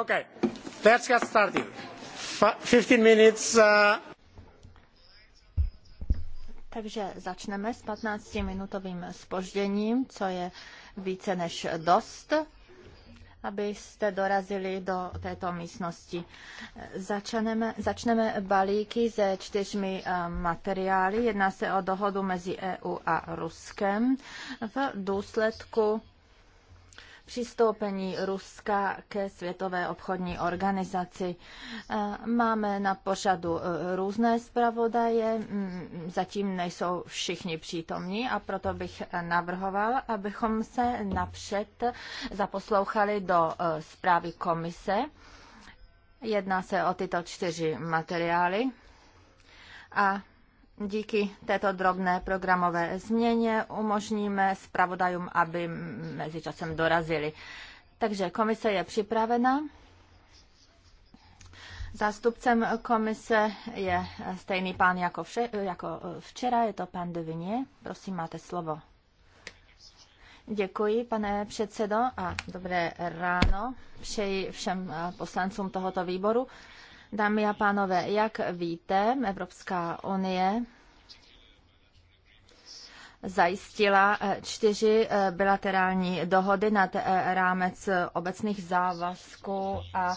Uh, Takže začneme s 15-minutovým spožděním, co je více než dost, abyste dorazili do této místnosti. Začneme, začneme balíky se čtyřmi eh, materiály. Jedná se o dohodu mezi EU a Ruskem v důsledku přistoupení Ruska ke Světové obchodní organizaci. Eh, máme na pořadu eh, různé zpravodaje, mm, zatím nejsou všichni přítomní a proto bych navrhoval, abychom se napřed zaposlouchali do eh, zprávy komise. Jedná se o tyto čtyři materiály a Díky této drobné programové změně umožníme zpravodajům, aby mezičasem dorazili. Takže komise je připravena. Zástupcem komise je stejný pán jako, vše, jako včera, je to pan de Vigne. Prosím, máte slovo. Děkuji, pane předsedo, a dobré ráno. Přeji všem poslancům tohoto výboru. Dámy a pánové, jak víte, Evropská unie zajistila eh, čtyři eh, bilaterální dohody nad eh, rámec obecných závazků a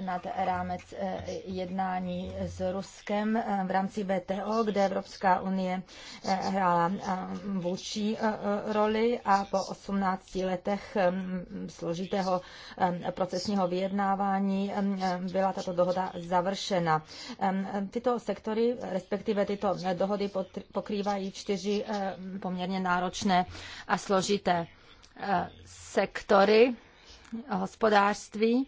nad rámec eh, jednání s Ruskem eh, v rámci BTO, kde Evropská unie eh, hrála vůči roli a po 18 letech složitého procesního vyjednávání byla tato dohoda završena. Tyto sektory, respektive tyto dohody pokrývají čtyři poměrně náročné a složité sektory hospodářství,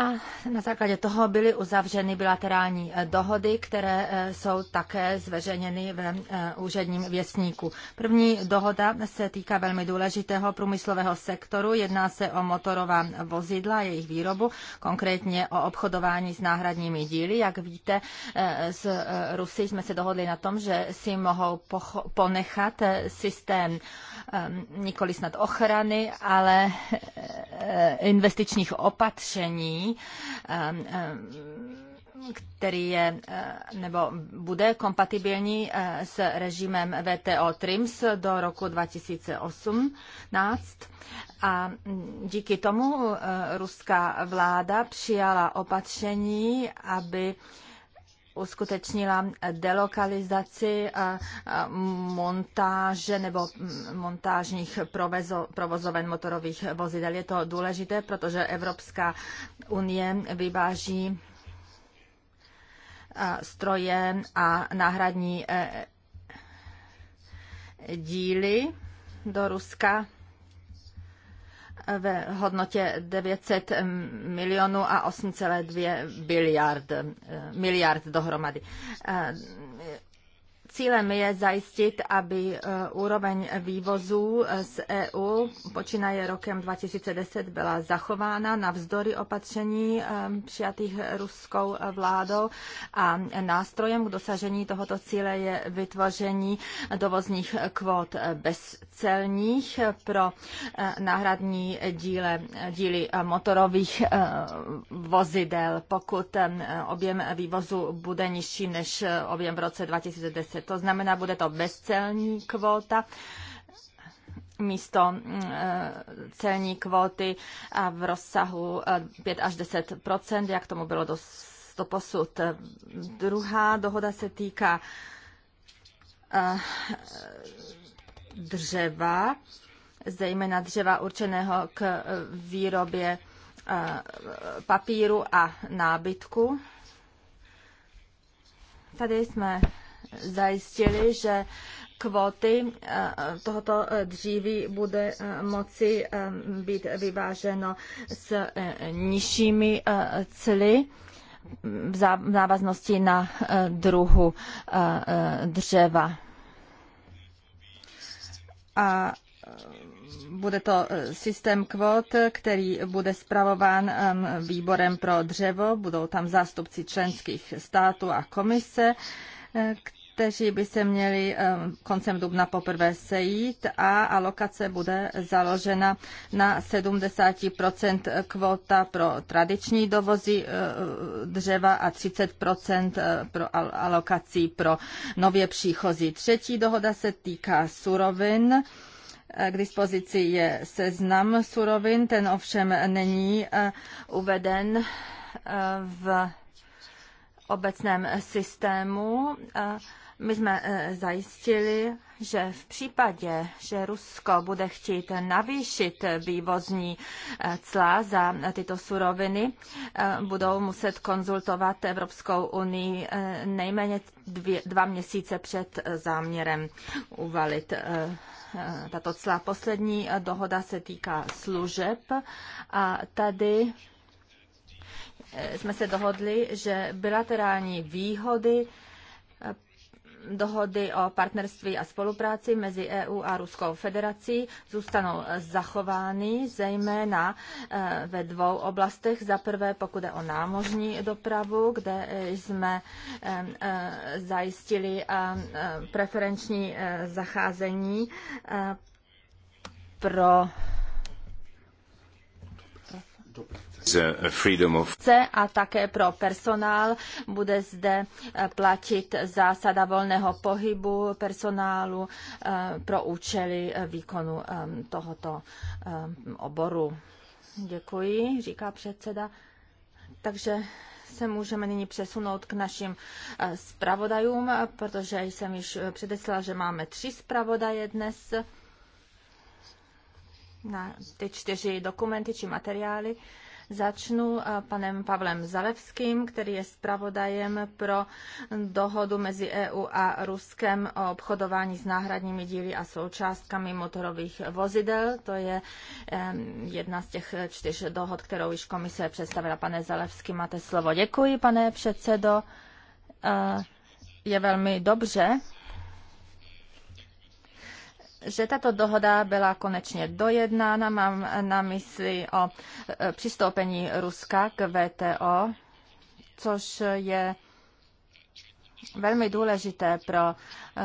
a na základě toho byly uzavřeny bilaterální eh, dohody, které eh, jsou také zveřejněny ve eh, úředním věstníku. První dohoda se týká velmi důležitého průmyslového sektoru. Jedná se o motorová vozidla, jejich výrobu, konkrétně o obchodování s náhradními díly. Jak víte, z Rusy jsme se dohodli na tom, že si mohou ponechat systém nikoli snad ochrany, ale investičních opatření, Um, který je uh, nebo bude kompatibilní uh, s režimem VTO TRIMS do roku 2018. A díky tomu uh, ruská vláda přijala opatření, aby uskutečnila delokalizaci montáže nebo mm, montážních provezo, provozoven motorových vozidel. Je to důležité, protože Evropská unie vyváží e, stroje a náhradní e, díly do Ruska ve hodnotě 900 milionů a 8,2 miliard, eh, miliard dohromady. Eh, Cílem je zajistit, aby e, úroveň vývozů e, z EU počínaje rokem 2010 byla zachována navzdory opatření e, přijatých ruskou vládou a nástrojem k dosažení tohoto cíle je vytvoření dovozních kvót bezcelních pro náhradní díle, díly motorových vozidel, pokud objem vývozu bude nižší než objem v roce 2010 kvóty. To znamená, bude to bezcelní kvóta místo eh, celní kvóty v rozsahu 5 eh, až 10 jak tomu bylo do posud. Druhá dohoda se týká eh, dřeva, zejména dřeva určeného k výrobě papíru a nábytku. Tady jsme zajistili, že kvóty eh, tohoto eh, dříví bude eh, moci být vyváženo s nižšími cly v závaznosti na druhu dřeva. A bude to systém kvót, který bude spravován výborem pro dřevo, budou tam zástupci členských států a komise, kteří by se měli eh, koncem dubna poprvé sejít a alokace bude založena na 70 kvota pro tradiční dovozy eh, dřeva a 30 eh, pro alokací pro nově příchozí. Třetí dohoda se týká surovin. K dispozici je seznam surovin, ten ovšem není uveden v obecném systému. My jsme eh, zajistili, že v případě, že Rusko bude chtít navýšit eh, vývozní eh, cla za tyto suroviny, budou muset konzultovat Evropskou unii nejméně dvě, dva měsíce před záměrem uvalit tato cla. Poslední dohoda se týká služeb a tady jsme se dohodli, že bilaterální výhody dohody o partnerství a spolupráci mezi EU a Ruskou federací zůstanou eh, zachovány, zejména eh, ve dvou oblastech. Za prvé, pokud je o námořní dopravu, kde eh, jsme zajistili preferenční zacházení pro Eh, a také pro personál. Bude zde eh, platit zásada volného pohybu personálu eh, pro účely výkonu tohoto oboru. Děkuji, říká předseda. Takže se můžeme nyní přesunout k našim zpravodajům, protože jsem již předeslala, že máme tři zpravodaje dnes na ty čtyři dokumenty či materiály. Začnu eh, panem Pavlem Zalevským, který je zpravodajem pro dohodu mezi EU a Ruskem o obchodování s náhradními díly a součástkami motorových vozidel. To je jedna z těch čtyř dohod, kterou již komise představila. Pane Zalevský, máte slovo. Děkuji, pane předsedo. Eh, je velmi dobře, že tato dohoda byla konečně dojednána. Mám na mysli o e, přistoupení Ruska k VTO, což je velmi důležité pro e,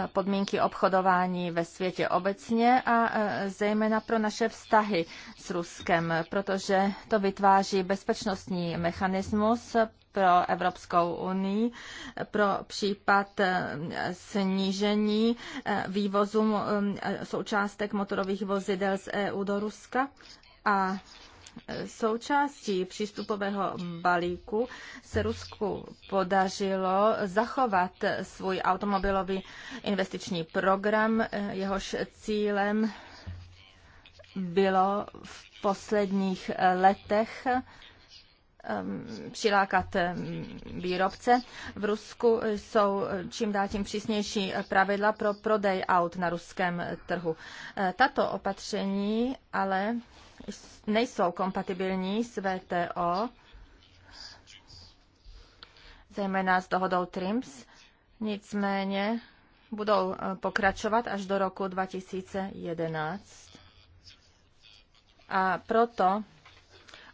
podmínky obchodování ve světě obecně a e, zejména pro naše vztahy s Ruskem, protože to vytváří bezpečnostní mechanismus pro Evropskou unii pro případ eh, snížení eh, vývozu eh, součástek motorových vozidel z EU do Ruska a Součástí přístupového balíku se Rusku podařilo zachovat svůj automobilový investiční program, jehož cílem bylo v posledních letech Um, přilákat um, výrobce. V Rusku jsou čím dál tím přísnější pravidla pro prodej aut na ruském trhu. Uh, tato opatření ale nejsou kompatibilní s VTO, zejména s dohodou TRIMS, nicméně budou uh, pokračovat až do roku 2011. A proto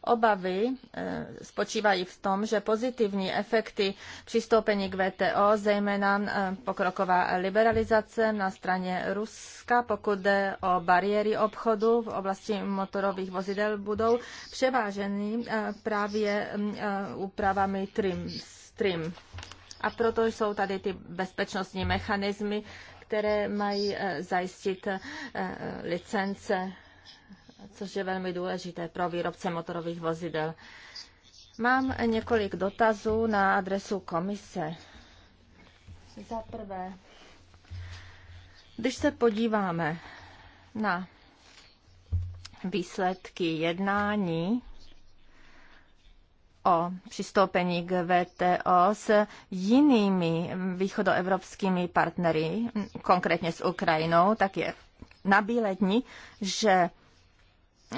Obavy eh, spočívají v tom, že pozitivní efekty přistoupení k VTO, zejména eh, pokroková liberalizace na straně Ruska, pokud jde o bariéry obchodu v oblasti motorových vozidel, budou převáženy eh, právě mm, úpravami TRIMS. TRIM. A proto jsou tady ty bezpečnostní mechanismy, které mají zajistit licence což je velmi důležité pro výrobce motorových vozidel. Mám několik dotazů na adresu komise. Za prvé, když se podíváme na výsledky jednání o přistoupení k VTO s jinými východoevropskými partnery, konkrétně s Ukrajinou, tak je nabílední, že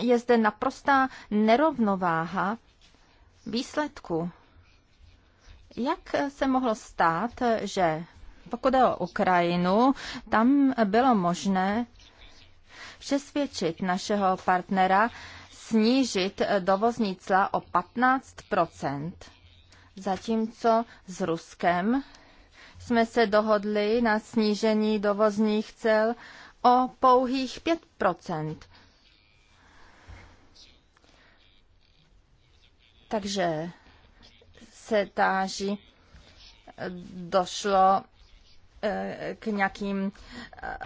je zde naprostá nerovnováha výsledku. Jak se mohlo stát, že pokud je o Ukrajinu, tam bylo možné přesvědčit našeho partnera snížit dovozní cla o 15 zatímco s Ruskem jsme se dohodli na snížení dovozních cel o pouhých 5 Takže se táží, došlo eh, k nějakým eh,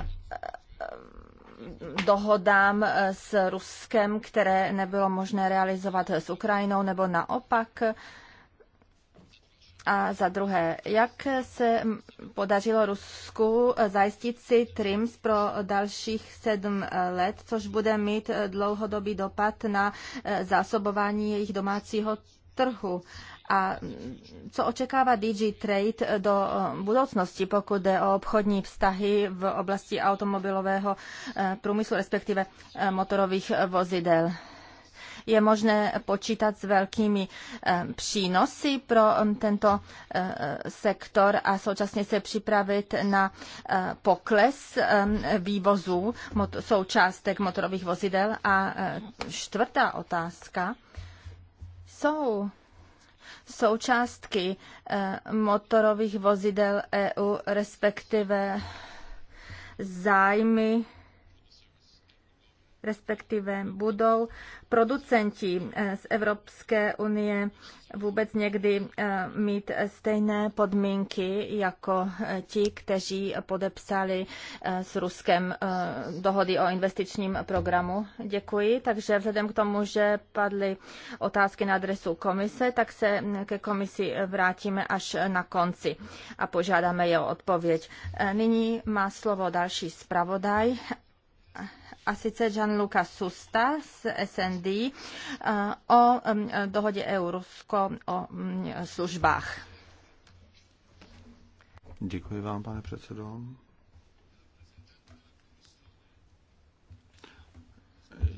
dohodám eh, s Ruskem, které nebylo možné realizovat s Ukrajinou, nebo naopak a za druhé, jak se podařilo Rusku eh, zajistit si TRIMS pro dalších sedm eh, let, což bude mít eh, dlouhodobý dopad na zásobování jejich domácího trhu? A mm, co očekává DG Trade do budoucnosti, pokud jde o obchodní vztahy v oblasti automobilového průmyslu, respektive motorových vozidel? je možné počítat s velkými eh, přínosy pro eh, tento eh, sektor a současně se připravit na pokles vývozů součástek motorových vozidel. A čtvrtá otázka. Jsou součástky motorových vozidel EU, respektive zájmy respektive budou producenti eh, z Evropské unie vůbec někdy eh, mít stejné podmínky jako eh, ti, kteří podepsali s Ruskem dohody o investičním programu. Děkuji. Takže vzhledem k tomu, že padly otázky na adresu komise, tak se ke komisi vrátíme až na konci a požádáme je o odpověď. Nyní má slovo další zpravodaj a sice Gianluca Susta z SND eh, o dohodě Eurusko o mm, službách. Děkuji vám, pane předsedo.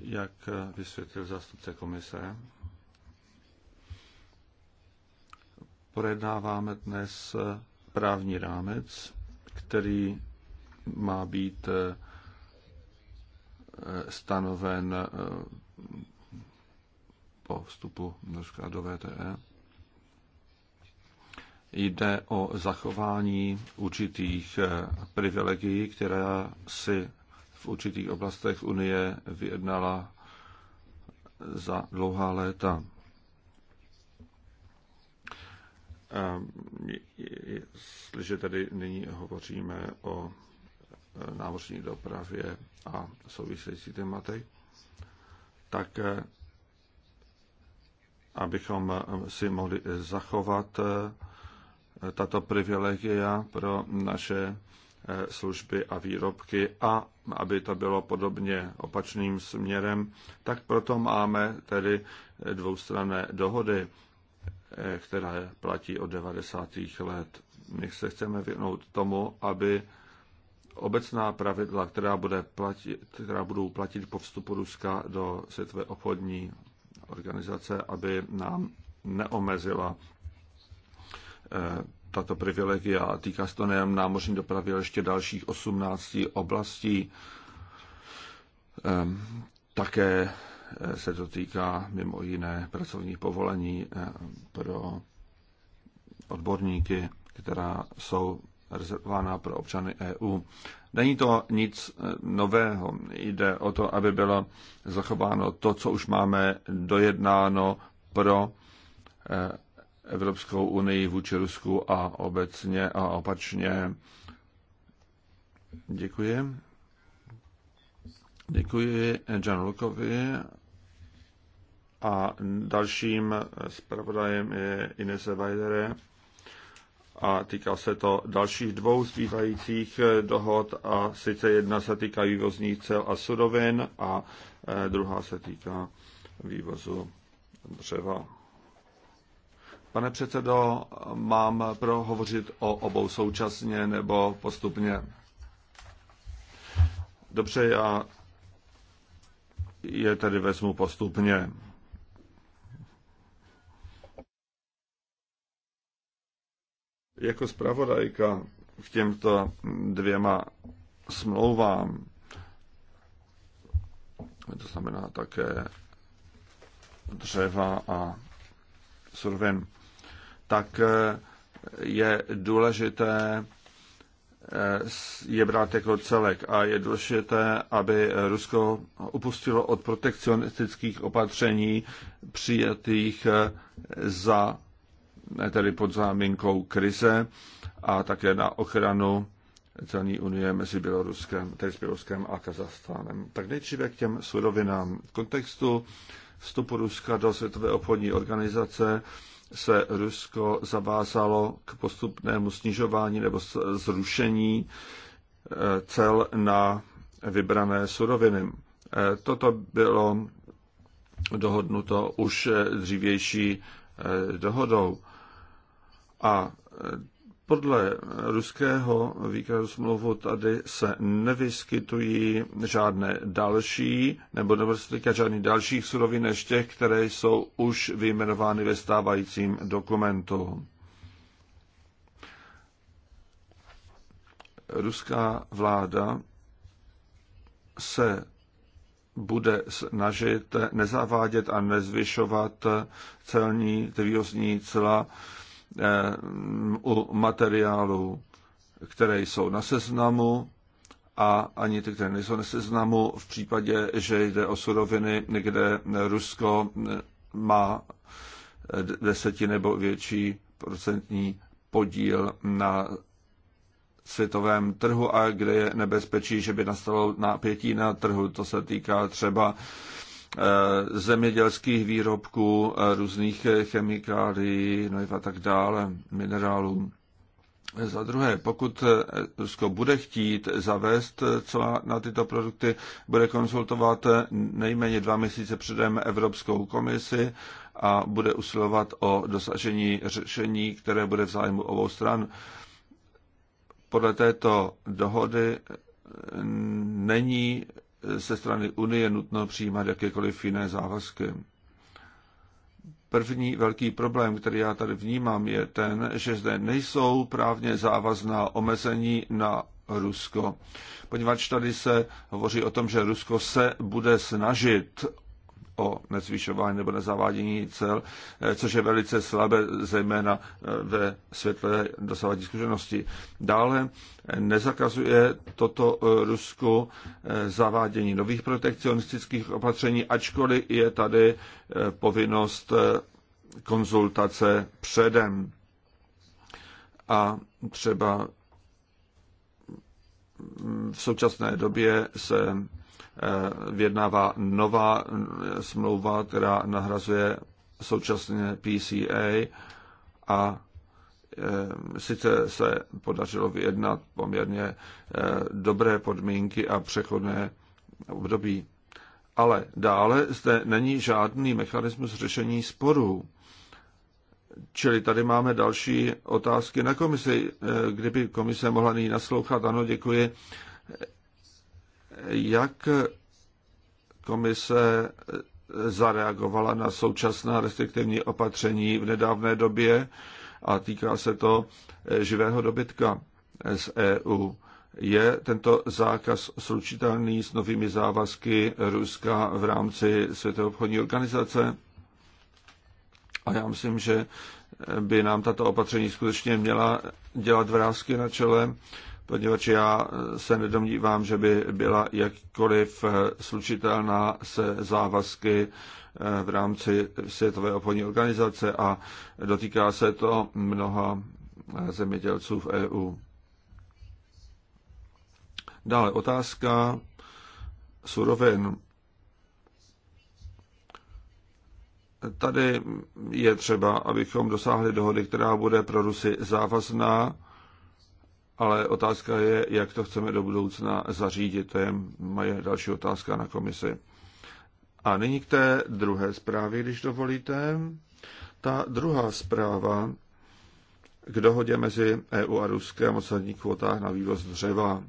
Jak vysvětlil zástupce komise, projednáváme dnes právní rámec, který má být eh, Eh, stanoven eh, po vstupu Norska do VTE. Jde o zachování určitých eh, privilegií, která si v určitých oblastech Unie vyjednala za dlouhá léta. Jestliže tady nyní hovoříme o námořní dopravě a související tématy, tak eh, abychom eh, si mohli zachovat eh, tato privilegia pro naše služby a výrobky a aby to bylo podobně opačným směrem, tak proto máme tedy dvoustranné dohody, které platí od 90. let. My se chceme věnout tomu, aby obecná pravidla, která, bude platit, která budou platit po vstupu Ruska do Světové obchodní organizace, aby nám neomezila eh, tato privilegia. Týká se to nejen námořní dopravy, ale ještě dalších 18 oblastí. Ehm, také eh, se to týká mimo jiné pracovních povolení eh, pro odborníky, která jsou rezervovaná pro občany EU. Není to nic eh, nového. Jde o to, aby bylo zachováno to, co už máme dojednáno pro eh, Evropskou unii vůči Rusku a obecně a opačně. Děkuji. Děkuji Janu Lukovi a dalším zpravodajem je Inese Weidere a týká se to dalších dvou zbývajících eh, dohod a sice jedna se týká vývozních cel a surovin a eh, druhá se týká vývozu dřeva. Pane předsedo, mám prohovořit o obou současně nebo postupně? Dobře, já je tedy vezmu postupně. Jako zpravodajka k těmto dvěma smlouvám, to znamená také dřeva a surovin, tak eh, je důležité eh, je brát jako celek a je důležité, aby Rusko upustilo od protekcionistických opatření přijatých eh, za tedy pod záminkou krize a také na ochranu celní unie mezi Běloruskem, tedy s Běloruskem a Kazachstánem. Tak nejdříve k těm surovinám. V kontextu vstupu Ruska do Světové obchodní organizace se Rusko zavázalo k postupnému snižování nebo zrušení eh, cel na vybrané suroviny. Eh, toto bylo dohodnuto už eh, dřívější dohodou. A e, podle ruského výkladu smlouvu tady se nevyskytují žádné další, nebo nebude se týkat žádných dalších surovin než těch, které jsou už vyjmenovány ve stávajícím dokumentu. Ruská vláda se bude snažit nezavádět a nezvyšovat celní, ty vývozní cla Eh, u materiálů, které jsou na seznamu a ani ty, které nejsou na seznamu, v případě, že jde o suroviny, kde Rusko eh, má eh, deseti nebo větší procentní podíl na světovém trhu a kde je nebezpečí, že by nastalo napětí na trhu. To se týká třeba Eh, zemědělských výrobků, různých chemikálií, no a tak dále, minerálů. Za druhé, pokud eh, Rusko bude chtít zavést eh, co na tyto produkty, bude konzultovat nejméně dva měsíce předem Evropskou komisi a bude usilovat o dosažení řešení, které bude v zájmu obou stran. Podle této dohody není ze strany Unie nutno přijímat jakékoliv jiné závazky. První velký problém, který já tady vnímám, je ten, že zde nejsou právně závazná omezení na Rusko, poněvadž tady se hovoří o tom, že Rusko se bude snažit o nezvyšování nebo nezavádění cel, eh, což je velice slabé, zejména eh, ve světle dosávání zkušenosti. Dále eh, nezakazuje toto Rusku zavádění nových protekcionistických opatření, ačkoliv je tady povinnost konzultace předem. A třeba v současné době se Eh, vyjednává nová eh, smlouva, která nahrazuje současně PCA a eh, sice se podařilo vyjednat poměrně dobré podmínky a přechodné období. Ale dále zde není žádný mechanismus řešení sporů. Čili tady máme další otázky na komisi. Kdyby komise mohla nyní naslouchat, ano, děkuji. Jak komise zareagovala na současná restriktivní opatření v nedávné době a týká se to živého dobytka z EU. Je tento zákaz slučitelný s novými závazky Ruska v rámci Světové obchodní organizace? A já myslím, že by nám tato opatření skutečně měla dělat vrázky na čele poněvadž já eh, se nedomnívám, že by byla jakkoliv eh, slučitelná se závazky eh, v rámci Světové obchodní organizace a dotýká se to mnoha zemědělců v EU. Dále otázka surovin. Tady je třeba, abychom dosáhli dohody, která bude pro Rusy závazná ale otázka je, jak to chceme do budoucna zařídit. To je moje další otázka na komisi. A nyní k té druhé zprávě, když dovolíte. Ta druhá zpráva k dohodě mezi EU a Ruskem o celních kvotách na vývoz dřeva.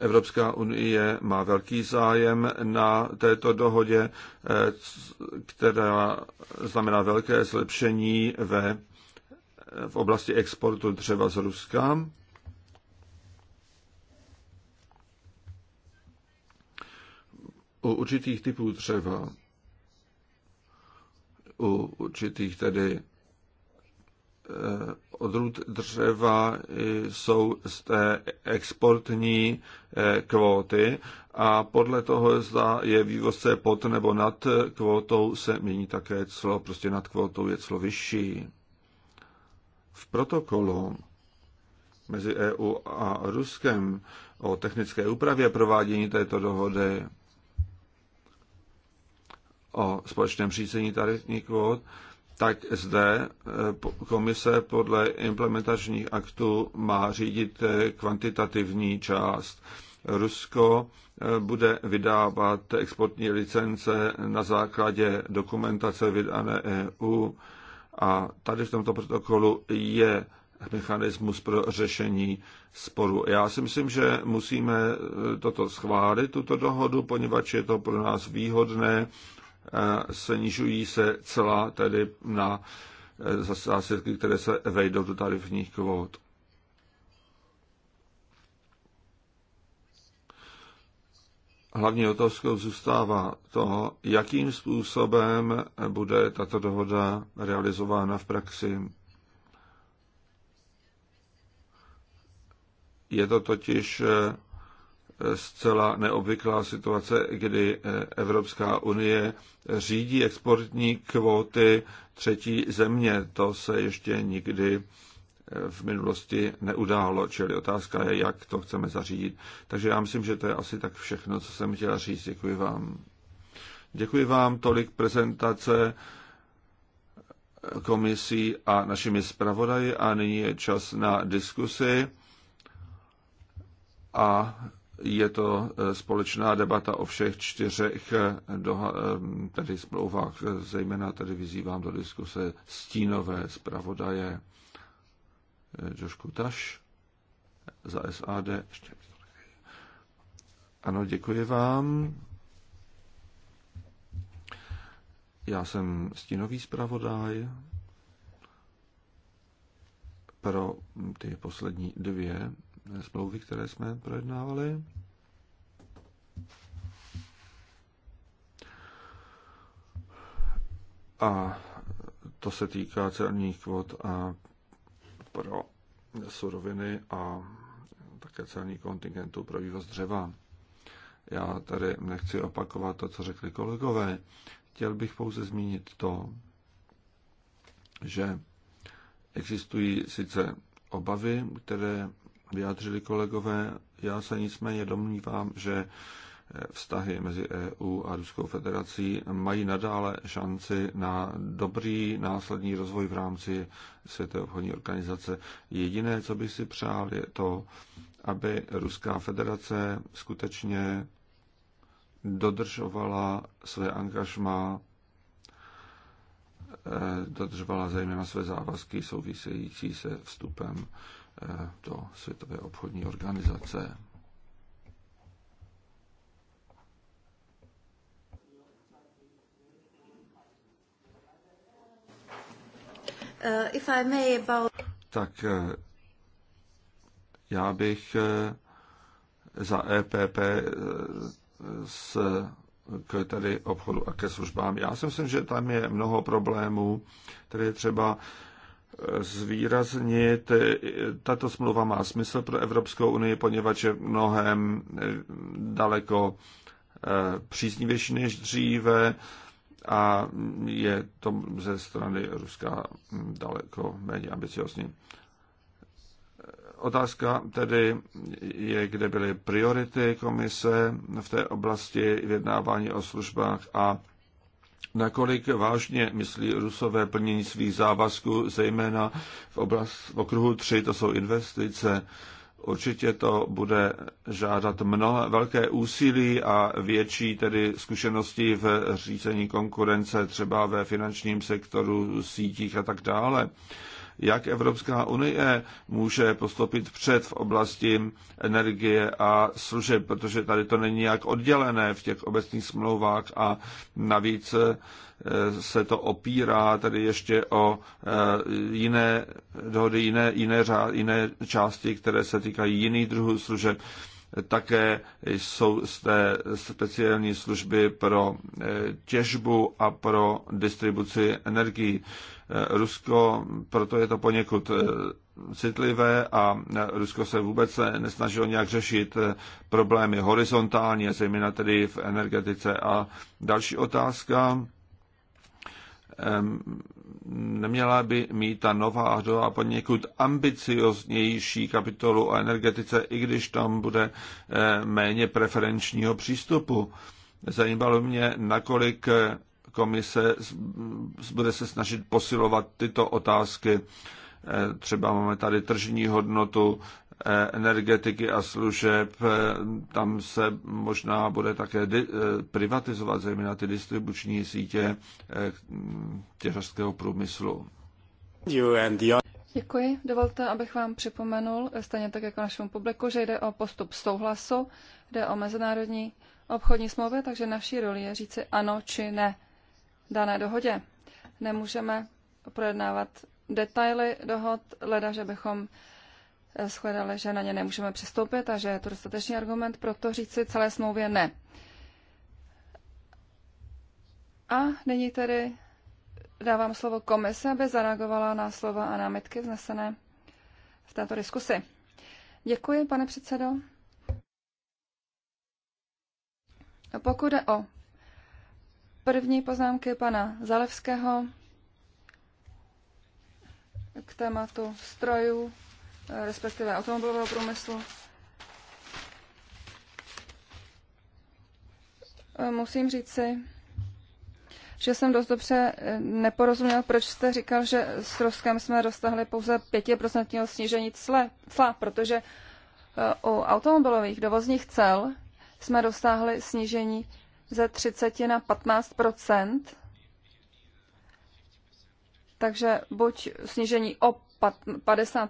Evropská unie má velký zájem na této dohodě, eh, která znamená velké zlepšení ve v oblasti exportu dřeva z Ruska. U určitých typů dřeva, u určitých tedy eh, odrůd dřeva jsou z té exportní eh, kvóty a podle toho, zda je vývozce pod nebo nad kvótou, se mění také clo. Prostě nad kvótou je clo vyšší. V protokolu mezi EU a Ruskem o technické úpravě provádění této dohody o společném řízení tarifních kvót, tak zde e, komise podle implementačních aktů má řídit e, kvantitativní část. Rusko e, bude vydávat exportní licence na základě dokumentace vydané EU a tady v tomto protokolu je mechanismus pro řešení sporu. Já si myslím, že musíme eh, toto schválit, tuto dohodu, poněvadž je to pro nás výhodné. Eh, snižují se celá tedy na eh, zásady, které se vejdou do tarifních kvót. hlavní otázkou zůstává to, jakým způsobem bude tato dohoda realizována v praxi. Je to totiž eh, zcela neobvyklá situace, kdy eh, Evropská unie řídí exportní kvóty třetí země. To se ještě nikdy v minulosti neudálo, čili otázka je, jak to chceme zařídit. Takže já myslím, že to je asi tak všechno, co jsem chtěla říct. Děkuji vám. Děkuji vám tolik prezentace komisí a našimi zpravodaji a nyní je čas na diskusi a je to eh, společná debata o všech čtyřech eh, eh, tedy smlouvách, zejména tedy vyzývám do diskuse stínové zpravodaje. Eh, Josh Kutaš za SAD. Ano, děkuji vám. Já jsem stínový zpravodaj pro ty poslední dvě smlouvy, které jsme projednávali. A to se týká celních kvot a pro suroviny a také celní kontingentu pro vývoz dřeva. Já tady nechci opakovat to, co řekli kolegové. Chtěl bych pouze zmínit to, že existují sice obavy, které vyjádřili kolegové, já se nicméně domnívám, že vztahy mezi EU a Ruskou federací mají nadále šanci na dobrý následný rozvoj v rámci Světové obchodní organizace. Jediné, co bych si přál, je to, aby Ruská federace skutečně dodržovala své angažma, eh, dodržovala zejména své závazky související se vstupem eh, do Světové obchodní organizace. Eh, if I may, about... Tak eh, já bych eh, za EPP s, k tedy obchodu a ke službám. Já si myslím, že tam je mnoho problémů, které je třeba zvýraznit. Tato smlouva má smysl pro Evropskou unii, poněvadž je mnohem daleko příznivější než dříve a je to ze strany Ruska daleko méně ambiciozní. Otázka tedy je, kde byly priority komise v té oblasti vyjednávání o službách a nakolik vážně myslí rusové plnění svých závazků, zejména v, oblast, v okruhu 3, to jsou investice, Určitě to bude žádat mnohé velké úsilí a větší tedy zkušenosti v řízení konkurence, třeba ve finančním sektoru, sítích a tak dále jak Evropská unie může postupit před v oblasti energie a služeb, protože tady to není jak oddělené v těch obecných smlouvách a navíc eh, se to opírá tady ještě o eh, jiné dohody, jiné, jiné, řád, jiné části, které se týkají jiných druhů služeb také jsou zde speciální služby pro eh, těžbu a pro distribuci energií. Rusko, proto je to poněkud eh, citlivé a eh, Rusko se vůbec nesnažilo nějak řešit eh, problémy horizontálně, zejména tedy v energetice. A další otázka, ehm, neměla by mít ta nová a poněkud ambicioznější kapitolu o energetice, i když tam bude méně preferenčního přístupu. Zajímalo mě, nakolik komise bude se snažit posilovat tyto otázky. Eh, třeba máme tady tržní hodnotu eh, energetiky a služeb, eh, tam se možná bude také privatizovat zejména ty distribuční sítě těžařského průmyslu. Děkuji. Dovolte, abych vám připomenul, stejně tak jako našemu publiku, že jde o postup souhlasu, jde o mezinárodní obchodní smlouvy, takže naší roli je říci ano či ne dané dohodě. Nemůžeme projednávat detaily dohod, leda, že bychom eh, shledali, že na ně nemůžeme přistoupit a že je to dostatečný argument pro to říci celé smlouvě ne. A nyní tedy dávám slovo komise, aby zareagovala na slova a námitky vznesené v této diskusi. Děkuji, pane předsedo. Pokud jde o první poznámky pana Zalevského k tématu strojů, respektive automobilového průmyslu. Musím říci, že jsem dost dobře eh, neporozuměl, proč jste říkal, že s Ruskem jsme dostahli pouze 5% snížení cla, protože eh, u automobilových dovozních cel jsme dostáhli snížení ze 30 na 15 takže buď snížení o 50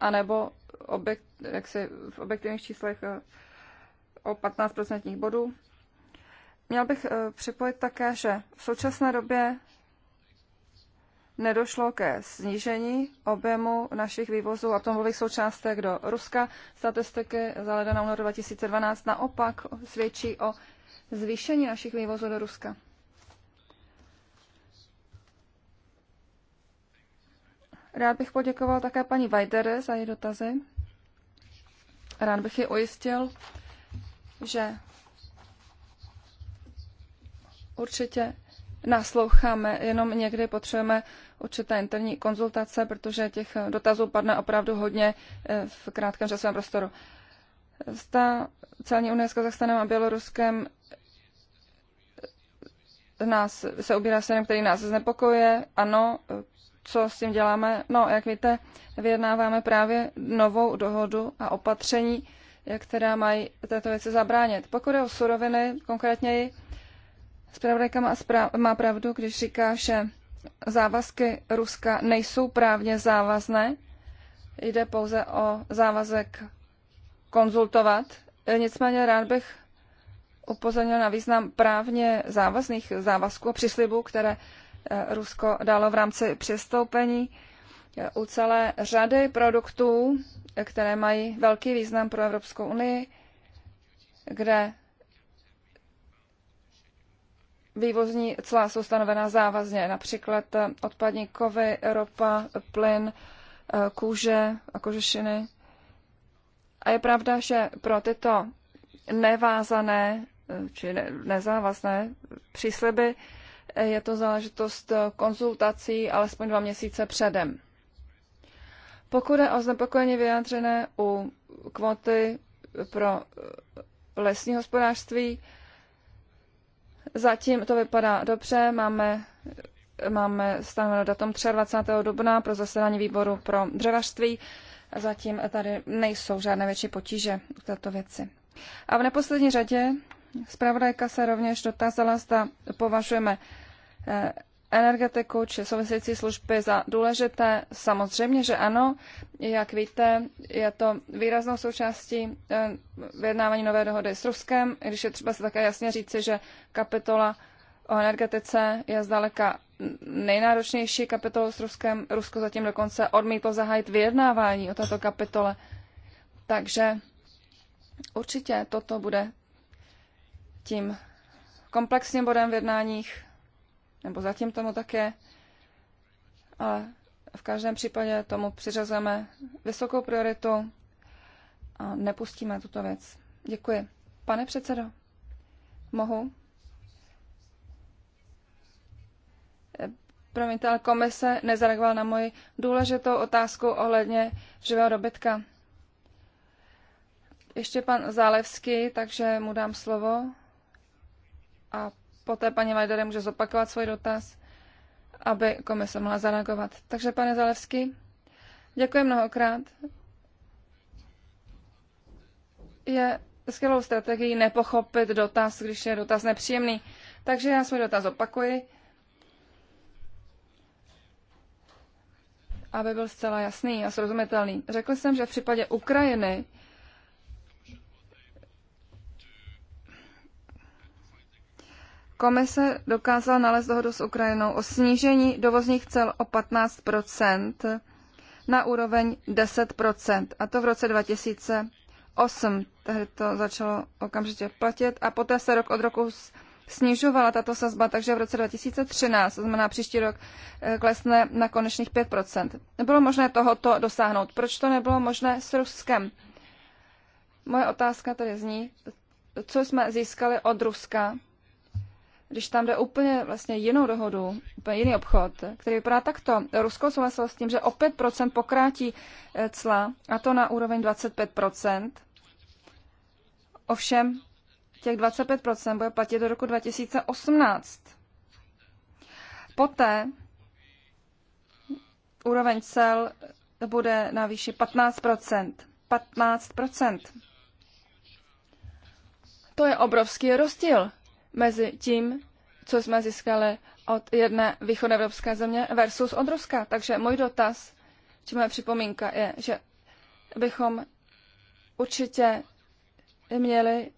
anebo objekt, jak si v objektivních číslech eh, o 15 bodů. Měl bych eh, připojit také, že v současné době nedošlo ke snížení objemu našich vývozů atomových součástek do Ruska. Statistiky za leden únor 2012 naopak svědčí o zvýšení našich vývozů do Ruska. Rád bych poděkoval také paní Vajdere za její dotazy. Rád bych ji ujistil, že určitě nasloucháme, jenom někdy potřebujeme určité interní konzultace, protože těch dotazů padne opravdu hodně eh, v krátkém časovém prostoru zda celní unie s Kazachstanem a Běloruskem nás se ubírá směrem, který nás znepokojuje. Ano, co s tím děláme? No, jak víte, vyjednáváme právě novou dohodu a opatření, která mají této věci zabránit. Pokud je o suroviny, konkrétně zpravodajka má, má pravdu, když říká, že závazky Ruska nejsou právně závazné. Jde pouze o závazek konzultovat. E, nicméně rád bych upozornil na význam právně závazných závazků a přislibů, které e, Rusko dalo v rámci přistoupení e, u celé řady produktů, které mají velký význam pro Evropskou unii, kde vývozní cla jsou stanovená závazně, například odpadní kovy, ropa, plyn, kůže a kožešiny. A je pravda, že pro tyto nevázané eh, či ne, nezávazné přísliby eh, je to záležitost eh, konzultací alespoň dva měsíce předem. Pokud je o znepokojení vyjádřené u kvoty pro lesní hospodářství, zatím to vypadá dobře. Máme, máme stanoveno datum 23. dubna pro zasedání výboru pro dřevařství zatím tady nejsou žádné větší potíže k této věci. A v neposlední řadě zpravodajka se rovněž dotázala, zda považujeme eh, energetiku či související služby za důležité? Samozřejmě, že ano. Jak víte, je to výraznou součástí eh, vyjednávání nové dohody s Ruskem, když je třeba se také jasně říci, že kapitola o energetice je zdaleka nejnáročnější kapitolou s Ruskem. Rusko zatím dokonce odmítlo zahájit vyjednávání o této kapitole. Takže určitě toto bude tím komplexním bodem v jednáních, nebo zatím tomu také, ale v každém případě tomu přiřazujeme vysokou prioritu a nepustíme tuto věc. Děkuji. Pane předsedo, mohu? promiňte, ale komise nezareagovala na moji důležitou otázku ohledně živého dobytka. Ještě pan Zálevský, takže mu dám slovo a poté paní Vajdere může zopakovat svůj dotaz, aby komise mohla zareagovat. Takže pane Zalevský, děkuji mnohokrát. Je skvělou strategií nepochopit dotaz, když je dotaz nepříjemný. Takže já svůj dotaz opakuji. aby byl zcela jasný a srozumitelný. Řekl jsem, že v případě Ukrajiny Komise dokázala nalézt dohodu s Ukrajinou o snížení dovozních cel o 15 na úroveň 10 a to v roce 2008. Tehdy to začalo okamžitě platit a poté se rok od roku snižovala tato sazba, takže v roce 2013, to znamená příští rok, eh, klesne na konečných 5 Nebylo možné tohoto dosáhnout. Proč to nebylo možné s Ruskem? Moje otázka tedy zní, co jsme získali od Ruska, když tam jde úplně vlastně jinou dohodu, úplně jiný obchod, který vypadá takto. Rusko souhlasilo s tím, že o 5% pokrátí eh, cla, a to na úroveň 25%. Ovšem, těch 25% bude platit do roku 2018. Poté úroveň cel bude na výši 15%. 15%. To je obrovský rozdíl mezi tím, co jsme získali od jedné východoevropské země versus od Ruska. Takže můj dotaz, či moje připomínka je, že bychom určitě měli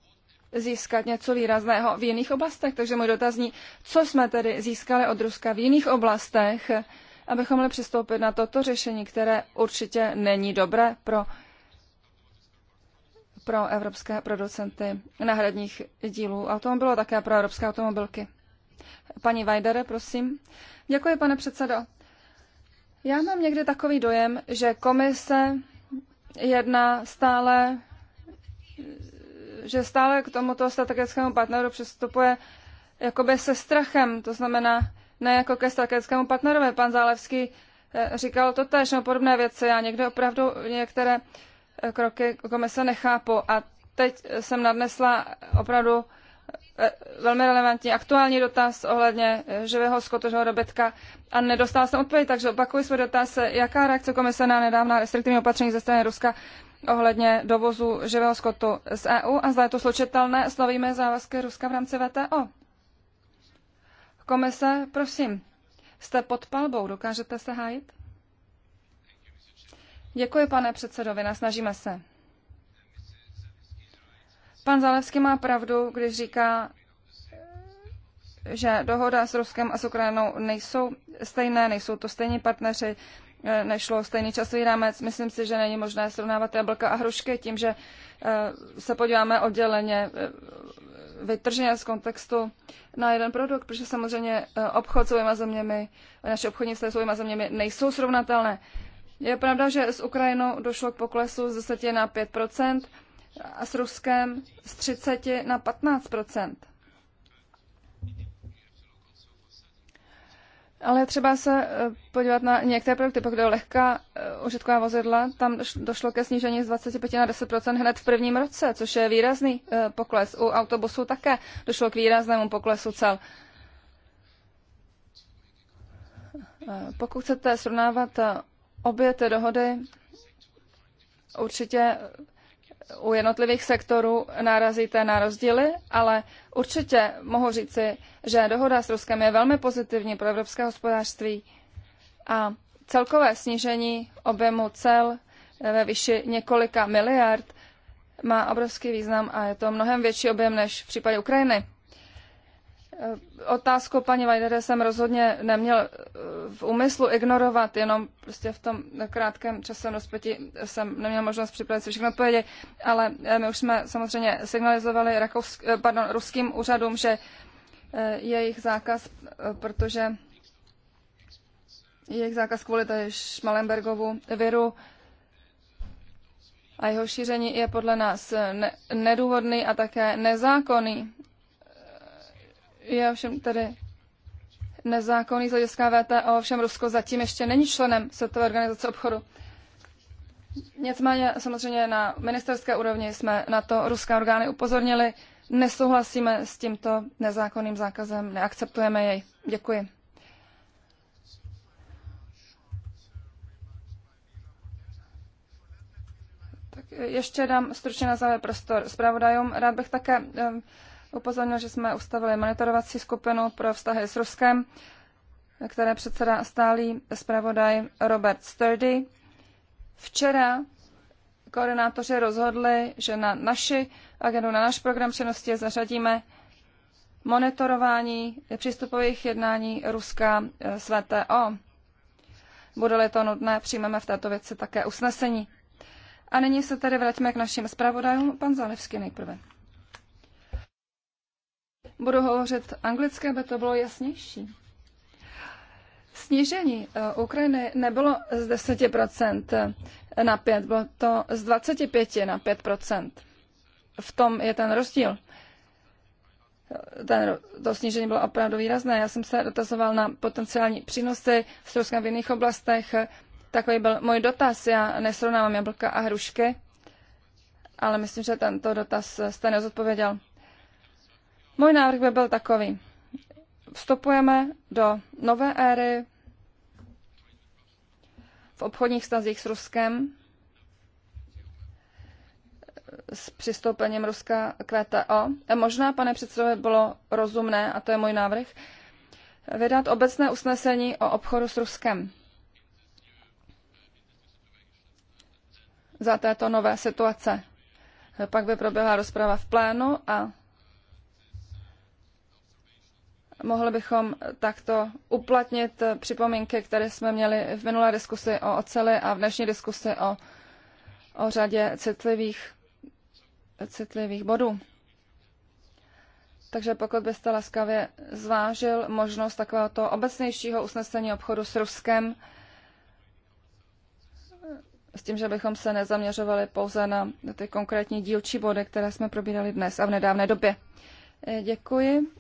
získat něco výrazného v jiných oblastech. Takže můj dotaz zní, co jsme tedy získali od Ruska v jiných oblastech, abychom mohli přistoupit na toto řešení, které určitě není dobré pro, pro evropské producenty náhradních dílů automobilů a také pro evropské automobilky. Paní Vajdere, prosím. Děkuji, pane předsedo. Já mám někdy takový dojem, že komise jedná stále že stále k tomuto strategickému partneru přistupuje jakoby se strachem, to znamená ne jako ke strategickému partnerovi. Pan Zálevský eh, říkal to tež, no podobné věci. Já někde opravdu některé eh, kroky komise nechápu. A teď eh, jsem nadnesla opravdu velmi relevantní aktuální dotaz ohledně živého skotožného dobytka a nedostal jsem odpověď, takže opakuji svůj dotaz, jaká reakce komise na nedávná restriktivní opatření ze strany Ruska ohledně dovozu živého skotu z EU a zda je to slučitelné s novými závazky Ruska v rámci VTO. Komise, prosím, jste pod palbou, dokážete se hájit? Děkuji, pane předsedovi, snažíme se. Pan Zalevský má pravdu, když říká, že dohoda s Ruskem a s Ukrajinou nejsou stejné, nejsou to stejní partneři, Eh, nešlo o stejný časový rámec. Myslím si, že není možné srovnávat jablka a hrušky tím, že eh, se podíváme odděleně eh, vytrženě z kontextu na jeden produkt, protože samozřejmě obchod s oběma zeměmi, naše obchodní vztahy s oběma zeměmi nejsou srovnatelné. Je pravda, že s Ukrajinou došlo k poklesu z 10 na 5 a s Ruskem z 30 na 15 Ale třeba se eh, podívat na některé produkty, pokud je lehká eh, užitková vozidla, tam došlo ke snížení z 25 na 10 hned v prvním roce, což je výrazný eh, pokles. U autobusů také došlo k výraznému poklesu cel. Pokud chcete srovnávat obě ty dohody, určitě u jednotlivých sektorů narazíte na rozdíly, ale určitě mohu říci, že dohoda s Ruskem je velmi pozitivní pro evropské hospodářství a celkové snížení objemu cel ve výši několika miliard má obrovský význam a je to mnohem větší objem než v případě Ukrajiny. Eh, otázku paní Vajdere jsem rozhodně neměl eh, v úmyslu ignorovat, jenom prostě v tom krátkém časovém rozpětí jsem neměl možnost připravit si všechny odpovědi, ale eh, my už jsme samozřejmě signalizovali rakovsk, pardon, ruským úřadům, že jejich zákaz, protože jejich zákaz kvůli tady Šmalenbergovu viru a jeho šíření je podle nás ne- nedůvodný a také nezákonný je ovšem tedy nezákonný z hlediska VTO, ovšem Rusko zatím ještě není členem Světové organizace obchodu. Nicméně samozřejmě na ministerské úrovni jsme na to ruské orgány upozornili. Nesouhlasíme s tímto nezákonným zákazem, neakceptujeme jej. Děkuji. Tak ještě dám stručně na závěr prostor zpravodajům. Rád bych také upozornil, že jsme ustavili monitorovací skupinu pro vztahy s Ruskem, které předseda stálý zpravodaj Robert Sturdy. Včera koordinátoři rozhodli, že na naši agendu, na náš program přenosti zařadíme monitorování přístupových jednání Ruska s VTO. Bude-li to nutné, přijmeme v této věci také usnesení. A nyní se tedy vraťme k našim zpravodajům. Pan Zalevský nejprve budu hovořit anglicky, aby to bylo jasnější. Snížení eh, Ukrajiny nebylo z 10% na 5, bylo to z 25 na 5%. V tom je ten rozdíl. Ten, to snížení bylo opravdu výrazné. Já jsem se dotazoval na potenciální přínosy s Ruskem v jiných oblastech. Takový byl můj dotaz. Já nesrovnávám jablka a hrušky, ale myslím, že tento dotaz jste nezodpověděl. Můj návrh by byl takový. Vstupujeme do nové éry v obchodních stazích s Ruskem, s přistoupením Ruska k VTO. Možná, pane předsedo, bylo rozumné, a to je můj návrh, vydat obecné usnesení o obchodu s Ruskem. Za této nové situace. Pak by proběhla rozprava v plénu a mohli bychom takto uplatnit připomínky, které jsme měli v minulé diskusi o oceli a v dnešní diskusi o, o řadě citlivých, citlivých bodů. Takže pokud byste laskavě zvážil možnost takovéhoto obecnějšího usnesení obchodu s Ruskem, s tím, že bychom se nezaměřovali pouze na ty konkrétní dílčí body, které jsme probírali dnes a v nedávné době. Děkuji.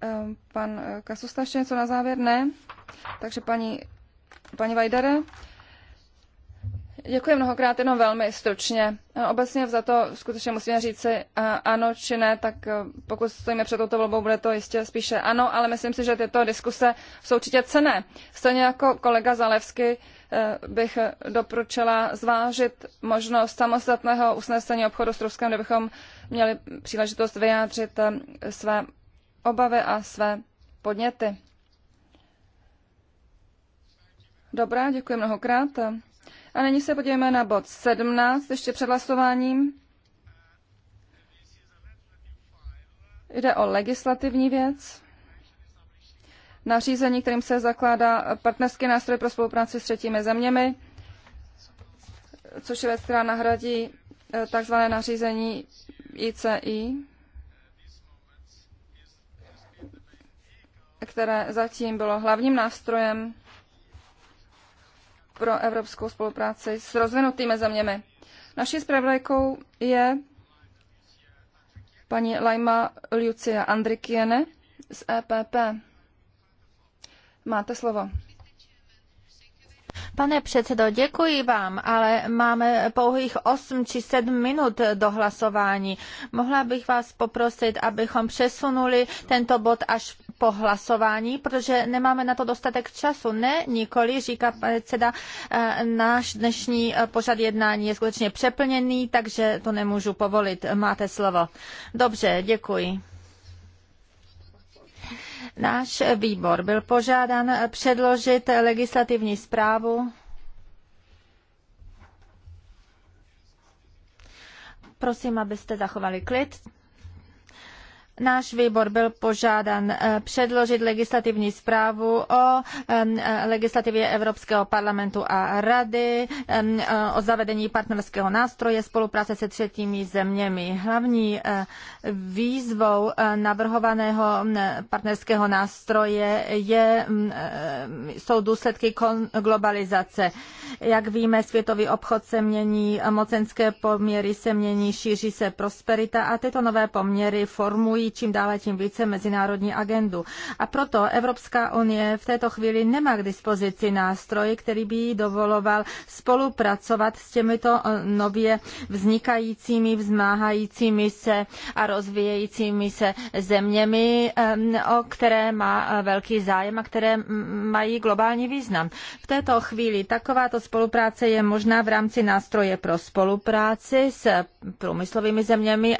Ehm, pan eh, Kasusta ještě něco na závěr? Ne. Takže paní, paní Vajdare. Děkuji mnohokrát, jenom velmi stručně. Eh, obecně za to skutečně musíme si eh, ano či ne, tak pokud stojíme před touto volbou, bude to jistě spíše ano, ale myslím si, že tyto diskuse jsou určitě cené. Stejně jako kolega Zalevsky bych doporučila zvážit možnost samostatného usnesení obchodu s Ruskem, kde bychom měli příležitost vyjádřit své obavy a své podněty. Dobrá, děkuji mnohokrát. A nyní se podíváme na bod 17, ještě před hlasováním. Jde o legislativní věc. Nařízení, kterým se zakládá partnerský nástroj pro spolupráci s třetími zeměmi, což je věc, která nahradí eh, takzvané nařízení ICI, které zatím bylo hlavním nástrojem pro evropskou spolupráci s rozvinutými zeměmi. Naší zpravodajkou je paní Laima Lucia Andrikiene z EPP. Máte slovo. Pane předsedo, děkuji vám, ale máme pouhých 8 či 7 minut do hlasování. Mohla bych vás poprosit, abychom přesunuli tento bod až po hlasování, protože nemáme na to dostatek času. Ne, nikoli, říká předseda, eh, náš dnešní eh, pořad jednání je skutečně přeplněný, takže to nemůžu povolit. Máte slovo. Dobře, děkuji. Náš výbor byl požádán předložit legislativní zprávu Prosím, abyste zachovali klid. Náš výbor byl požádán eh, předložit legislativní zprávu o eh, legislativě Evropského parlamentu a rady, eh, o zavedení partnerského nástroje spolupráce se třetími zeměmi. Hlavní výzvou navrhovaného partnerského nástroje je, jsou důsledky globalizace. Jak víme, světový obchod se mění, mocenské poměry se mění, šíří se prosperita a tyto nové poměry formují čím dále tím více mezinárodní agendu. A proto Evropská unie v této chvíli nemá k dispozici nástroj, který by jí dovoloval spolupracovat s těmito eh, nově vznikajícími, vzmáhajícími se a rozvíjejícími se zeměmi, eh, o které má eh, velký zájem a které mají globální význam. V této chvíli takováto spolupráce je možná v rámci nástroje pro spolupráci s průmyslovými zeměmi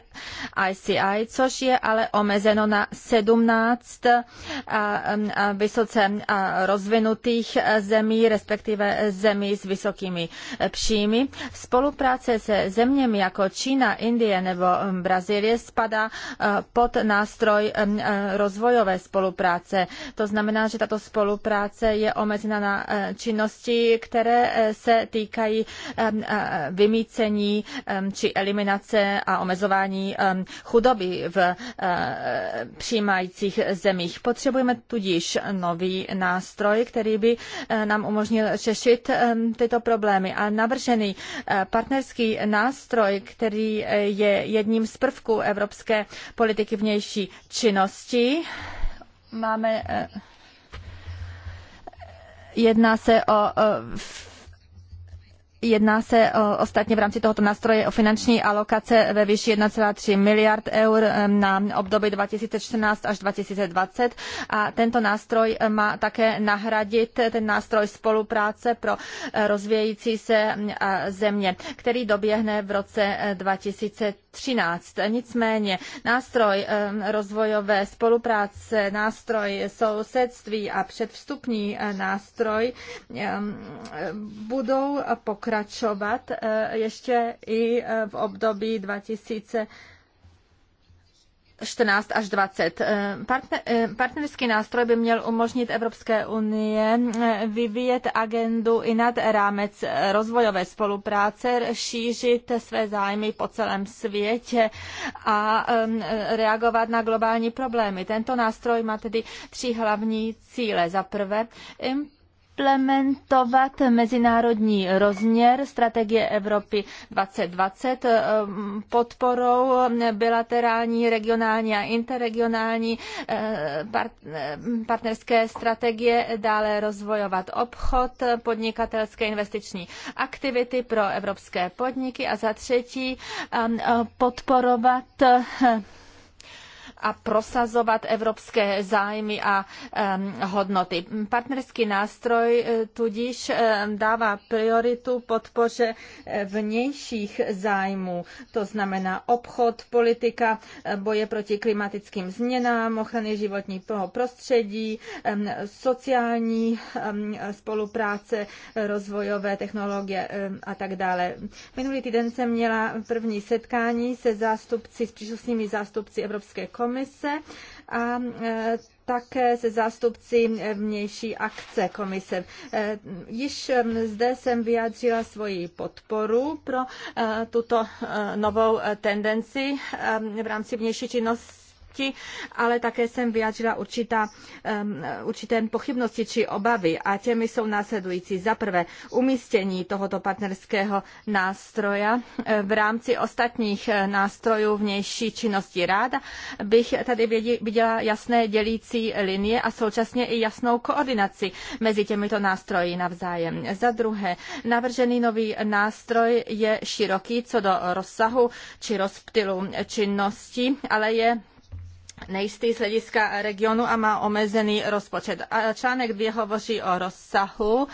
ICI, což je ale stále omezeno na 17 vysoce rozvinutých e, zemí, respektive e, zemí s vysokými e, příjmy. Spolupráce se zeměmi jako Čína, Indie nebo Brazílie spadá pod nástroj rozvojové spolupráce. To znamená, že tato spolupráce je omezena na činnosti, které se týkají vymícení či eliminace a omezování chudoby v přijímajících zemích. Potřebujeme tudíž nový nástroj, který by eh, nám umožnil řešit eh, tyto problémy. A navržený eh, partnerský nástroj, který je jedním z prvků evropské politiky vnější činnosti, máme Jedná se o Jedná se o, ostatně v rámci tohoto nástroje o finanční alokace ve výši 1,3 miliard eur na období 2014 až 2020 a tento nástroj má také nahradit ten nástroj spolupráce pro eh, rozvějící se země, který doběhne v roce 2013. Eh, Nicméně nástroj rozvojové spolupráce, nástroj sousedství a předvstupní eh, nástroj budou pokračovat pokračovat eh, ještě i eh, v období 2000 14 až 20. Eh, partnerský nástroj by měl umožnit Evropské unie vyvíjet agendu i nad rámec rozvojové spolupráce, šířit své zájmy po celém světě a ehm, reagovat na globální problémy. Tento nástroj má tedy tři hlavní cíle. Za prvé, implementovat mezinárodní rozměr strategie Evropy 2020 eh, podporou bilaterální, regionální a interregionální eh, eh, partnerské strategie, dále rozvojovat obchod, podnikatelské investiční aktivity pro evropské podniky a za třetí podporovat a prosazovat evropské zájmy a hodnoty. Partnerský nástroj e, tudíž dává prioritu podpoře e, vnějších zájmů, to znamená obchod, politika, e, boje proti klimatickým změnám, ochrany životního prostředí, sociální spolupráce, rozvojové technologie a tak dále. Minulý týden jsem měla první setkání se zástupci, s příslušnými zástupci Evropské komise, komise a e, také se zástupci vnější akce komise. E, již e, zde jsem vyjádřila svoji podporu pro tuto novou tendenci v rámci vnější činnosti proti, ale také jsem vyjádřila určitá, um, určité pochybnosti či obavy a těmi jsou následující. Za prvé, umístění tohoto partnerského nástroje eh, v rámci ostatních eh, nástrojů vnější činnosti ráda bych tady viděla jasné dělící linie a současně i jasnou koordinaci mezi těmito nástroji navzájem. Za druhé, navržený nový nástroj je široký co do rozsahu či rozptylu činnosti, ale je nejistý z hlediska regionu a má omezený rozpočet. A článek 2 hovoří o rozsahu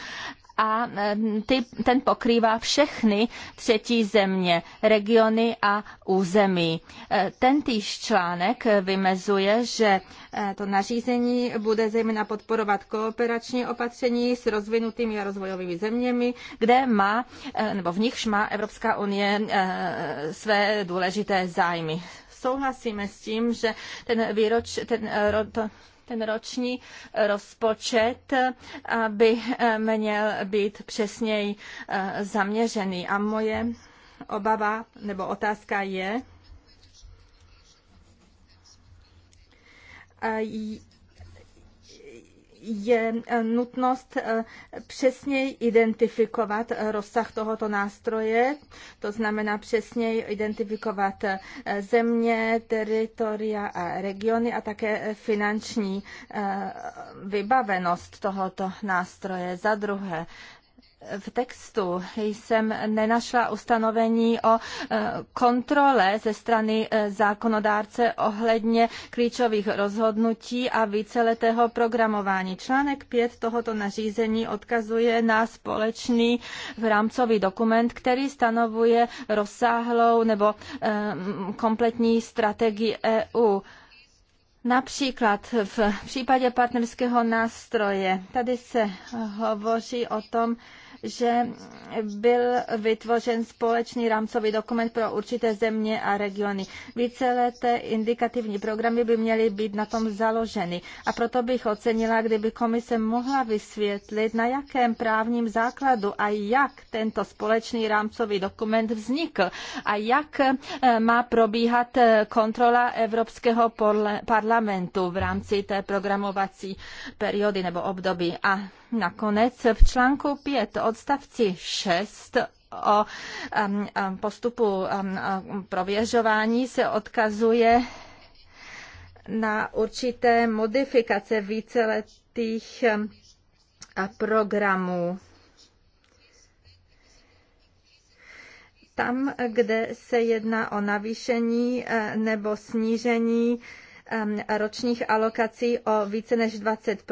a mm, ty, ten pokrývá všechny třetí země, regiony a území. E, ten týž článek vymezuje, že e, to nařízení bude zejména podporovat kooperační opatření s rozvinutými a rozvojovými zeměmi, kde má, e, nebo v nichž má Evropská unie své důležité zájmy souhlasíme s tím, že ten, výroč, ten, eh, ten roční rozpočet eh, by eh, měl být přesněji zaměřený. A moje obava nebo otázka je, je eh, nutnost eh, přesněji identifikovat eh, rozsah tohoto nástroje, to znamená přesněji identifikovat země, teritoria a regiony a také finanční vybavenost tohoto nástroje. Za druhé, v textu jsem nenašla ustanovení o e, kontrole ze strany e, zákonodárce ohledně klíčových rozhodnutí a víceletého programování. Článek 5 tohoto nařízení odkazuje na společný rámcový dokument, který stanovuje rozsáhlou nebo e, kompletní strategii EU. Například v případě partnerského nástroje. Tady se hovoří o tom, že byl vytvořen společný rámcový dokument pro určité země a regiony. Víceleté indikativní programy by měly být na tom založeny. A proto bych ocenila, kdyby komise mohla vysvětlit, na jakém právním základu a jak tento společný rámcový dokument vznikl a jak eh, má probíhat eh, kontrola Evropského parlamentu v rámci té programovací periody nebo období. A nakonec v článku 5 odstavci 6 o postupu prověřování se odkazuje na určité modifikace víceletých programů. Tam, kde se jedná o navýšení e, nebo snížení Um, ročních alokací o více než 20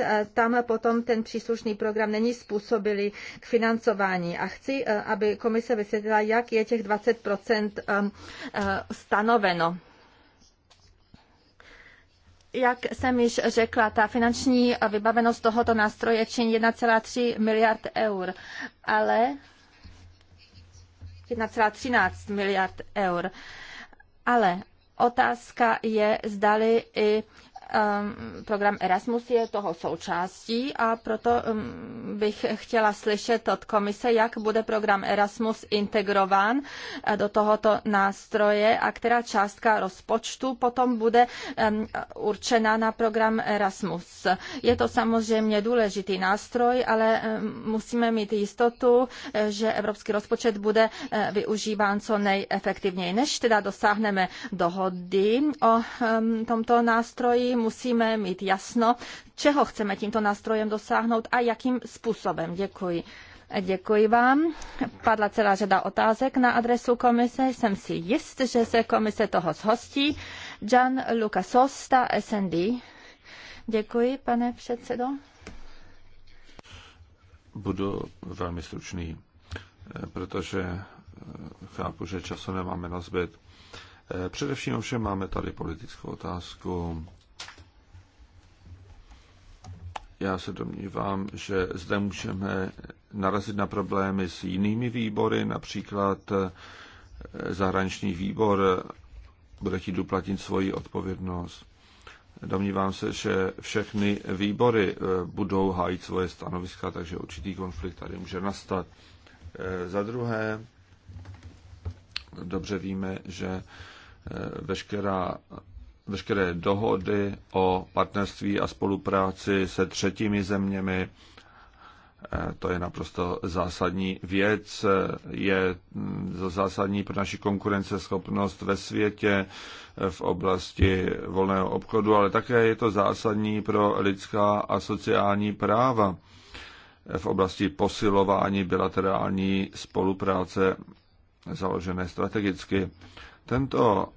eh, tam potom ten příslušný program není způsobilý k financování. A chci, eh, aby komise vysvětlila, jak je těch 20 eh, stanoveno jak jsem již řekla, ta finanční vybavenost tohoto nástroje činí 1,3 miliard eur, ale 1,13 miliard eur. Ale Otázka je, zdali i Ehm, program Erasmus je toho součástí a proto ehm, bych chtěla slyšet od komise, jak bude program Erasmus integrován eh, do tohoto nástroje a která částka rozpočtu potom bude ehm, určena na program Erasmus. Je to samozřejmě důležitý nástroj, ale musíme mít jistotu, eh, že evropský rozpočet bude eh, využíván co nejefektivněji. Než teda dosáhneme dohody o tomto nástroji, musíme mít jasno, čeho chceme tímto nástrojem dosáhnout a jakým způsobem. Děkuji. Děkuji vám. Padla celá řada otázek na adresu komise. Jsem si jist, že se komise toho zhostí. Jan Luka Sosta, SND. Děkuji, pane předsedo. Budu velmi stručný, eh, protože eh, chápu, že času nemáme na zbyt. Eh, především ovšem máme tady politickou otázku. Já se domnívám, že zde můžeme narazit na problémy s jinými výbory, například eh, zahraniční výbor bude chtít uplatnit svoji odpovědnost. Domnívám se, že všechny výbory eh, budou hájit svoje stanoviska, takže určitý konflikt tady může nastat. Eh, za druhé, dobře víme, že veškerá veškeré dohody o partnerství a spolupráci se třetími zeměmi. E, to je naprosto zásadní věc, je zásadní pro naši konkurenceschopnost ve světě e, v oblasti volného obchodu, ale také je to zásadní pro lidská a sociální práva e, v oblasti posilování bilaterální spolupráce založené strategicky. Tento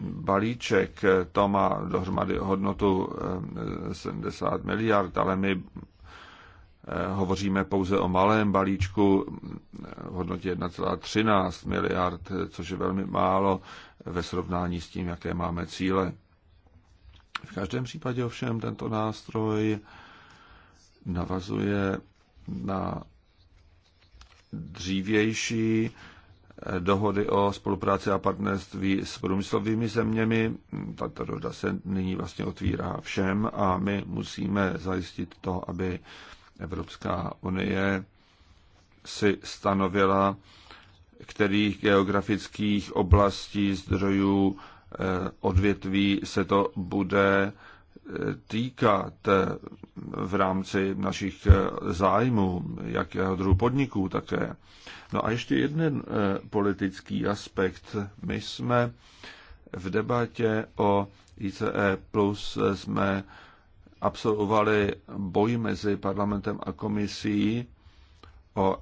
balíček, to má dohromady hodnotu 70 eh, miliard, ale my eh, hovoříme pouze o malém balíčku eh, v hodnotě 1,13 miliard, což je velmi málo ve srovnání s tím, jaké máme cíle. V každém případě ovšem tento nástroj navazuje na dřívější dohody o spolupráci a partnerství s průmyslovými zeměmi. Tato dohoda se nyní vlastně otvírá všem a my musíme zajistit to, aby Evropská unie si stanovila, kterých geografických oblastí, zdrojů, eh, odvětví se to bude týkat v rámci našich eh, zájmů, jakého druhu podniků také. No a ještě jeden eh, politický aspekt. My jsme v debatě o ICE plus eh, jsme absolvovali boj mezi parlamentem a komisí o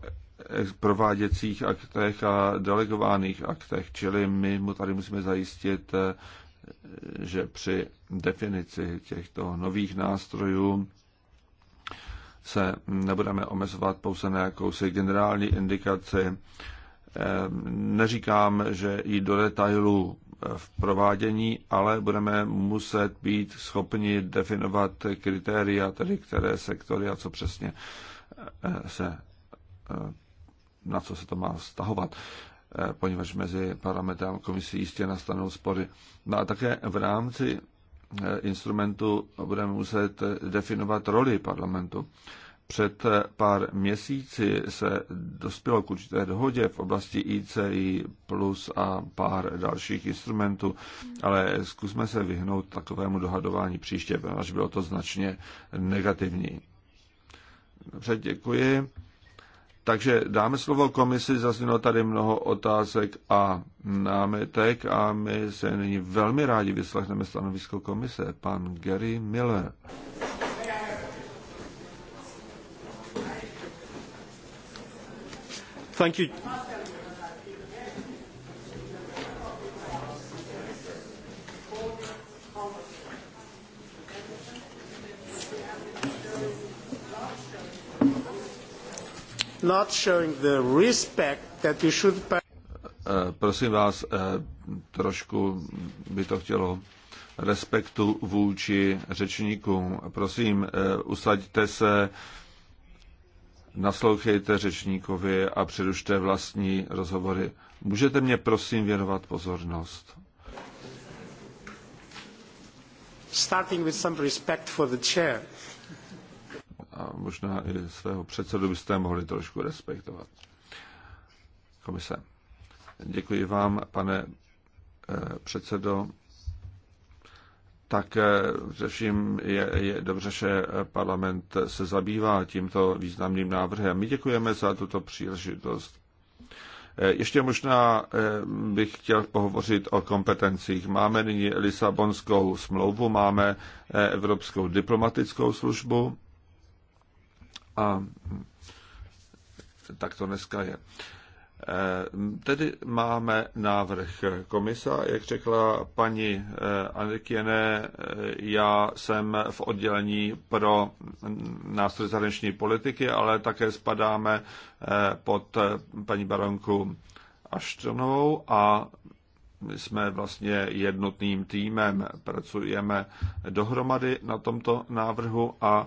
prováděcích aktech a delegovaných aktech, čili my mu tady musíme zajistit že při definici těchto nových nástrojů se nebudeme omezovat pouze na jakousi generální indikaci. Eh, neříkám, že i do detailů v provádění, ale budeme muset být schopni definovat kritéria, tedy které sektory a co přesně eh, se, eh, na co se to má stahovat. Eh, poněvadž mezi parlamentem a komisí jistě nastanou spory. No a také v rámci eh, instrumentu budeme muset definovat roli parlamentu. Před eh, pár měsíci se dospělo k určité dohodě v oblasti ICI plus a pár dalších instrumentů, ale zkusme se vyhnout takovému dohadování příště, protože bylo to značně negativní. Dobře, děkuji. Takže dáme slovo komisi, zaznělo tady mnoho otázek a námitek a my se nyní velmi rádi vyslechneme stanovisko komise. Pan Gary Miller. Thank you. not showing the respect that you should pay. Eh, prosím vás, eh, trošku by to chtělo respektu vůči řečníkům. Prosím, eh, usaďte se, naslouchejte řečníkovi a přerušte vlastní rozhovory. Můžete mě prosím věnovat pozornost? Starting with some respect for the chair a možná i svého předsedu byste mohli trošku respektovat. Komise. Děkuji vám, pane eh, předsedo. Tak eh, řeším, je, je dobře, že parlament se zabývá tímto významným návrhem. My děkujeme za tuto příležitost. Eh, ještě možná bych chtěl pohovořit o kompetencích. Máme nyní Lisabonskou smlouvu, máme Evropskou diplomatickou službu a tak to dneska je. Eh, tedy máme návrh komisa, jak řekla paní eh, Anikiene, eh, já jsem v oddělení pro nástroj zahraniční politiky, ale také spadáme pod paní baronku Aštronovou a my jsme vlastně jednotným týmem, pracujeme dohromady na tomto návrhu a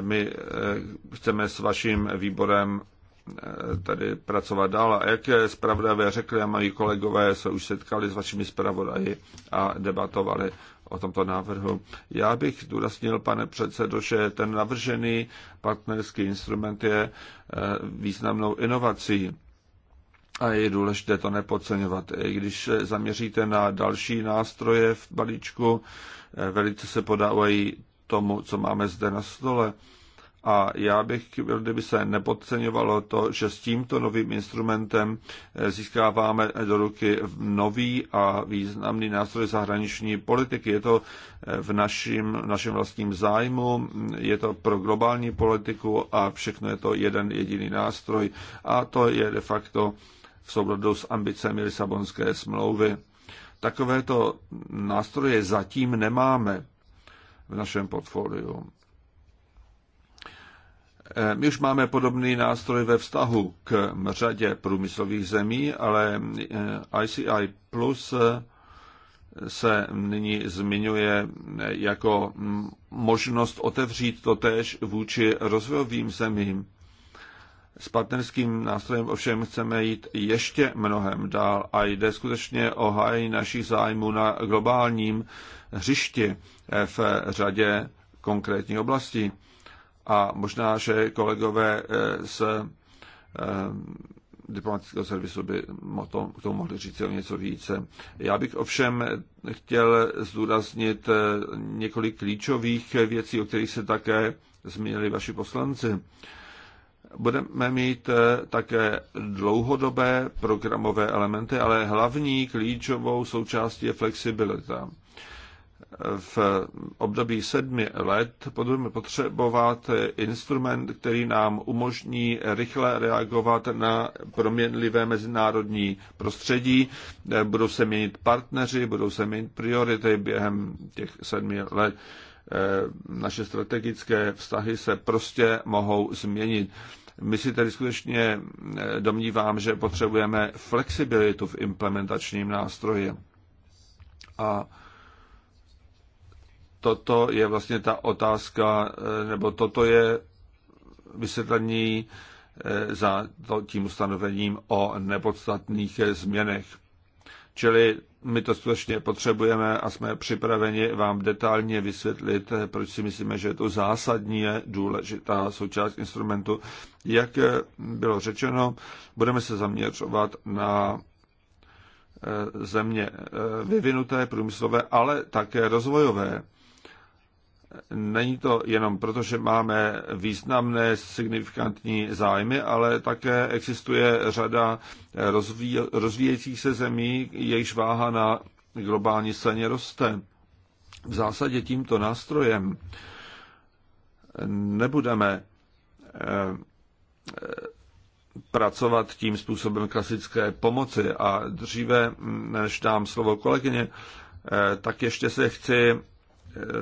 my eh, chceme s vaším výborem eh, tady pracovat dál. A jak zpravodavé řekli a mají kolegové se už setkali s vašimi zpravodaji a debatovali o tomto návrhu. Já bych důraznil, pane předsedo, že ten navržený partnerský instrument je eh, významnou inovací a je důležité to nepodceňovat. I když zaměříte na další nástroje v balíčku, velice se podávají tomu, co máme zde na stole. A já bych, kdyby se nepodceňovalo to, že s tímto novým instrumentem eh, získáváme do ruky nový a významný nástroj zahraniční politiky. Je to eh, v našim, našem vlastním zájmu, hm, je to pro globální politiku a všechno je to jeden jediný nástroj. A to je de facto v souladu s ambicemi Lisabonské smlouvy. Takovéto nástroje zatím nemáme v našem portfoliu. My už máme podobný nástroj ve vztahu k řadě průmyslových zemí, ale ICI Plus eh, se nyní zmiňuje eh, jako možnost otevřít též vůči rozvojovým zemím. S partnerským nástrojem ovšem chceme jít ještě mnohem dál a jde skutečně o hájení našich zájmů na globálním hřišti eh, v řadě konkrétních oblastí. A možná, že kolegové eh, z eh, diplomatického servisu by k tomu mohli říct o něco více. Já bych ovšem chtěl zdůraznit několik klíčových věcí, o kterých se také zmínili vaši poslanci. Budeme mít také dlouhodobé programové elementy, ale hlavní klíčovou součástí je flexibilita v období sedmi let budeme potřebovat instrument, který nám umožní rychle reagovat na proměnlivé mezinárodní prostředí. Budou se měnit partneři, budou se měnit priority během těch sedmi let. Eh, naše strategické vztahy se prostě mohou změnit. My si tedy skutečně eh, domnívám, že potřebujeme flexibilitu v implementačním nástroji. A toto je vlastně ta otázka, eh, nebo toto je vysvětlení eh, za tím ustanovením o nepodstatných změnách. Čili my to skutečně potřebujeme a jsme připraveni vám detailně vysvětlit, eh, proč si myslíme, že je to zásadně důležitá součást instrumentu. Jak bylo řečeno, budeme se zaměřovat na země vyvinuté, průmyslové, ale také rozvojové. Není to jenom proto, že máme významné, signifikantní zájmy, ale také existuje řada rozvíj, rozvíjejících se zemí, jejichž váha na globální scéně roste. V zásadě tímto nástrojem nebudeme eh, eh, pracovat tím způsobem klasické pomoci. A dříve, než dám slovo kolegyně, eh, tak ještě se chci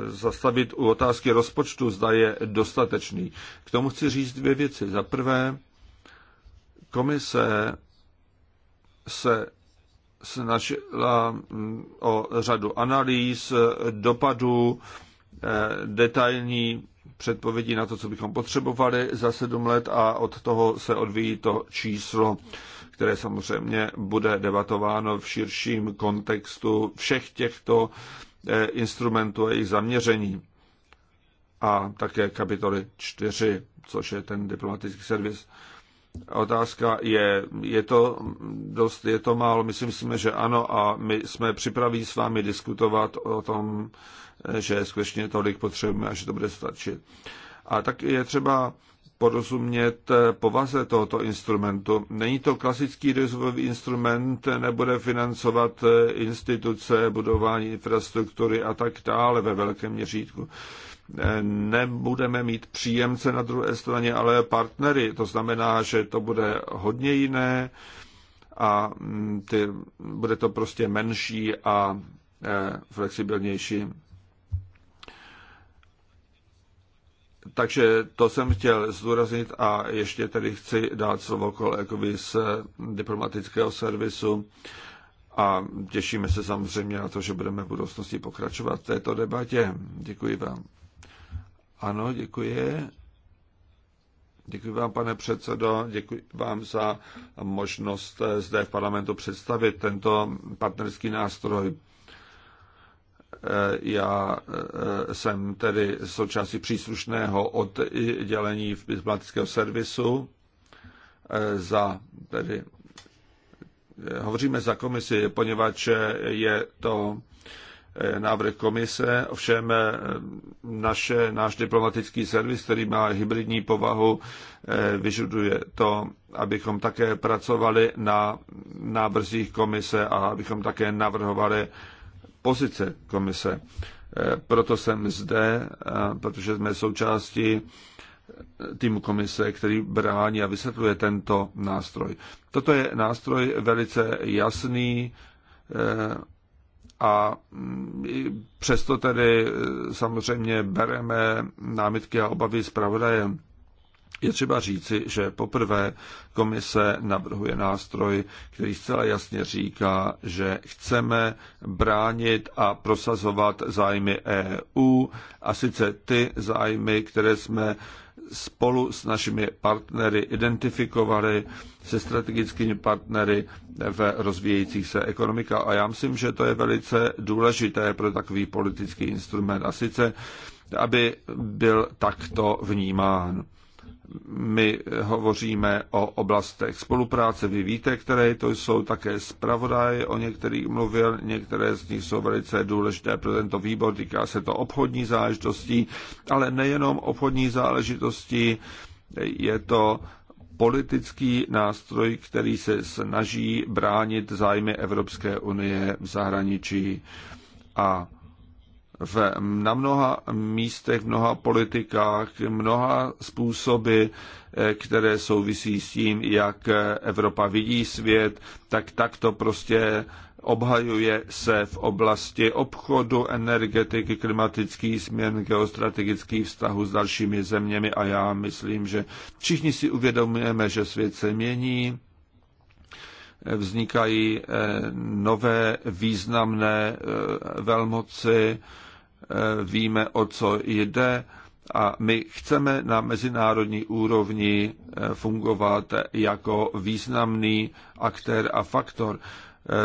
zastavit u otázky rozpočtu, zda je dostatečný. K tomu chci říct dvě věci. Za prvé, komise se snažila mm, o řadu analýz, dopadů, eh, detailní předpovědi na to, co bychom potřebovali za sedm let a od toho se odvíjí to číslo, které samozřejmě bude debatováno v širším kontextu všech těchto Eh, instrumentů a jejich zaměření a také kapitoly 4, což je ten diplomatický servis. Otázka je, je to dost, je to málo, my si myslíme, že ano a my jsme připraví s vámi diskutovat o tom, eh, že skutečně tolik potřebujeme a že to bude stačit. A tak je třeba porozumět povaze tohoto instrumentu. Není to klasický rozvojový instrument, nebude financovat instituce, budování infrastruktury a tak dále ve velkém měřítku. Nebudeme mít příjemce na druhé straně, ale partnery. To znamená, že to bude hodně jiné a mm, ty, bude to prostě menší a eh, flexibilnější. Takže to jsem chtěl zdůraznit a ještě tady chci dát slovo kolegovi z diplomatického servisu a těšíme se samozřejmě na to, že budeme v budoucnosti pokračovat v této debatě. Děkuji vám. Ano, děkuji. Děkuji vám, pane předsedo, děkuji vám za možnost zde v parlamentu představit tento partnerský nástroj. Eh, já eh, jsem tedy součástí příslušného oddělení v diplomatického servisu eh, za tedy hovoříme za komisi, poněvadž je to návrh komise, ovšem naše, náš diplomatický servis, který má hybridní povahu, vyžaduje to, abychom také pracovali na návrzích komise a abychom také navrhovali pozice komise. Eh, proto jsem zde, eh, protože jsme součástí eh, týmu komise, který brání a vysvětluje tento nástroj. Toto je nástroj velice jasný a mm, přesto tedy samozřejmě bereme námitky a obavy zpravodajem. Je třeba říci, že poprvé komise navrhuje nástroj, který zcela jasně říká, že chceme bránit a prosazovat zájmy EU a sice ty zájmy, které jsme spolu s našimi partnery identifikovali, se strategickými partnery v rozvíjejících se ekonomika. A já myslím, že to je velice důležité pro takový politický instrument. A sice, aby byl takto vnímán. My hovoříme o oblastech spolupráce. Vy víte, které to jsou také zpravodaj, o některých mluvil, některé z nich jsou velice důležité pro tento výbor, týká se to obchodní záležitostí, ale nejenom obchodní záležitosti, je to politický nástroj, který se snaží bránit zájmy Evropské unie v zahraničí. A v, na mnoha místech, mnoha politikách, mnoha způsoby, eh, které souvisí s tím, jak Evropa vidí svět, tak tak to prostě obhajuje se v oblasti obchodu, energetiky, klimatických změn, geostrategických vztahů s dalšími zeměmi a já myslím, že všichni si uvědomujeme, že svět se mění, vznikají eh, nové významné eh, velmoci, Eh, víme, o co jde a my chceme na mezinárodní úrovni eh, fungovat jako významný aktér a faktor.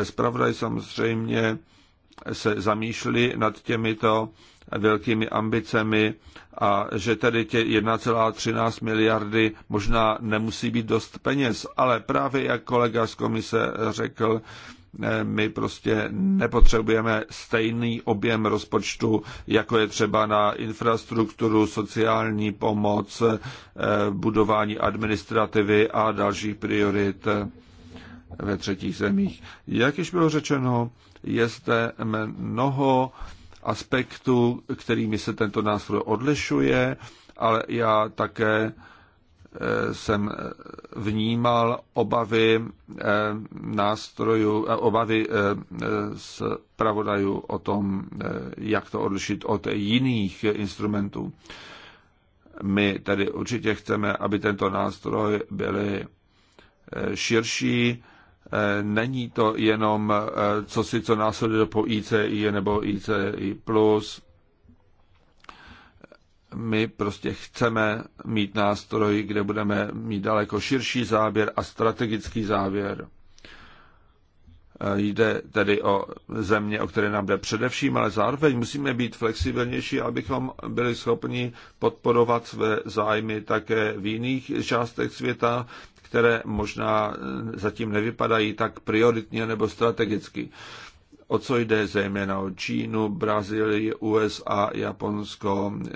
Spravodaj eh, samozřejmě se zamýšlí nad těmito velkými ambicemi a že tedy tě 1,13 miliardy možná nemusí být dost peněz, ale právě jak kolega z komise řekl, my prostě nepotřebujeme stejný objem rozpočtu, jako je třeba na infrastrukturu, sociální pomoc, eh, budování administrativy a dalších priorit eh, ve třetích zemích. Jak již bylo řečeno, je zde mnoho aspektů, kterými se tento nástroj odlišuje, ale já také jsem vnímal obavy eh, nástrojů, eh, obavy eh, z pravodajů o tom, jak to odlišit od jiných instrumentů. My tedy určitě chceme, aby tento nástroj byl širší. Není to jenom co si co následuje po ICI e nebo ICI+, my prostě chceme mít nástroj, kde budeme mít daleko širší záběr a strategický závěr. Eh, jde tedy o země, o které nám jde především, ale zároveň musíme být flexibilnější, abychom byli schopni podporovat své zájmy také v jiných částech světa, které možná eh, zatím nevypadají tak prioritně nebo strategicky o co jde zejména o Čínu, Brazílii, USA, Japonsko, eh,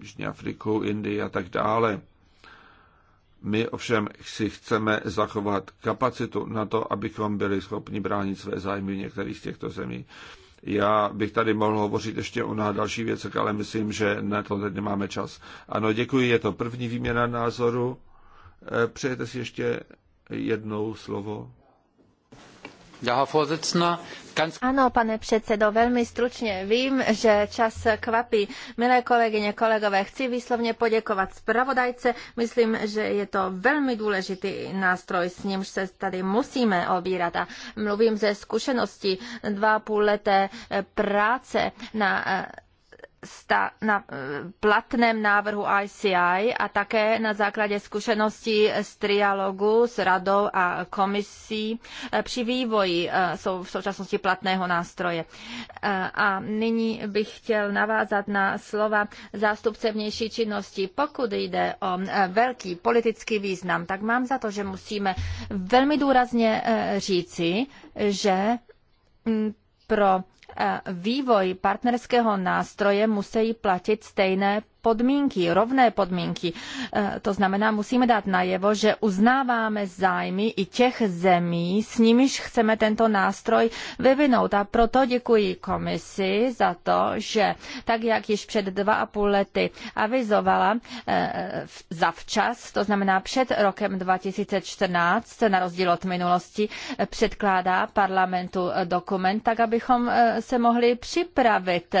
Jižní Afriku, Indii a tak dále. My ovšem si chceme zachovat kapacitu na to, abychom byli schopni bránit své zájmy v některých z těchto zemí. Já bych tady mohl hovořit ještě o na další věcech, ale myslím, že na to teď nemáme čas. Ano, děkuji, je to první výměna názoru. Eh, přejete si ještě jednou slovo? Ano, pane předsedo, velmi stručně. Vím, že čas kvapí. Milé kolegyně, kolegové, chci výslovně poděkovat zpravodajce. Myslím, že je to velmi důležitý nástroj, s nímž se tady musíme obírat. A mluvím ze zkušenosti dva půl leté eh, práce na eh, na eh, platném návrhu ICI a také na základě zkušeností z trialogu s radou a komisí eh, při vývoji eh, jsou v současnosti platného nástroje. A nyní bych chtěl navázat na slova zástupce vnější činnosti. Pokud jde o velký politický význam, tak mám za to, že musíme velmi důrazně říci, že mm, pro vývoj partnerského nástroje musí platit stejné podmínky, rovné podmínky. E, to znamená, musíme dát najevo, že uznáváme zájmy i těch zemí, s nimiž chceme tento nástroj vyvinout. A proto děkuji komisi za to, že tak, jak již před dva a půl lety avizovala e, zavčas, to znamená před rokem 2014, na rozdíl od minulosti, předkládá parlamentu dokument, tak abychom e, se mohli připravit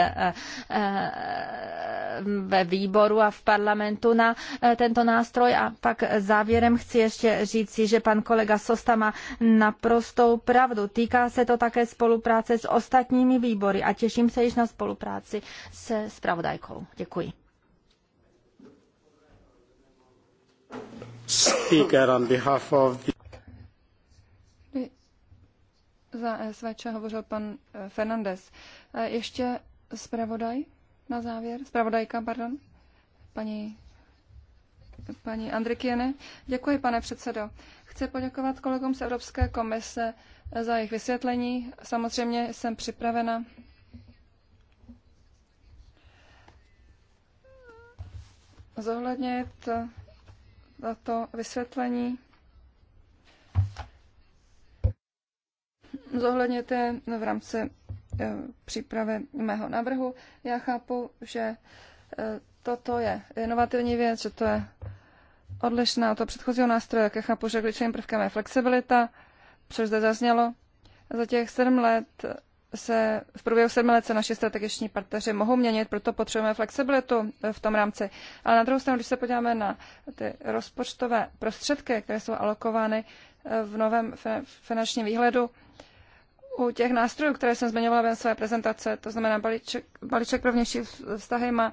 ve výboru a v parlamentu na eh, tento nástroj. A pak závěrem chci ještě říci, že pan kolega Sosta má naprostou pravdu. Týká se to také spolupráce s ostatními výbory a těším se již na spolupráci se spravodajkou. Děkuji. Speaker on behalf of the... Za SVČ hovořil pan eh, Fernandez. Eh, ještě zpravodaj? na závěr? Zpravodajka, pardon. Paní, paní Andrikiene. Děkuji, pane předsedo. Chci poděkovat kolegům z Evropské komise za jejich vysvětlení. Samozřejmě jsem připravena zohlednit tato vysvětlení. Zohledněte v rámci Eh, přípravy mého návrhu. Já chápu, že eh, toto je inovativní věc, že to je odlišná od toho předchozího nástroje, jak já chápu, že klíčovým prvkem je flexibilita, což zde zaznělo. Za těch sedm let se v průběhu sedmi let se naši strategiční partneři mohou měnit, proto potřebujeme flexibilitu eh, v tom rámci. Ale na druhou stranu, když se podíváme na ty rozpočtové prostředky, které jsou alokovány v novém finančním výhledu, u těch nástrojů, které jsem zmiňovala ve své prezentace, to znamená balíček, balíček pro vnější vztahy má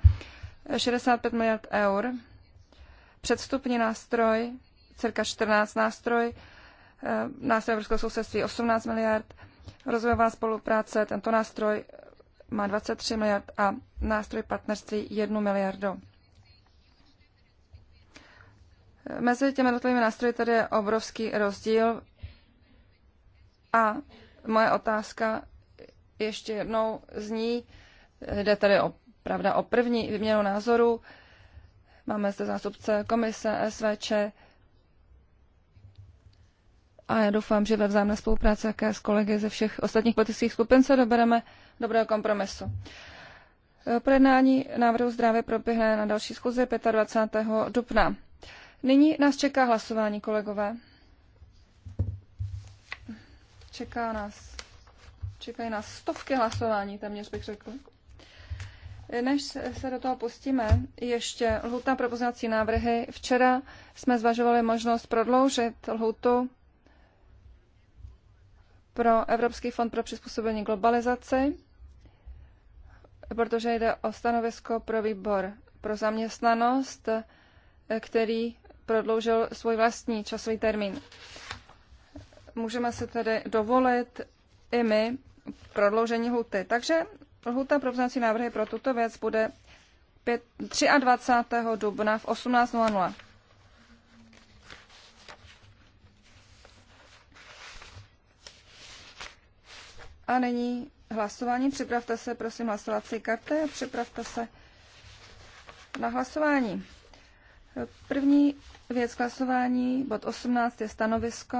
65 miliard eur, předstupní nástroj, cirka 14 nástroj, eh, nástroj Evropského sousedství 18 miliard, rozvojová spolupráce, tento nástroj má 23 miliard a nástroj partnerství 1 miliardu. Mezi těmi jednotlivými nástroji tady je obrovský rozdíl a Moje otázka ještě jednou zní, jde tady o, pravda, o první výměnu názoru. Máme zde zástupce komise SVČ a já doufám, že ve vzájemné spolupráci jaké s kolegy ze všech ostatních politických skupin se dobereme dobrého kompromisu. Projednání návrhu zdravě proběhne na další schůzi 25. dubna. Nyní nás čeká hlasování, kolegové. Čeká nás, čekají nás stovky hlasování, téměř bych řekl. Než se do toho pustíme, ještě lhuta pro poznací návrhy. Včera jsme zvažovali možnost prodloužit lhutu pro Evropský fond pro přizpůsobení globalizaci, protože jde o stanovisko pro výbor pro zaměstnanost, který prodloužil svůj vlastní časový termín můžeme si tedy dovolit i my prodloužení lhuty. Takže lhuta pro vznací návrhy pro tuto věc bude 23. dubna v 18.00. A nyní hlasování. Připravte se, prosím, hlasovací karty a připravte se na hlasování. První věc hlasování, bod 18, je stanovisko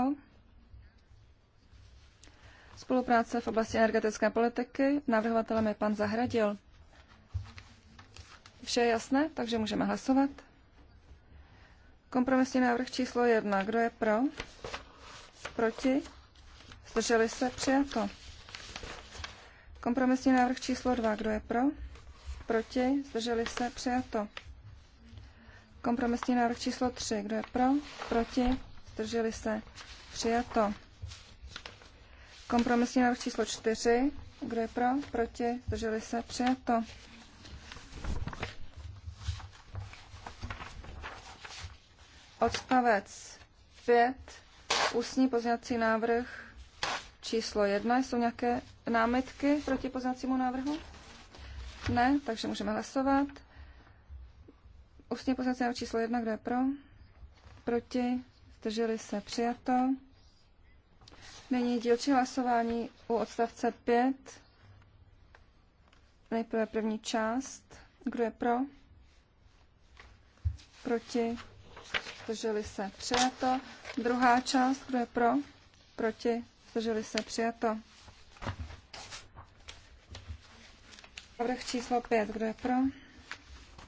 spolupráce v oblasti energetické politiky. Navrhovatelem je pan Zahradil. Vše je jasné, takže můžeme hlasovat. Kompromisní návrh číslo jedna. Kdo je pro? Proti? Zdrželi se? Přijato. Kompromisní návrh číslo dva. Kdo je pro? Proti? Zdrželi se? Přijato. Kompromisní návrh číslo tři. Kdo je pro? Proti? Zdrželi se? Přijato. Kompromisní návrh číslo 4. Kdo je pro? Proti? Zdrželi se? Přijato. Odstavec 5. Ústní pozněcí návrh číslo 1. Jsou nějaké námitky proti pozněcímu návrhu? Ne, takže můžeme hlasovat. Ústní pozněcí návrh číslo 1. Kdo je pro? Proti? Zdrželi se? Přijato. Nyní dílčí hlasování u odstavce 5. Nejprve první část. Kdo je pro? Proti? Zdrželi se. Přijato. Druhá část. Kdo je pro? Proti? Zdrželi se. Přijato. Návrh číslo 5. Kdo je pro?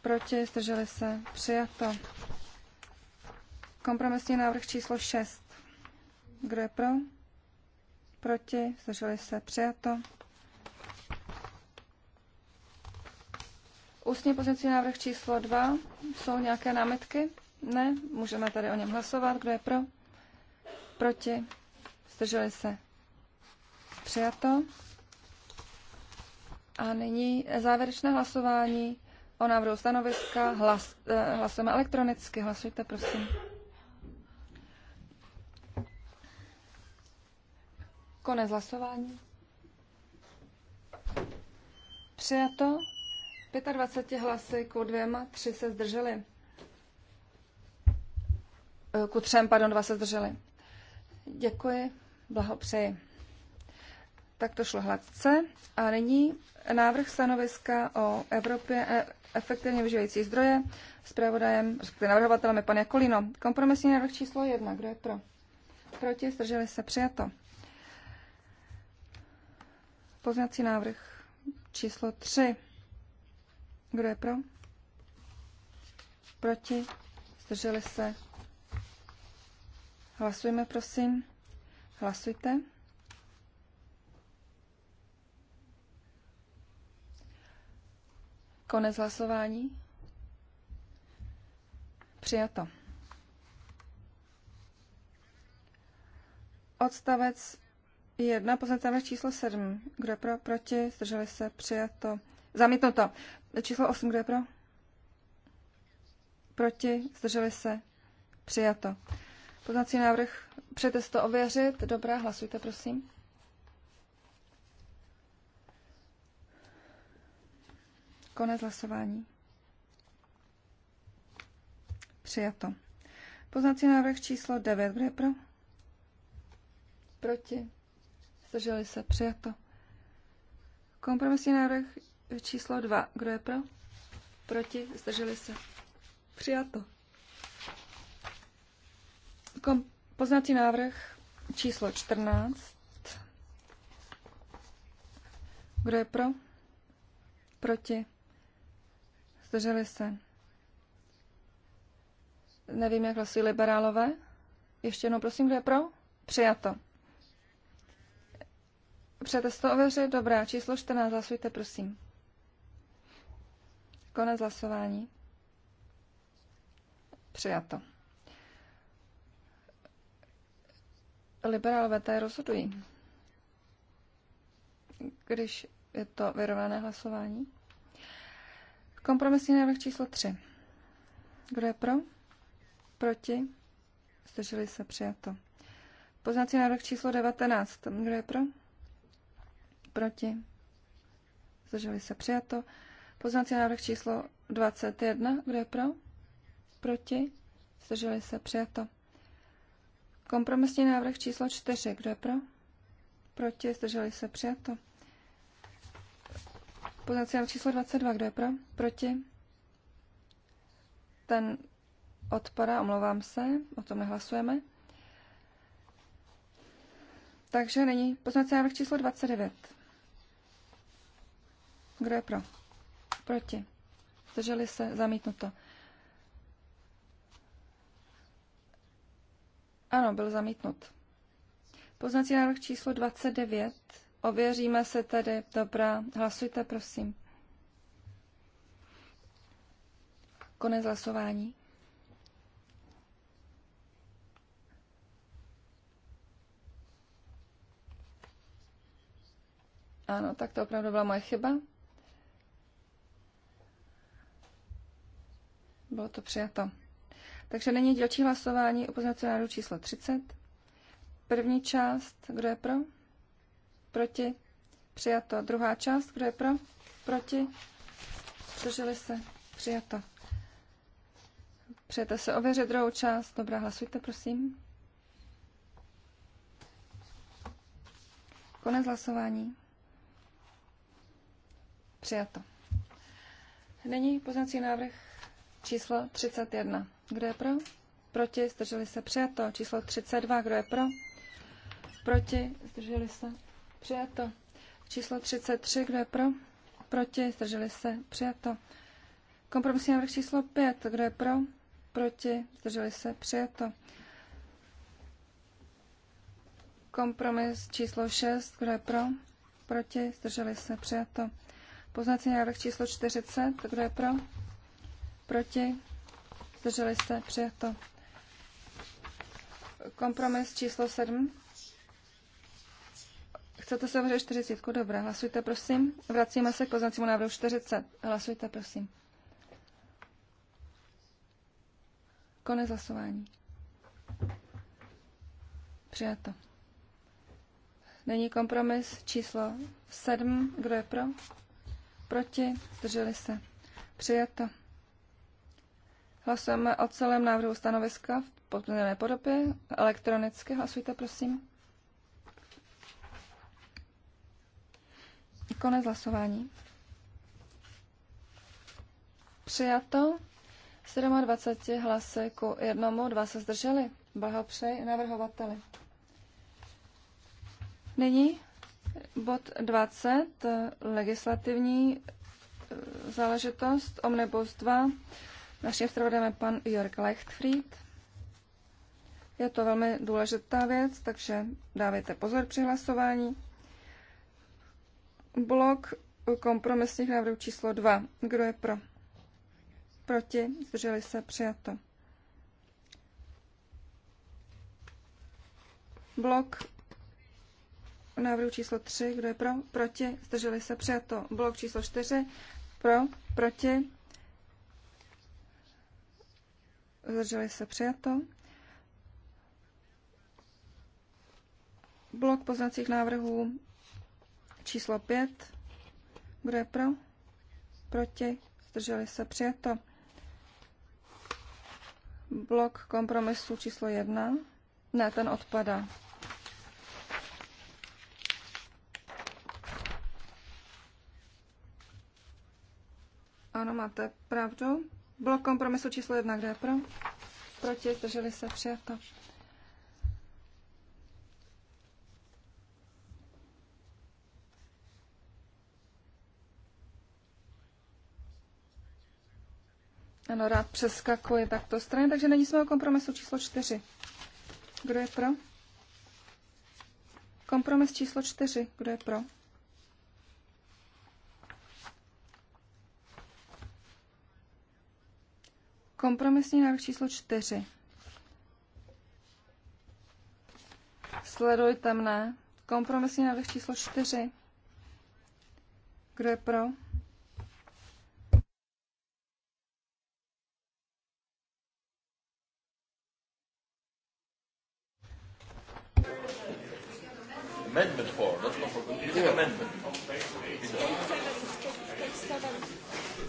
Proti? Zdrželi se. Přijato. Kompromisní návrh číslo 6. Kdo je pro? proti, zdrželi se, přijato. Ústní pozici návrh číslo 2. Jsou nějaké námitky? Ne, můžeme tady o něm hlasovat. Kdo je pro? Proti? Zdrželi se? Přijato. A nyní závěrečné hlasování o návrhu stanoviska. Hlas, eh, hlasujeme elektronicky. Hlasujte, prosím. Konec hlasování. Přijato 25 hlasy ku dvěma, tři se zdrželi. Eh, ku třem, pardon, dva se zdrželi. Děkuji, blahopřeji. Tak to šlo hladce. A nyní návrh stanoviska o Evropě e, efektivně využívající zdroje. pravodajem, respektive navrhovatelem je pan Jakolino. Kompromisní návrh číslo jedna. Kdo je pro? Proti, zdrželi se, přijato. Poznací návrh číslo 3. Kdo je pro? Proti? Zdrželi se? Hlasujeme, prosím. Hlasujte. Konec hlasování. Přijato. Odstavec 1, pozměňovací číslo 7. Kdo je pro? Proti? Zdrželi se? Přijato. Zamítnuto. Číslo 8. Kdo je pro? Proti? Zdrželi se? Přijato. Poznací návrh. Přejete si to ověřit. Dobrá, hlasujte, prosím. Konec hlasování. Přijato. Poznací návrh číslo 9. Kdo je pro? Proti? Zdrželi se. Přijato. Kompromisní návrh číslo 2. Kdo je pro? Proti? Zdrželi se. Přijato. Kom- poznací návrh číslo 14. Kdo je pro? Proti? Zdrželi se. Nevím, jak hlasují liberálové. Ještě jednou prosím, kdo je pro? Přijato. Přejete to ověřit? Dobrá, číslo 14, hlasujte, prosím. Konec hlasování. Přijato. Liberálové tady rozhodují, když je to vyrovnané hlasování. Kompromisní návrh číslo 3. Kdo je pro? Proti? Zdrželi se přijato. Poznací návrh číslo 19. Kdo je pro? proti, zdrželi se přijato. Poznací návrh číslo 21, kdo je pro, proti, zdrželi se přijato. Kompromisní návrh číslo 4, kdo je pro, proti, zdrželi se přijato. Poznací návrh číslo 22, kdo je pro, proti, ten odpada, omlouvám se, o tom nehlasujeme. Takže není poznací návrh číslo 29. Kdo je pro? Proti. Zdrželi se? Zamítnuto. Ano, byl zamítnut. Poznací návrh číslo 29. Ověříme se tedy. Dobrá, hlasujte, prosím. Konec hlasování. Ano, tak to opravdu byla moje chyba. Bylo to přijato. Takže není dělčí hlasování o pozměňovacím návrhu číslo 30. První část, kdo je pro? Proti? Přijato. Druhá část, kdo je pro? Proti? Zdrželi se? Přijato. Přejete se ověřit druhou část. Dobrá, hlasujte, prosím. Konec hlasování. Přijato. Není poznací návrh Číslo 31. Kdo je pro? Proti, zdrželi se, přijato. Číslo 32. Kdo je pro? Proti, zdrželi se, přijato. Číslo 33. Kdo je pro? Proti, zdrželi se, přijato. Kompromisní návrh číslo 5. Kdo je pro? Proti, zdrželi se, přijato. Kompromis číslo 6. Kdo je pro? Proti, zdrželi se, přijato. Poznací návrh číslo 40. Kdo je pro? Proti? Zdrželi se? Přijato. Kompromis číslo 7. Chcete se ověřit 40? Dobré, hlasujte prosím. Vracíme se k poznacímu návrhu 40. Hlasujte prosím. Konec hlasování. Přijato. Není kompromis číslo 7. Kdo je pro? Proti? Zdrželi se. Přijato. Hlasujeme o celém návrhu stanoviska v podměněné podobě. Elektronicky hlasujte, prosím. Konec hlasování. Přijato. 27 hlasy ku jednomu, dva se zdrželi. Blahopřeji navrhovateli. Nyní bod 20, legislativní e, záležitost, omnibus 2, Naším zpravodajem je pan Jörg Leichtfried. Je to velmi důležitá věc, takže dávejte pozor při hlasování. Blok kompromisních návrhů číslo 2. Kdo je pro? Proti? Zdrželi se? Přijato. Blok návrhu číslo 3. Kdo je pro? Proti? Zdrželi se? Přijato. Blok číslo 4. Pro? Proti? zdrželi se přijato. Blok poznacích návrhů číslo 5. Kdo je pro? Proti? Zdrželi se přijato. Blok kompromisu číslo 1. Ne, ten odpadá. Ano, máte pravdu. Blok kompromisu číslo jedna, kde je pro? Proti, zdrželi se, přijato. Ano, rád přeskakuje takto strany, takže není jsme o kompromisu číslo čtyři. Kdo je pro? Kompromis číslo čtyři. Kdo je pro? Kompromisní návrh číslo čtyři. Sledujte mne. Kompromisní návrh číslo čtyři. Kdo je pro? Amendment 4, that's not for yeah. amendment.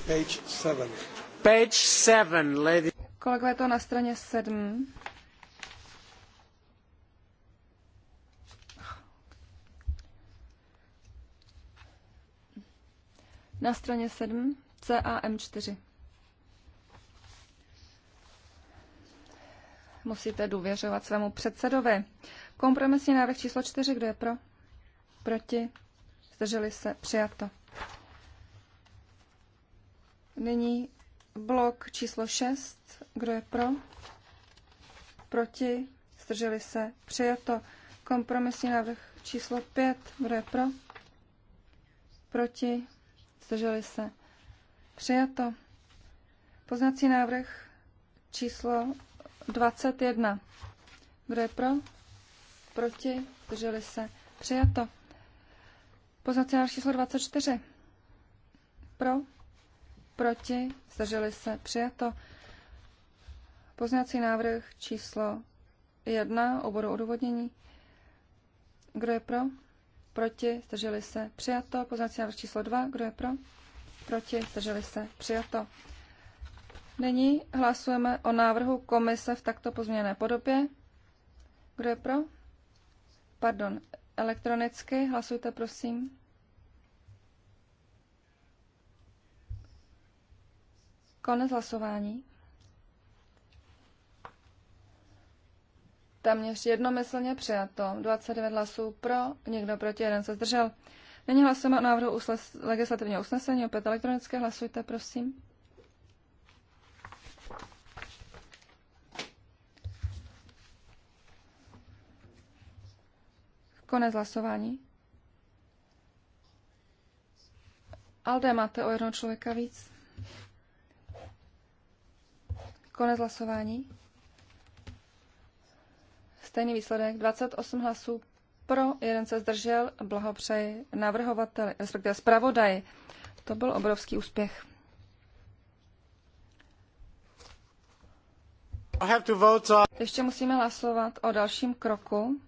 Page seven. Page 7. Page seven, lady. Kolegové, to na straně 7. Na straně 7 CAM4. Musíte důvěřovat svému předsedovi. Kompromisní návrh číslo 4, kdo je pro? Proti? Zdrželi se? Přijato. Nyní Blok číslo 6. Kdo je pro? Proti? Zdrželi se? Přijato. Kompromisní návrh číslo 5. Kdo je pro? Proti? Zdrželi se? Přijato. Poznací návrh číslo 21. Kdo je pro? Proti? Zdrželi se? Přijato. Poznací návrh číslo 24. Pro? proti, zdrželi se, přijato. Poznací návrh číslo 1 oboru odůvodnění. Kdo je pro? Proti, zdrželi se, přijato. Poznací návrh číslo 2, kdo je pro? Proti, zdrželi se, přijato. Nyní hlasujeme o návrhu komise v takto pozměněné podobě. Kdo je pro? Pardon, elektronicky. Hlasujte, prosím. Konec hlasování. Téměř jednomyslně přijato. 29 hlasů pro, někdo proti, jeden se zdržel. Nyní hlasujeme o návrhu usles- legislativního usnesení. Opět elektronické hlasujte, prosím. Konec hlasování. Alde, máte o jednoho člověka víc. Konec hlasování. Stejný výsledek, 28 hlasů pro, jeden se zdržel, blahopřeji navrhovateli, respektive zpravodaji. To byl obrovský úspěch. Ještě musíme hlasovat o dalším kroku.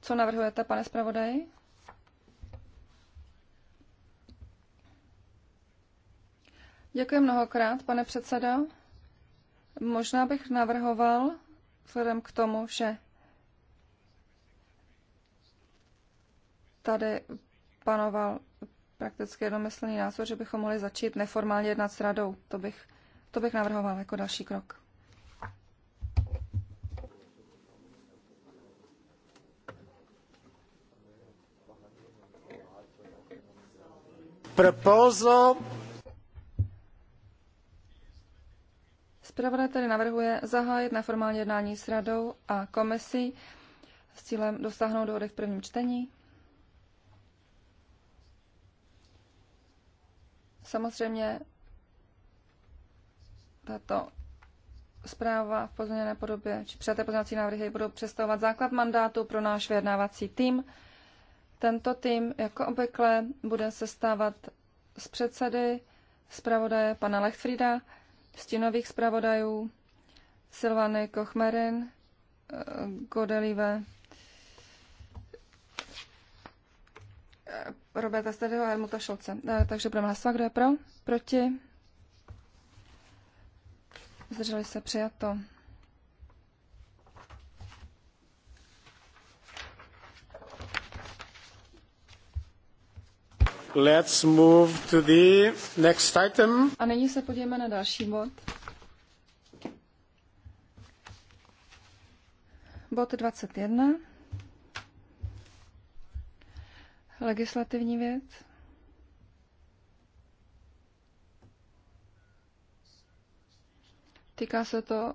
Co navrhujete, pane zpravodaji? Děkuji mnohokrát, pane předsedo. Možná bych navrhoval, vzhledem k tomu, že tady panoval prakticky jednomyslný názor, že bychom mohli začít neformálně jednat s radou. To bych, to bych navrhoval jako další krok. proposal Zpravodaj tedy navrhuje zahájit formální jednání s radou a komisí s cílem dosáhnout dohody v prvním čtení. Samozřejmě tato zpráva v pozměněné podobě či přijaté pozměňovací návrhy budou představovat základ mandátu pro náš vyjednávací tým. Tento tým, jako obvykle, bude sestávat z předsedy zpravodaje pana Lechfrida, stínových zpravodajů Silvany Kochmerin, eh, Godelive, eh, Roberta Stadyho a Helmuta Šolce. Eh, takže budeme hlasovat, kdo je pro, proti. Zdrželi se přijato. Let's move to the next item. A nyní se podíváme na další bod. Bod 21. Legislativní věc. Týká se to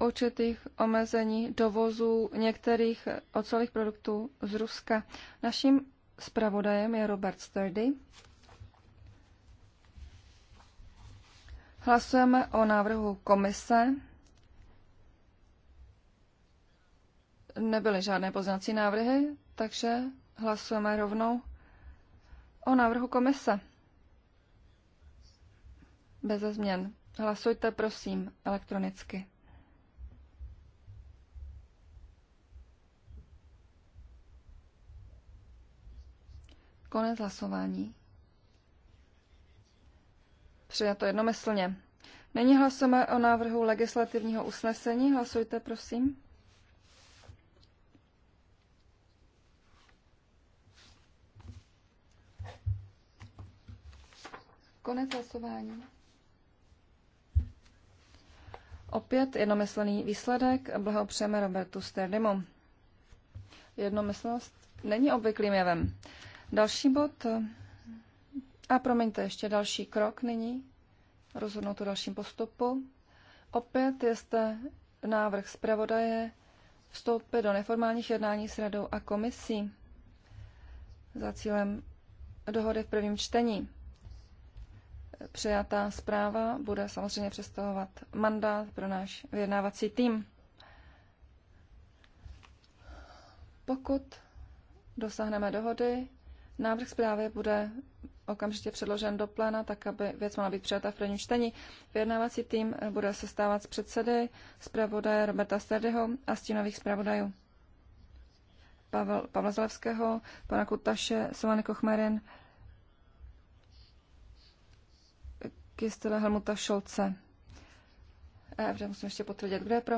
určitých omezení dovozu některých ocelých produktů z Ruska. Naším Spravodajem je Robert Sturdy. Hlasujeme o návrhu komise. Nebyly žádné poznací návrhy, takže hlasujeme rovnou o návrhu komise. Bez změn. Hlasujte prosím elektronicky. Konec hlasování. Přijato jednomyslně. Nyní hlasujeme o návrhu legislativního usnesení. Hlasujte, prosím. Konec hlasování. Opět jednomyslný výsledek. Blahopřejeme Robertu Sterdimu. Jednomyslnost není obvyklým jevem. Další bod. A promiňte, ještě další krok nyní. Rozhodnout o dalším postupu. Opět je zde návrh zpravodaje vstoupit do neformálních jednání s radou a komisí za cílem dohody v prvním čtení. Přijatá zpráva bude samozřejmě představovat mandát pro náš vyjednávací tým. Pokud dosáhneme dohody, Návrh zprávy bude okamžitě předložen do pléna, tak aby věc mohla být přijata v prvním čtení. Vyjednávací tým bude sestávat z předsedy, zpravodaje Roberta Sterdyho a stínových zpravodajů. Pavel, Pavla Zalevského, pana Kutaše, Silvany Kochmerin, Kistela Helmuta Šolce. EFD musím ještě potvrdit, kdo je pro,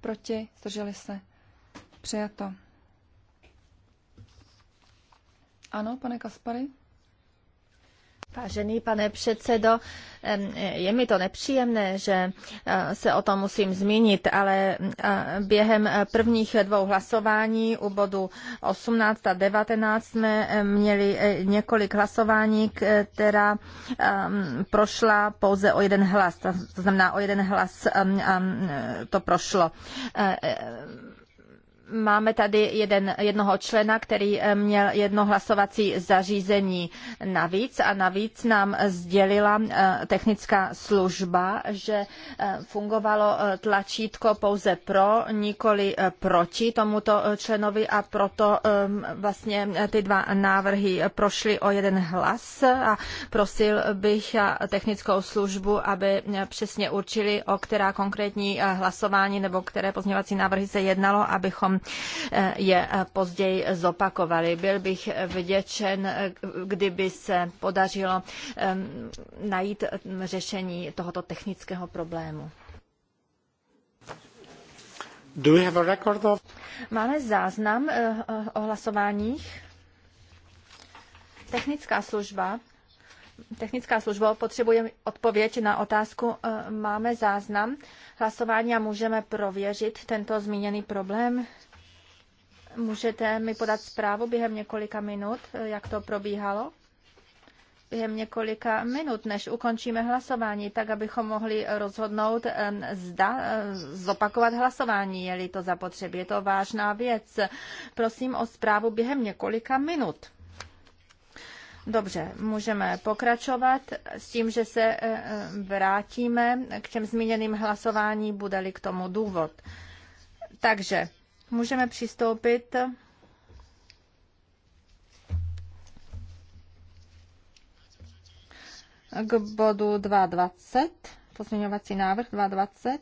proti, zdrželi se. Přijato. Ano, pane Kaspary? Vážený pane předsedo, je mi to nepříjemné, že e, se o tom musím zmínit, ale e, během prvních dvou hlasování u bodu 18 a 19 jsme e, měli několik hlasování, která prošla pouze o jeden hlas. To znamená, o jeden hlas to prošlo Máme tady jeden, jednoho člena, který eh, měl jedno hlasovací zařízení navíc a navíc nám sdělila eh, technická služba, že eh, fungovalo tlačítko pouze pro, nikoli proti tomuto členovi a proto ehm, vlastně ty dva návrhy prošly o jeden hlas a prosil bych technickou službu, aby přesně určili, o která konkrétní hlasování nebo které pozměňovací návrhy se jednalo, abychom Eh, je eh, později zopakovali. Byl bych vděčen, eh, kdyby se podařilo najít řešení tohoto technického problému. Do have a record of... Máme záznam o hlasováních. Technická služba. Technická služba potřebuje odpověď na otázku. Máme záznam hlasování a můžeme prověřit tento zmíněný problém. Můžete mi podat zprávu během několika minut, jak to probíhalo? během několika minut, než ukončíme hlasování, tak abychom mohli rozhodnout, zda zopakovat hlasování, je-li to zapotřebí. Je to vážná věc. Prosím o zprávu během několika minut. Dobře, můžeme pokračovat s tím, že se vrátíme k těm zmíněným hlasování, bude-li k tomu důvod. Takže můžeme přistoupit k bodu 2.20, pozměňovací návrh 2.20.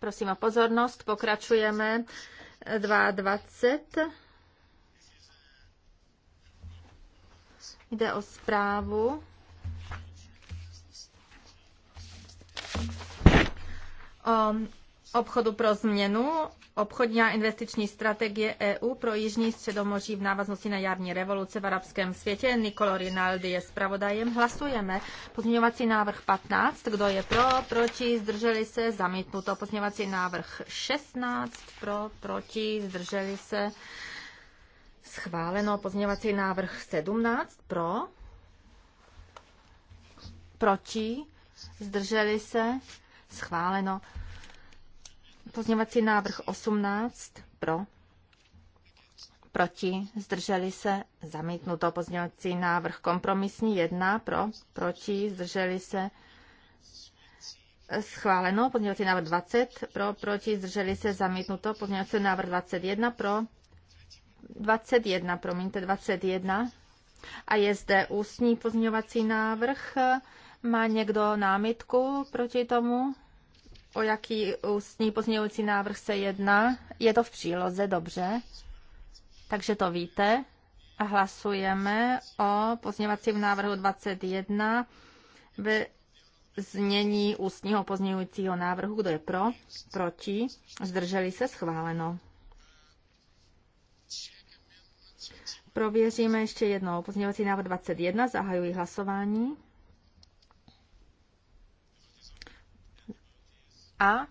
Prosím o pozornost, pokračujeme 2.20. Jde o zprávu Um, obchodu pro změnu, obchodní a investiční strategie EU pro Jižní středomoří v návaznosti na jarní revoluce v arabském světě. Nikolo Rinaldi je zpravodajem. Hlasujeme. Pozměňovací návrh 15. Kdo je pro, proti, zdrželi se, zamítnuto. Pozměňovací návrh 16. Pro, proti, zdrželi se, schváleno. Pozměňovací návrh 17. Pro, proti, zdrželi se, Schváleno. Pozněvací návrh 18 pro, proti, zdrželi se, zamítnuto. pozněvací návrh kompromisní 1 pro, proti, zdrželi se, schváleno. pozněvací návrh 20 pro, proti, zdrželi se, zamítnuto. pozněvací návrh 21 pro, 21, promiňte, 21. A je zde ústní pozměňovací návrh. Má někdo námitku proti tomu? o jaký ústní pozměňující návrh se jedná. Je to v příloze, dobře. Takže to víte. A hlasujeme o pozměňovacím návrhu 21 v znění ústního pozměňujícího návrhu. Kdo je pro? Proti? Zdrželi se? Schváleno. Prověříme ještě jednou pozměňovací návrh 21. Zahajuji hlasování. A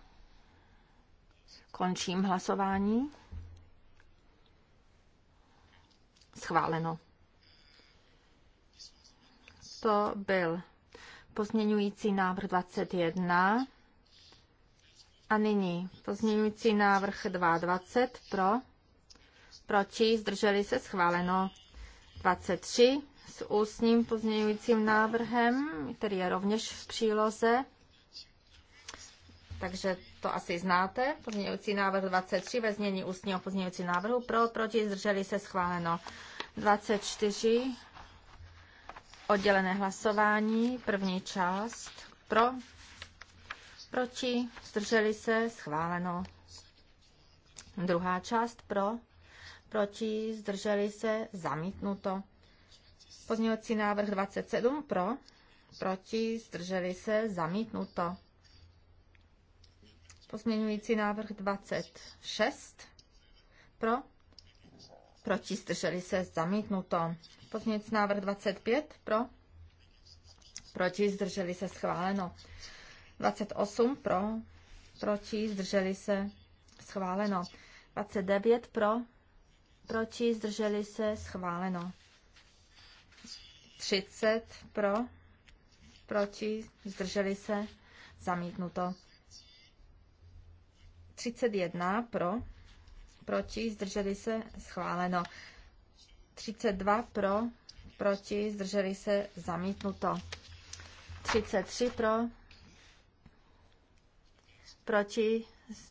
končím hlasování. Schváleno. To byl pozměňující návrh 21. A nyní pozměňující návrh 22 pro, proti, zdrželi se schváleno 23 s ústním pozměňujícím návrhem, který je rovněž v příloze. Takže to asi znáte. Pozměňující návrh 23 ve změní ústního pozměňující návrhu pro, proti, zdrželi se schváleno. 24 oddělené hlasování, první část pro, proti, zdrželi se schváleno. Druhá část pro, proti, zdrželi se zamítnuto. Pozměňující návrh 27 pro, proti, zdrželi se zamítnuto. Pozměňující návrh 26. Pro? Proti zdrželi se zamítnuto. Pozměňující návrh 25. Pro? Proti zdrželi se schváleno. 28 pro, proti zdrželi se schváleno. 29 pro, proti zdrželi se schváleno. 30 pro, proti zdrželi se zamítnuto. 31 pro, proti, zdrželi se, schváleno. 32 pro, proti, zdrželi se, zamítnuto. 33 pro, proti,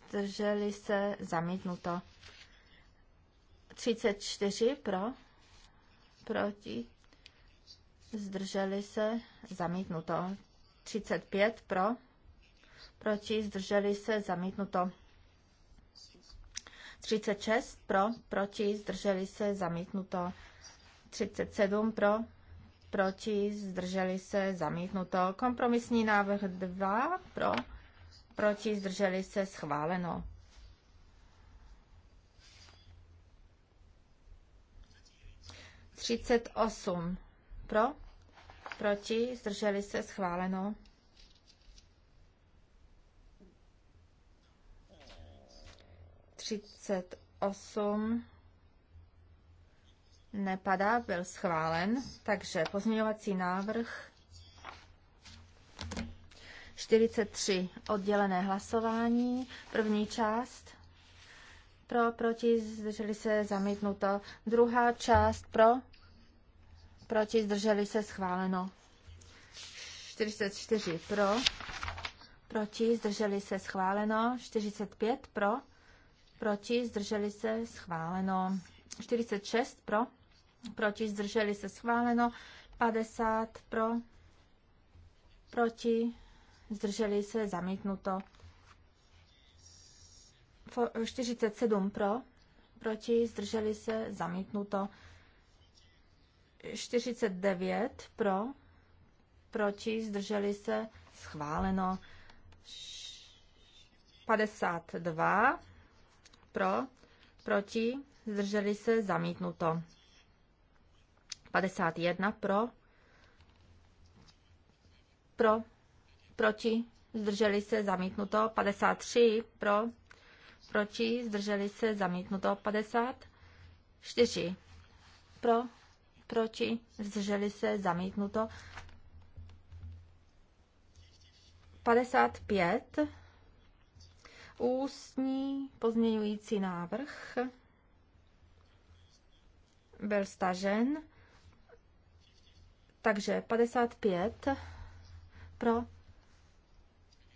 zdrželi se, zamítnuto. 34 pro, proti, zdrželi se, zamítnuto. 35 pro, proti, zdrželi se, zamítnuto. 36 pro, proti, zdrželi se, zamítnuto. 37 pro, proti, zdrželi se, zamítnuto. Kompromisní návrh 2 pro, proti, zdrželi se, schváleno. Třicet osm pro, proti, zdrželi se, schváleno. 38 nepadá, byl schválen, takže pozměňovací návrh 43 oddělené hlasování, první část pro, proti, zdrželi se, zamítnuto. Druhá část pro, proti, zdrželi se, schváleno. 44 pro, proti, zdrželi se, schváleno. 45 pro, proti, zdrželi se, schváleno. 46 pro, proti, zdrželi se, schváleno. 50 pro, proti, zdrželi se, zamítnuto. 47 pro, proti, zdrželi se, zamítnuto. 49 pro, proti, zdrželi se, schváleno. 52 pro, proti, zdrželi se, zamítnuto. 51 pro, pro, proti, zdrželi se, zamítnuto. 53 pro, proti, zdrželi se, zamítnuto. 54 pro, proti, zdrželi se, zamítnuto. 55 Ústní pozměňující návrh byl stažen, takže 55 pro,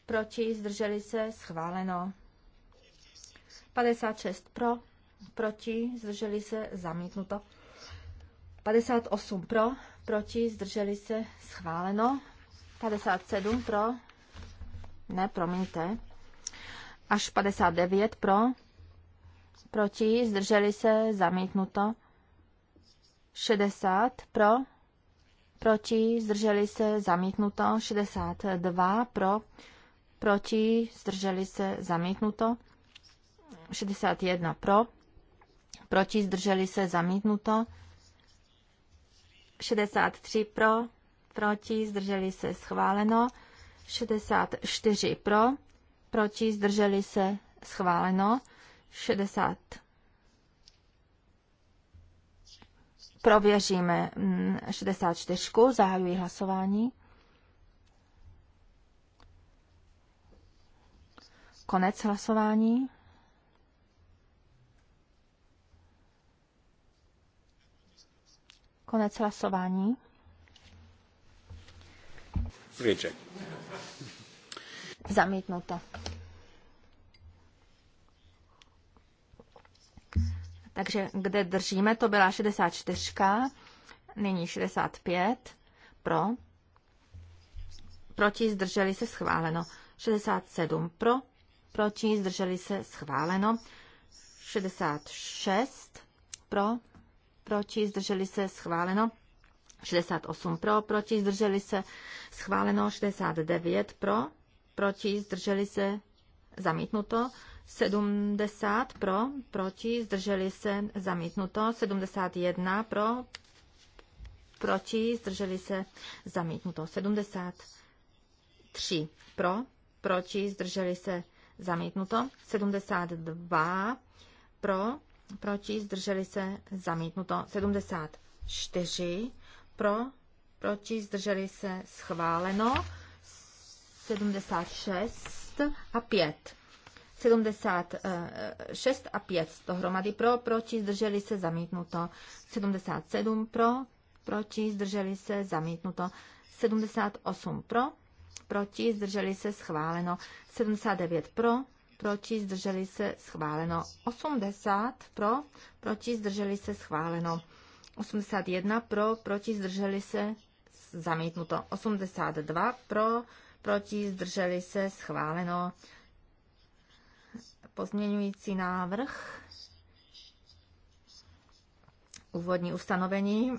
proti, zdrželi se, schváleno. 56 pro, proti, zdrželi se, zamítnuto. 58 pro, proti, zdrželi se, schváleno. 57 pro, ne, promiňte, až 59 pro, proti, zdrželi se, zamítnuto. 60 pro, proti, zdrželi se, zamítnuto. 62 pro, proti, zdrželi se, zamítnuto. 61 pro, proti, zdrželi se, zamítnuto. 63 pro, proti, zdrželi se, schváleno. 64 pro, proti, zdrželi se, schváleno. 60. Prověříme 64. Mm, Zahajuji hlasování. Konec hlasování. Konec hlasování. Reject. Zamítnuto. Takže kde držíme, to byla 64, nyní 65, pro, proti zdrželi se schváleno, 67 pro, proti zdrželi se schváleno, 66 pro, proti zdrželi se schváleno, 68 pro, proti zdrželi se schváleno, 69 pro, proti, zdrželi se, zamítnuto. 70 pro, proti, zdrželi se, zamítnuto. 71 pro, proti, zdrželi se, zamítnuto. 73 pro, proti, zdrželi se, zamítnuto. 72 pro, proti, zdrželi se, zamítnuto. 74 pro, proti, zdrželi se, schváleno. 76 a 5. 76 a 5 hromady pro, proti, zdrželi se, zamítnuto. 77 pro, proti, zdrželi se, zamítnuto. 78 pro, proti, zdrželi se, schváleno. 79 pro, proti, zdrželi se, schváleno. 80 pro, proti, zdrželi se, schváleno. 81 pro, proti, zdrželi se, zamítnuto. 82 pro, proti, zdrželi se, schváleno. Pozměňující návrh, úvodní ustanovení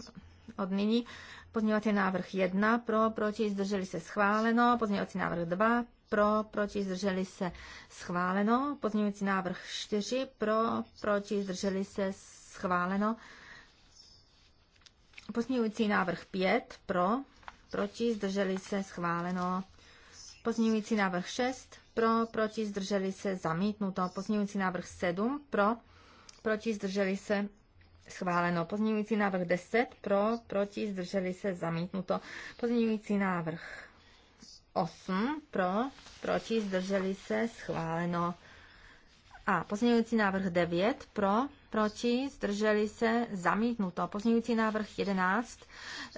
od nyní, pozměňovací návrh 1, pro, proti, zdrželi se, schváleno, pozměňovací návrh 2, pro, proti, zdrželi se, schváleno, pozměňovací návrh 4, pro, proti, zdrželi se, schváleno, Pozměňovací návrh 5 pro, proti, zdrželi se, schváleno. Pozměňující návrh 6 pro, proti, zdrželi se, zamítnuto. Pozměňující návrh 7 pro, proti, zdrželi se, schváleno. Pozměňující návrh 10 pro, proti, zdrželi se, zamítnuto. Pozměňující návrh 8 pro, proti, zdrželi se, schváleno. A pozměňující návrh 9 pro, proti, zdrželi se, zamítnuto. Pozměňující návrh 11,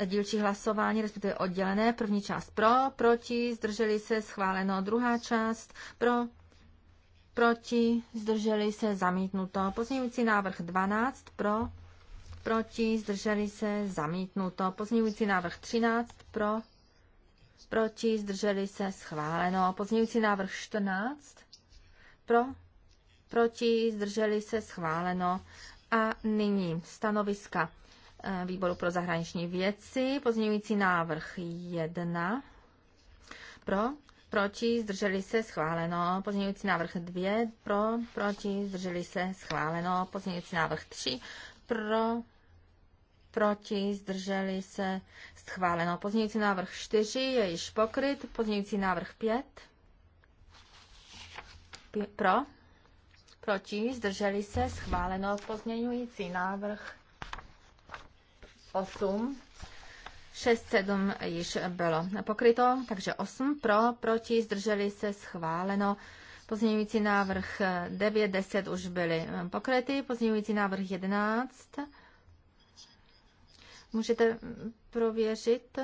dílčí hlasování, respektive oddělené, první část pro, proti, zdrželi se, schváleno. Druhá část pro, proti, zdrželi se, zamítnuto. Pozměňující návrh 12 pro, proti, zdrželi se, zamítnuto. Pozměňující návrh 13 pro, proti, zdrželi se, schváleno. Pozměňující návrh 14 pro, proti, zdrželi se, schváleno. A nyní stanoviska eh, výboru pro zahraniční věci, pozměňující návrh 1, pro, proti, zdrželi se, schváleno. Pozměňující návrh 2, pro, proti, zdrželi se, schváleno. Pozměňující návrh 3, pro, proti, zdrželi se, schváleno. Pozměňující návrh 4 je již pokryt, pozměňující návrh 5, pro, Proti? Zdrželi se? Schváleno. Pozměňující návrh 8. 6, 7 již bylo pokryto, takže 8 pro, proti, zdrželi se, schváleno. Pozměňující návrh 9, 10 už byly pokryty, pozměňující návrh 11. Můžete prověřit?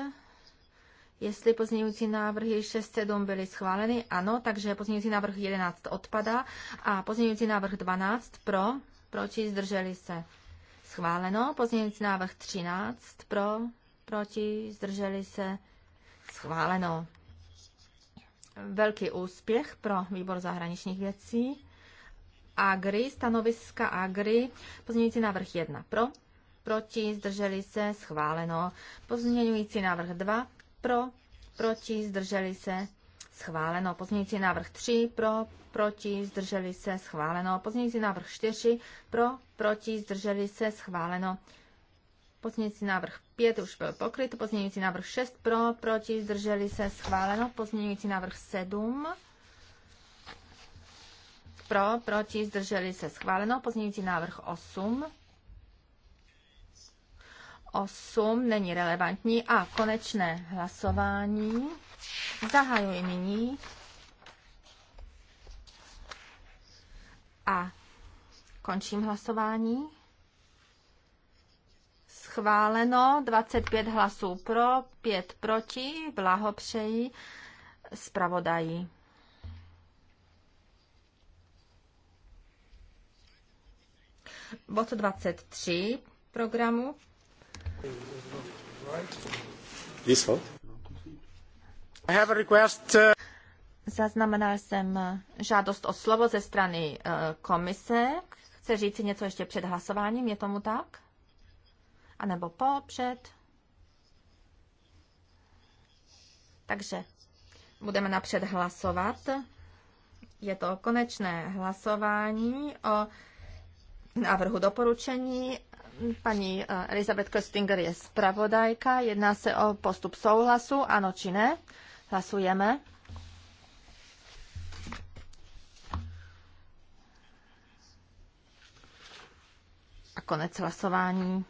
Jestli pozměňující návrhy 6-7 byly schváleny, ano, takže pozměňující návrh 11 odpadá a pozměňující návrh 12 pro, proti, zdrželi se. Schváleno. Pozměňující návrh 13 pro, proti, zdrželi se. Schváleno. Velký úspěch pro výbor zahraničních věcí. Agri, stanoviska Agri, pozměňující návrh 1 pro, proti, zdrželi se, schváleno. Pozměňující návrh 2 pro, proti, zdrželi se, schváleno. Pozměňující návrh 3 pro, proti, zdrželi se, schváleno. Pozměňující návrh 4 pro, proti, zdrželi se, schváleno. Pozměňující návrh 5 už byl pokryt. Pozměňující návrh 6 pro, proti, zdrželi se, schváleno. Pozměňující návrh 7 pro, proti, zdrželi se, schváleno. Pozměňující návrh 8 8 není relevantní a konečné hlasování zahajuji nyní a končím hlasování. Schváleno 25 hlasů pro, 5 proti, blahopřeji zpravodají. Bod 23 programu Uh, Zaznamenal jsem uh, žádost o slovo ze strany uh, komise. Chce říct něco ještě před hlasováním, je tomu tak? A nebo po, před? Takže budeme napřed hlasovat. Je to konečné hlasování o návrhu doporučení Paní eh, Elizabeth Köstinger je zpravodajka. Jedná se o postup souhlasu, ano či ne. Hlasujeme. A konec hlasování.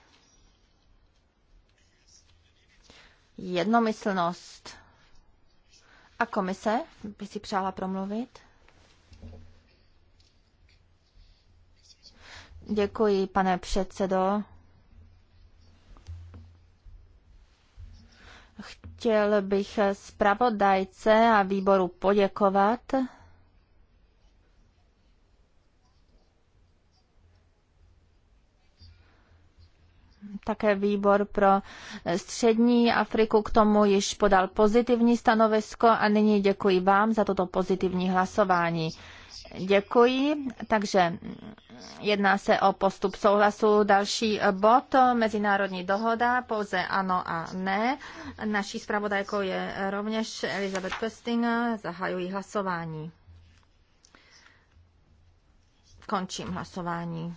Jednomyslnost. A komise by si přála promluvit? Děkuji, pane předsedo. Chtěl bych zpravodajce a výboru poděkovat. Také výbor pro střední Afriku k tomu již podal pozitivní stanovisko a nyní děkuji vám za toto pozitivní hlasování. Děkuji. Takže jedná se o postup souhlasu. Další bod, mezinárodní dohoda, pouze ano a ne. Naší zpravodajkou je rovněž Elizabeth Kösting. Zahajuji hlasování. Končím hlasování.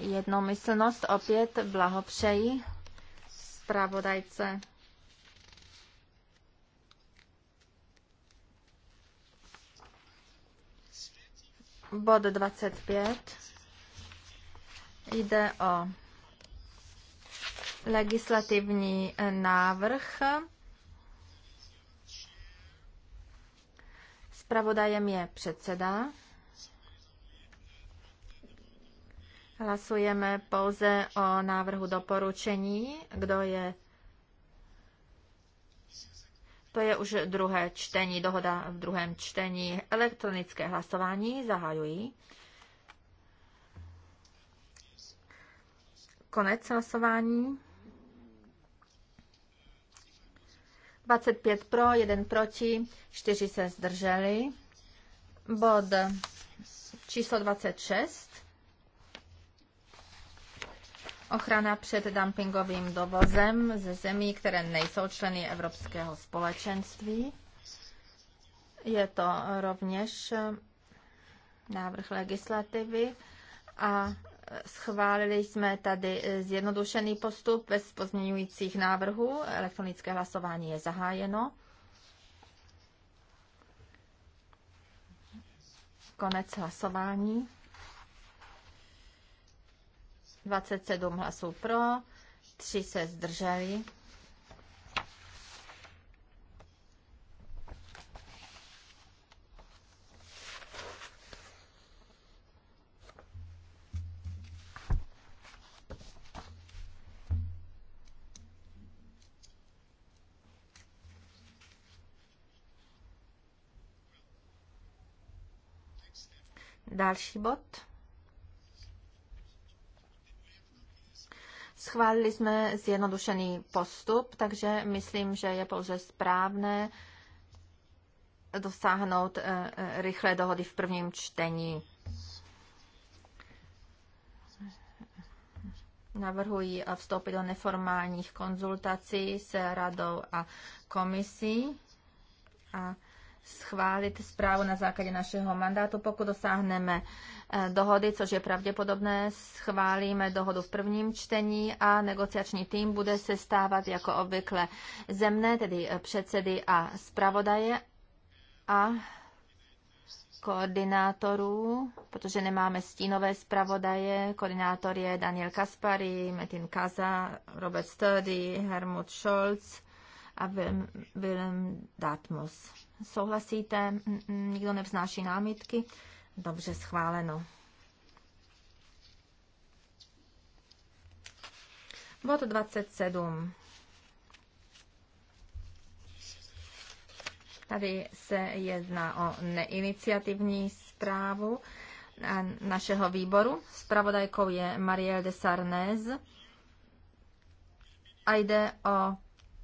Jednomyslnost opět blahopřeji zpravodajce. bod 25. Jde o legislativní eh, návrh. Spravodajem je předseda. Hlasujeme pouze o návrhu doporučení. Kdo je to je už druhé čtení, dohoda v druhém čtení. Elektronické hlasování zahajují. Konec hlasování. 25 pro, 1 proti, 4 se zdrželi. Bod číslo 26. Ochrana před dumpingovým dovozem ze zemí, které nejsou členy Evropského společenství. Je to rovněž eh, návrh legislativy a schválili jsme tady eh, zjednodušený postup bez pozměňujících návrhů. Elektronické hlasování je zahájeno. Konec hlasování. 27 hlasů pro, 3 se zdrželi. Další bod. Schválili jsme zjednodušený postup, takže myslím, že je pouze správné dosáhnout eh, eh, rychlé dohody v prvním čtení. Navrhuji eh, vstoupit do neformálních konzultací s radou a komisí a schválit zprávu na základě našeho mandátu. Pokud dosáhneme eh, dohody, což je pravděpodobné, schválíme dohodu v prvním čtení a negociační tým bude se stávat jako obvykle zemné, tedy eh, předsedy a zpravodaje a koordinátorů, protože nemáme stínové zpravodaje. Koordinátor je Daniel Kaspari, Metin Kaza, Robert Sturdy, Hermut Scholz a Willem Datmus. Souhlasíte? Nikdo nevznáší námitky? Dobře, schváleno. Bod 27. Tady se jedná o neiniciativní zprávu našeho výboru. Spravodajkou je Marielle de Sarnez a jde o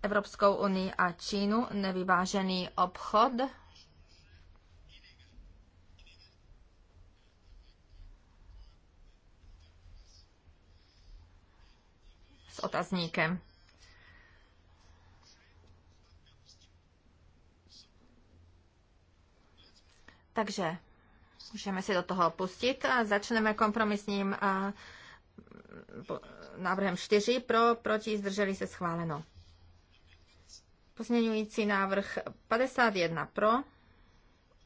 Evropskou unii a Čínu, nevyvážený obchod. S otazníkem. Takže můžeme si do toho pustit a začneme kompromisním eh, návrhem 4 pro, proti, zdrželi se schváleno. Pozměňující návrh 51 pro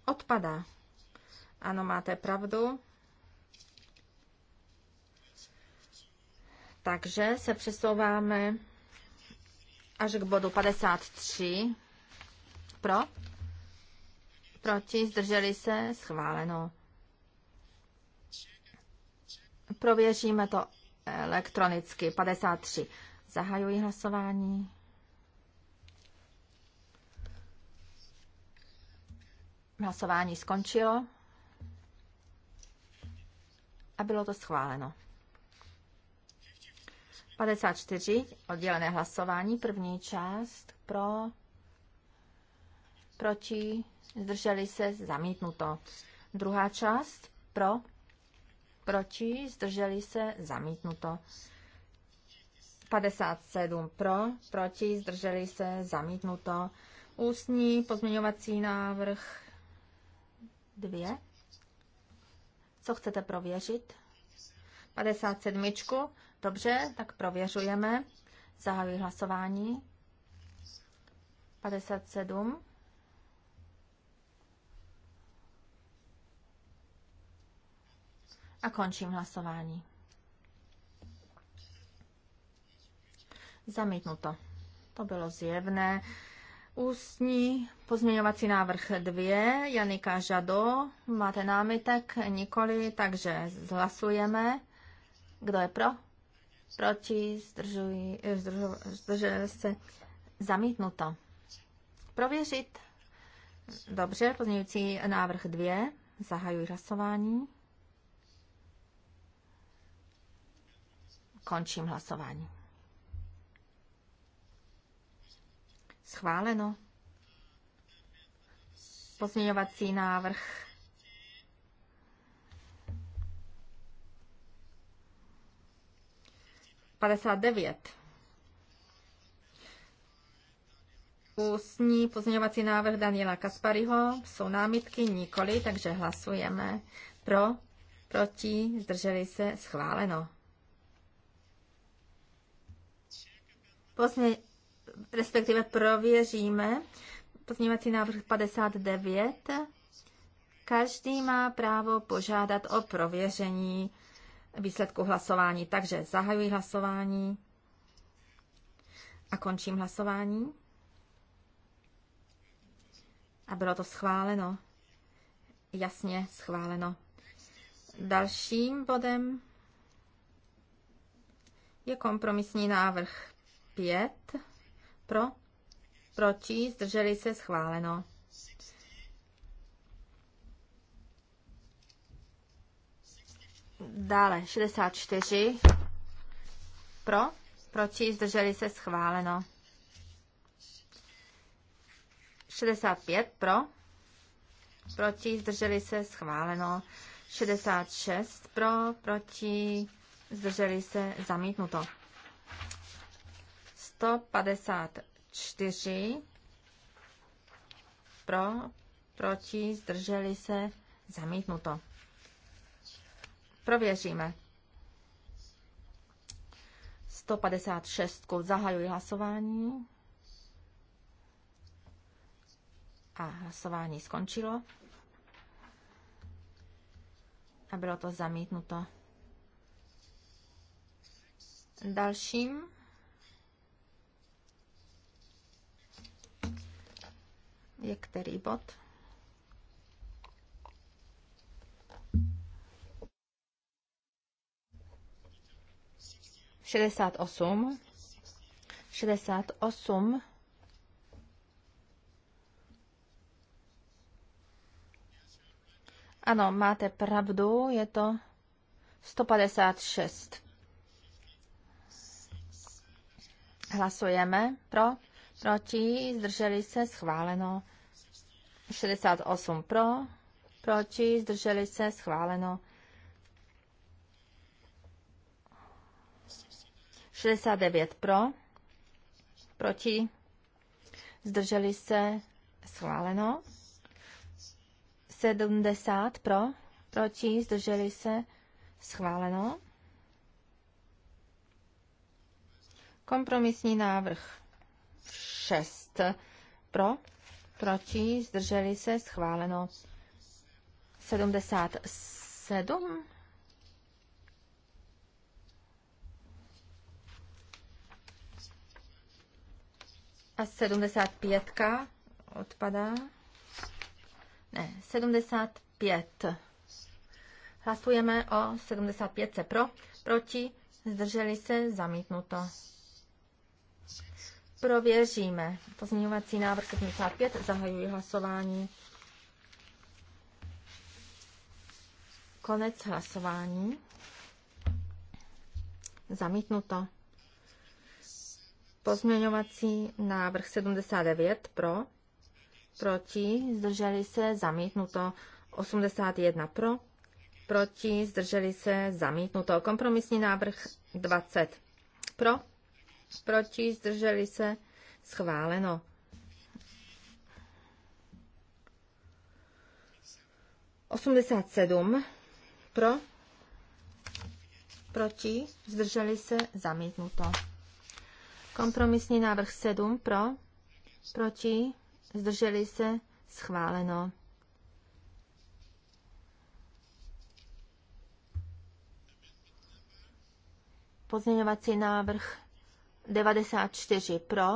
odpadá. Ano, máte pravdu. Takže se přesouváme až k bodu 53. Pro? Proti? Zdrželi se? Schváleno. Prověříme to elektronicky. 53. Zahajuji hlasování. Hlasování skončilo a bylo to schváleno. 54. Oddělené hlasování. První část pro, proti, zdrželi se, zamítnuto. Druhá část pro, proti, zdrželi se, zamítnuto. 57 pro, proti, zdrželi se, zamítnuto. Ústní pozměňovací návrh Dvě. Co chcete prověřit? 57. Dobře, tak prověřujeme. Zahajuji hlasování. 57. A končím hlasování. Zamítnuto. To bylo zjevné. Ústní pozměňovací návrh 2, Janika Žado, máte námitek? Nikoli, takže zhlasujeme. Kdo je pro? Proti, zdržují, eh, zdržuje se, zamítnuto. Prověřit. Dobře, pozměňující návrh 2, zahajuji hlasování. Končím hlasování. Schváleno. Pozměňovací návrh Ústní pozměňovací návrh Daniela Kaspariho. Jsou námitky? Nikoli, takže hlasujeme. Pro, proti, zdrželi se, schváleno. Pozně, respektive prověříme pozměňovací návrh 59. Každý má právo požádat o prověření výsledku hlasování. Takže zahajuji hlasování a končím hlasování. A bylo to schváleno. Jasně schváleno. Dalším bodem je kompromisní návrh 5. Pro? Proti? Zdrželi se? Schváleno. Dále 64. Pro? Proti? Zdrželi se? Schváleno. 65. Pro? Proti? Zdrželi se? Schváleno. 66. Pro? Proti? Zdrželi se? Zamítnuto. 154 pro, proti, zdrželi se, zamítnuto. Prověříme. 156. Zahajuji hlasování. A hlasování skončilo. A bylo to zamítnuto. Dalším je který bod? Šedesát osm. Šedesát osm. Ano, máte pravdu, je to 156. Hlasujeme pro, proti, zdrželi se, schváleno. 68 pro, proti, zdrželi se, schváleno. 69 pro, proti, zdrželi se, schváleno. 70 pro, proti, zdrželi se, schváleno. Kompromisní návrh 6. Pro, proti, zdrželi se, schváleno. 77. A 75 odpadá. Ne, 75. Hlasujeme o 75 pro, proti, zdrželi se, zamítnuto. Prověříme. Pozměňovací návrh 75. Zahajuji hlasování. Konec hlasování. Zamítnuto. Pozměňovací návrh 79 pro, proti, zdrželi se, zamítnuto. 81 pro, proti, zdrželi se, zamítnuto. Kompromisní návrh 20 pro, proti, zdrželi se, schváleno. Osmdesát sedm pro, proti, zdrželi se, zamítnuto. Kompromisní návrh sedm pro, proti, zdrželi se, schváleno. Pozměňovací návrh 94 pro,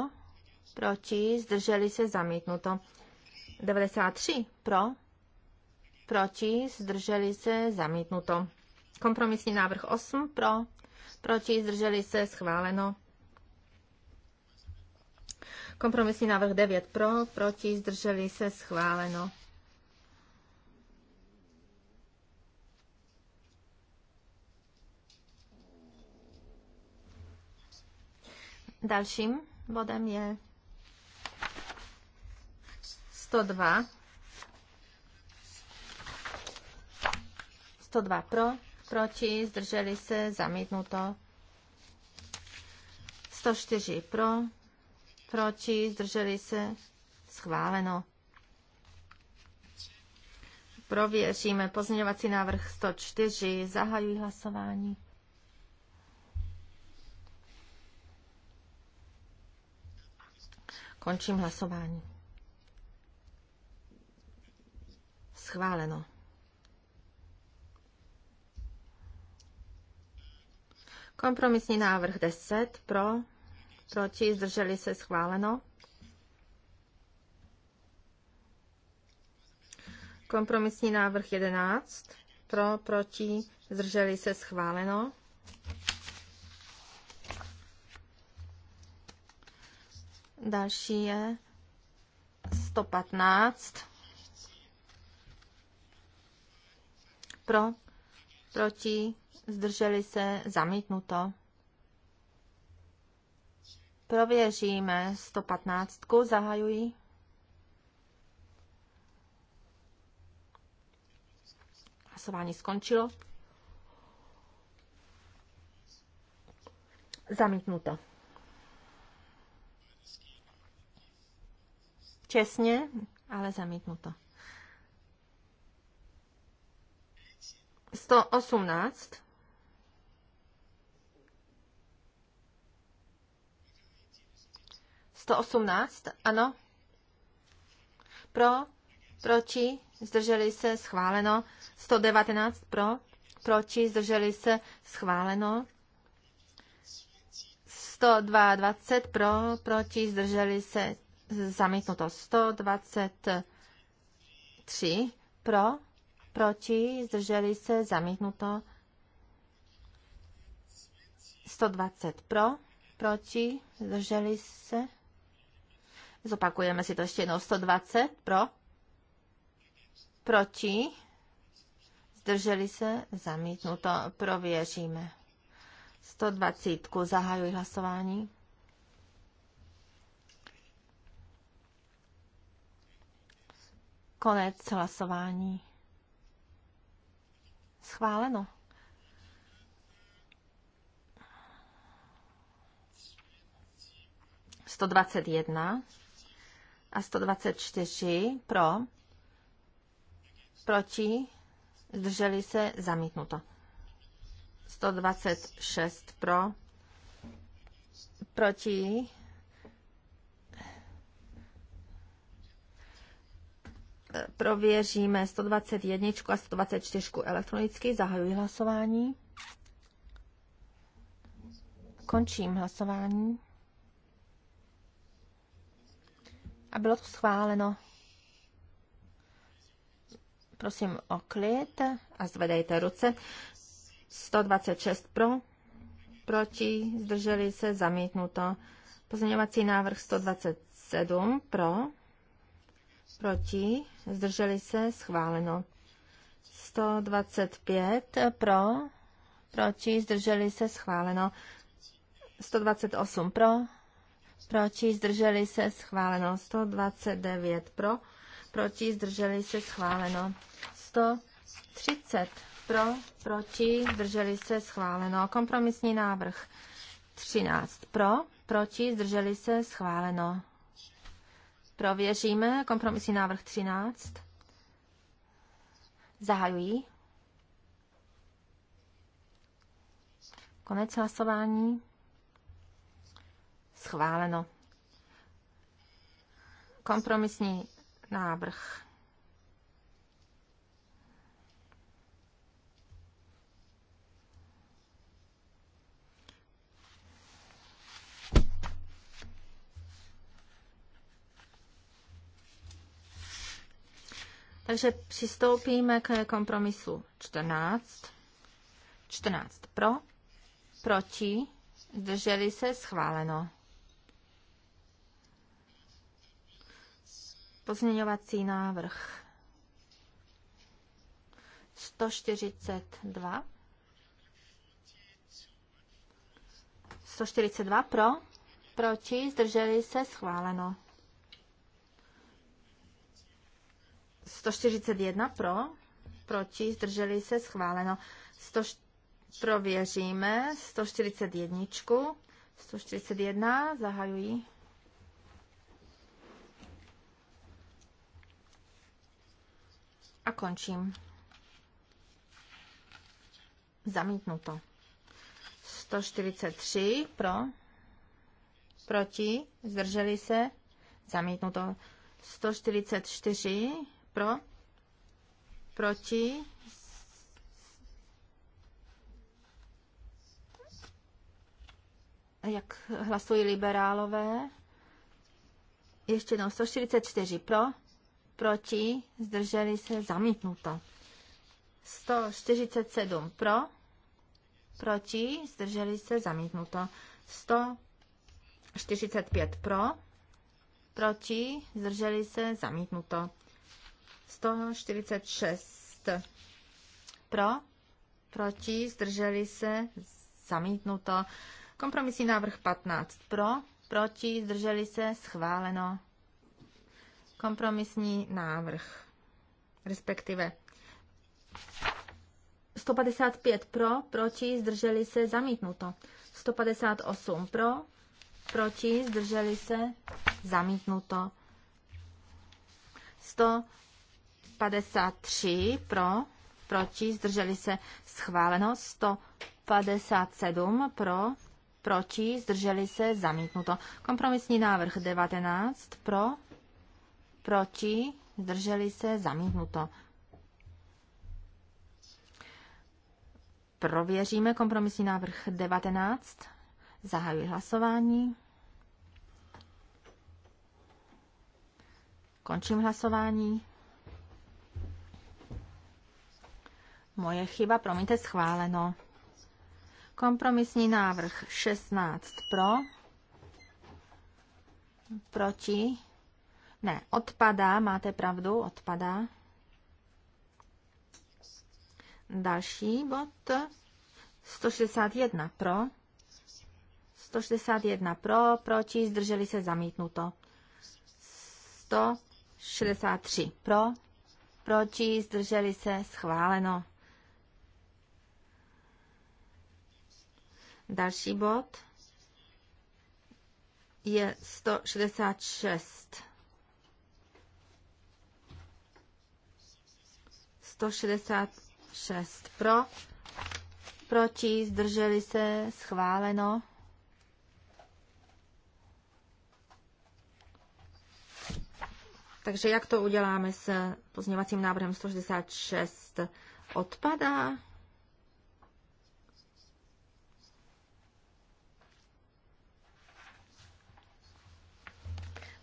proti, zdrželi se zamítnuto. 93 pro, proti, zdrželi se zamítnuto. Kompromisní návrh 8 pro, proti, zdrželi se schváleno. Kompromisní návrh 9 pro, proti, zdrželi se schváleno. Dalším bodem je 102. 102 pro, proti, zdrželi se, zamítnuto. 104 pro, proti, zdrželi se, schváleno. Prověříme pozměňovací návrh 104. Zahajuji hlasování. Končím hlasování. Schváleno. Kompromisní návrh 10 pro, proti, zdrželi se schváleno. Kompromisní návrh 11 pro, proti, zdrželi se schváleno. Další je 115. Pro, proti, zdrželi se, zamítnuto. Prověříme 115. Zahajuji. Hlasování skončilo. Zamítnuto. Čestně, ale zamítnuto. 118. Sto osmnáct, ano. Pro, proti, zdrželi se, schváleno. Sto devatenáct, pro, proti, zdrželi se, schváleno. 122 pro, proti, zdrželi se, zamítnuto 123 pro, proti, zdrželi se, zamítnuto 120 pro, proti, zdrželi se. Zopakujeme si to ještě jednou. 120 pro, proti, zdrželi se, zamítnuto, prověříme. 120. Zahajuji hlasování. Konec hlasování. Schváleno. Sto dvacet jedna a sto dvacet čtyři pro, proti, zdrželi se, zamítnuto. 126 pro, proti, prověříme 121 a 124 elektronicky. Zahajuji hlasování. Končím hlasování. A bylo to schváleno. Prosím o klid a zvedejte ruce. 126 pro, proti, zdrželi se, zamítnuto. Pozměňovací návrh 127 pro, proti, zdrželi se, schváleno. 125 pro, proti, zdrželi se, schváleno. 128 pro, proti, zdrželi se, schváleno. 129 pro, proti, zdrželi se, schváleno. 130 pro, proti, zdrželi se, schváleno. Kompromisní návrh 13 pro, proti, zdrželi se, schváleno. Prověříme kompromisní návrh 13. Zahajují. Konec hlasování. Schváleno. Kompromisní návrh Takže přistoupíme k kompromisu 14. 14 pro, proti, zdrželi se, schváleno. Pozměňovací návrh 142. 142 pro, proti, zdrželi se, schváleno. 141 pro, proti, zdrželi se, schváleno. 100, prověříme 141. 141, zahajují. A končím. Zamítnuto. 143 pro, proti, zdrželi se, zamítnuto. 144 pro? Proti? Jak hlasují liberálové? Ještě jednou 144 pro, proti, zdrželi se, zamítnuto. 147 pro, proti, zdrželi se, zamítnuto. 145 pro, proti, zdrželi se, zamítnuto. 146 pro, proti, zdrželi se, zamítnuto. Kompromisní návrh 15 pro, proti, zdrželi se, schváleno. Kompromisní návrh, respektive 155 pro, proti, zdrželi se, zamítnuto. 158 pro, proti, zdrželi se, zamítnuto. 100 153 pro, proti, zdrželi se schváleno, 157 pro, proti, zdrželi se zamítnuto. Kompromisní návrh 19 pro, proti, zdrželi se zamítnuto. Prověříme kompromisní návrh 19. Zahajuji hlasování. Končím hlasování. Moje chyba, promiňte, schváleno. Kompromisní návrh 16 pro, proti, ne, odpadá, máte pravdu, odpadá. Další bod, 161 pro, 161 pro, proti, zdrželi se zamítnuto. 163 pro, proti, zdrželi se schváleno. Další bod je 166. 166 pro, proti, zdrželi se, schváleno. Takže jak to uděláme s pozněvacím návrhem 166? Odpadá?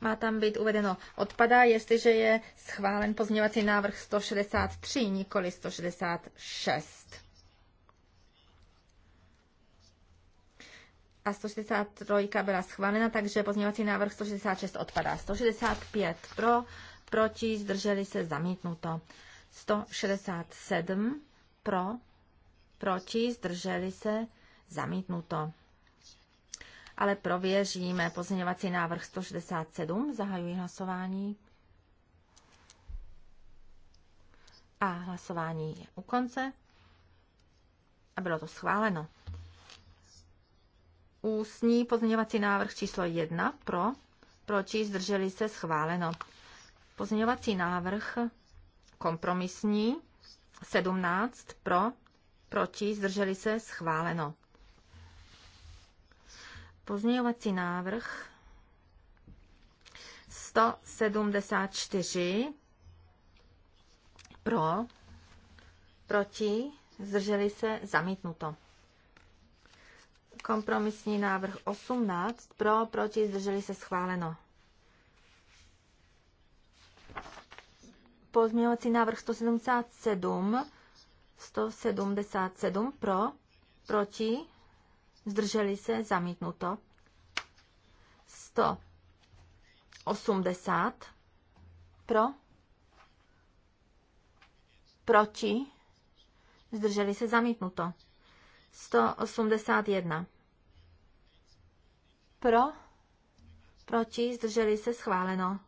Má tam být uvedeno odpadá, jestliže je schválen pozměňovací návrh 163, nikoli 166. A 163 byla schválena, takže pozměňovací návrh 166 odpadá. 165 pro, proti, zdrželi se, zamítnuto. 167 pro, proti, zdrželi se, zamítnuto ale prověříme pozměňovací návrh 167. Zahajuji hlasování. A hlasování je u konce. A bylo to schváleno. Ústní pozměňovací návrh číslo 1 pro, proči zdrželi se schváleno. Pozměňovací návrh kompromisní 17 pro, proti zdrželi se schváleno. Pozměňovací návrh 174 pro, proti, zdrželi se, zamítnuto. Kompromisní návrh 18 pro, proti, zdrželi se, schváleno. Pozměňovací návrh 177, 177 pro, proti, zdrželi se, zamítnuto. 180 pro, proti, zdrželi se, zamítnuto. 181 pro, proti, zdrželi se, schváleno.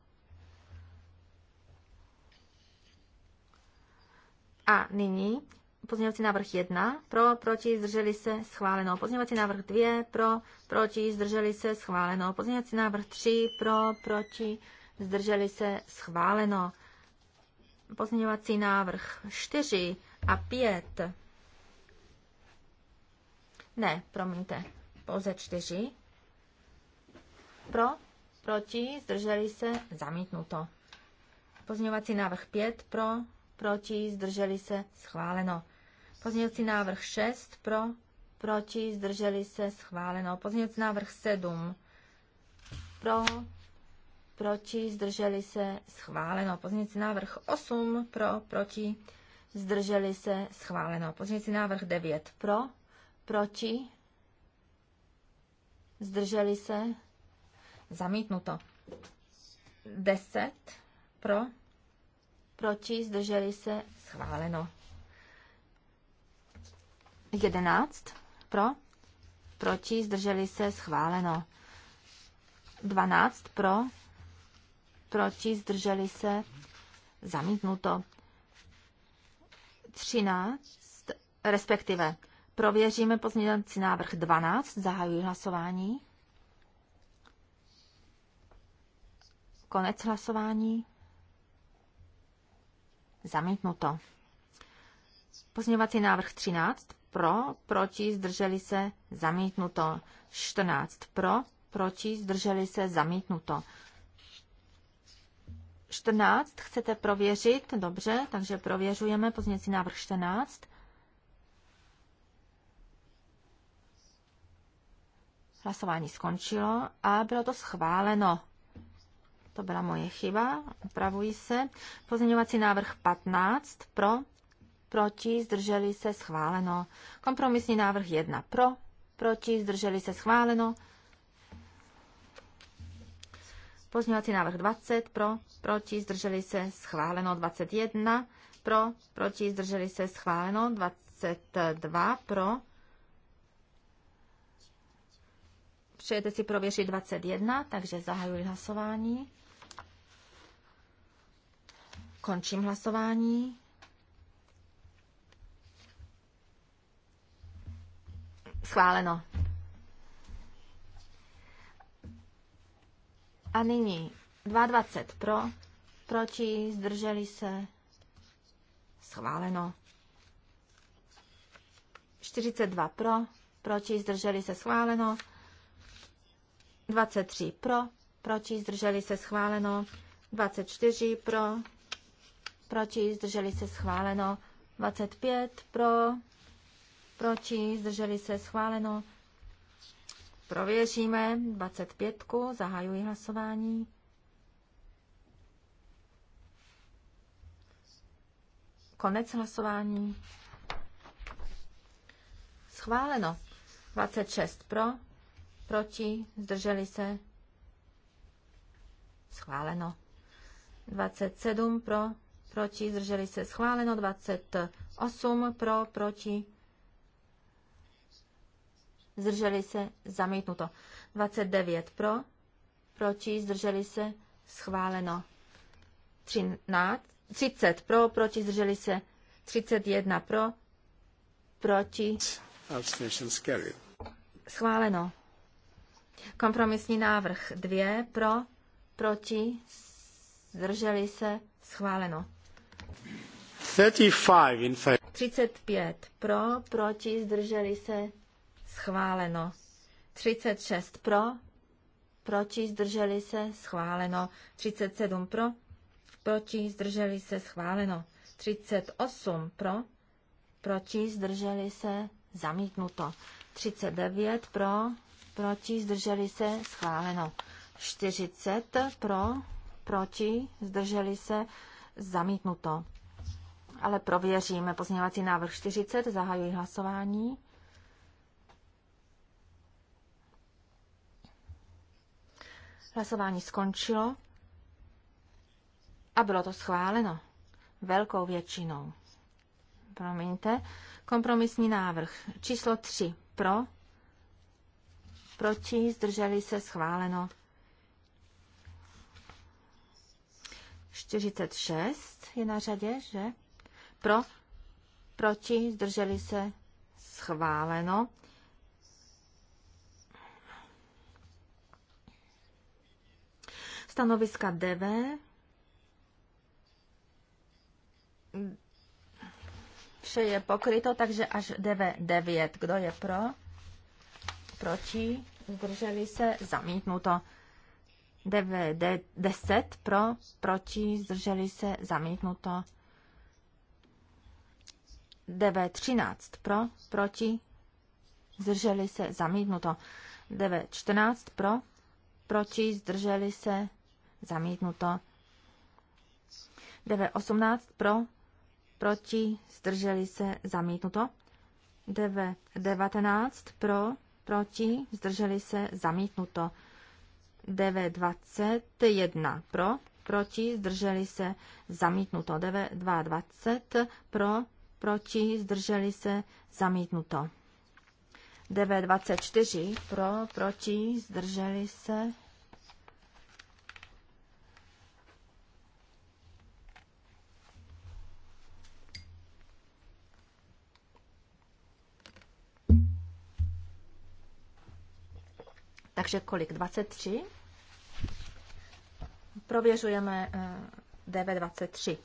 A nyní Pozměňovací návrh 1, pro, proti, zdrželi se, schváleno. Pozměňovací návrh 2, pro, proti, zdrželi se, schváleno. Pozměňovací návrh 3, pro, proti, zdrželi se, schváleno. Pozměňovací návrh 4 a 5. Ne, promiňte, pouze 4. Pro, proti, zdrželi se, zamítnuto. Pozměňovací návrh 5, pro, proti, zdrželi se, schváleno. Pozměňovací návrh 6 pro, proti, zdrželi se, schváleno. Pozměňovací návrh 7 pro, proti, zdrželi se, schváleno. Pozměňovací návrh 8 pro, proti, zdrželi se, schváleno. Pozměňovací návrh 9 pro, proti, zdrželi se, zamítnuto. 10 pro, proti, zdrželi se, schváleno. 11 pro, proti, zdrželi se, schváleno. 12 pro, proti, zdrželi se, zamítnuto. 13, respektive prověříme pozměňovací návrh 12, zahajuji hlasování. Konec hlasování. Zamítnuto. Pozměňovací návrh 13 pro, proti, zdrželi se, zamítnuto. 14 pro, proti, zdrželi se, zamítnuto. 14 chcete prověřit, dobře, takže prověřujeme pozměňovací návrh 14. Hlasování skončilo a bylo to schváleno. To byla moje chyba, opravuji se. Pozměňovací návrh 15 pro, proti, zdrželi se, schváleno. Kompromisní návrh 1 pro, proti, zdrželi se, schváleno. Pozměňovací návrh 20 pro, proti, zdrželi se, schváleno 21 pro, proti, zdrželi se, schváleno 22 pro. Přejete si prověřit 21, takže zahajuji hlasování. Končím hlasování. Schváleno. A nyní 22 pro, proti, zdrželi se, schváleno. 42 pro, proti, zdrželi se, schváleno. 23 pro, proti, zdrželi se, schváleno. 24 pro, proti, zdrželi se, schváleno. 25 pro, proti, zdrželi se schváleno. Prověříme 25. Zahajuji hlasování. Konec hlasování. Schváleno. 26 pro, proti, zdrželi se. Schváleno. 27 pro, proti, zdrželi se. Schváleno. 28 pro, proti, zdrželi se, zamítnuto. 29 pro, proti, zdrželi se, schváleno. 13, 30 pro, proti, zdrželi se, 31 pro, proti, schváleno. Kompromisní návrh 2 pro, proti, zdrželi se, schváleno. 35 pro, proti, zdrželi se, schváleno. 36 pro, proti, zdrželi se, schváleno. 37 pro, proti, zdrželi se, schváleno. 38 pro, proti, zdrželi se, zamítnuto. 39 pro, proti, zdrželi se, schváleno. 40 pro, proti, zdrželi se, zamítnuto. Ale prověříme pozměňovací návrh 40, zahajuji hlasování. Hlasování skončilo a bylo to schváleno velkou většinou. Promiňte. Kompromisní návrh číslo 3 pro, proti, zdrželi se, schváleno. 46 je na řadě, že? Pro, proti, zdrželi se, schváleno. stanoviska DV. Vše je pokryto, takže až DV9. Kdo je pro? Proti? Zdrželi se? Zamítnuto. DV 10 pro, proti, zdrželi se, zamítnuto. DV 13 pro, proti, zdrželi se, zamítnuto. DV 14 pro, proti, zdrželi se, zamítnuto. 918 pro, proti, zdrželi se, zamítnuto. 919 pro, proti, zdrželi se, zamítnuto. 921 pro, proti, zdrželi se, zamítnuto. dv pro, proti, zdrželi se, zamítnuto. 924 pro, proti, zdrželi se, Takže kolik? 23? Prověřujeme eh, DV23.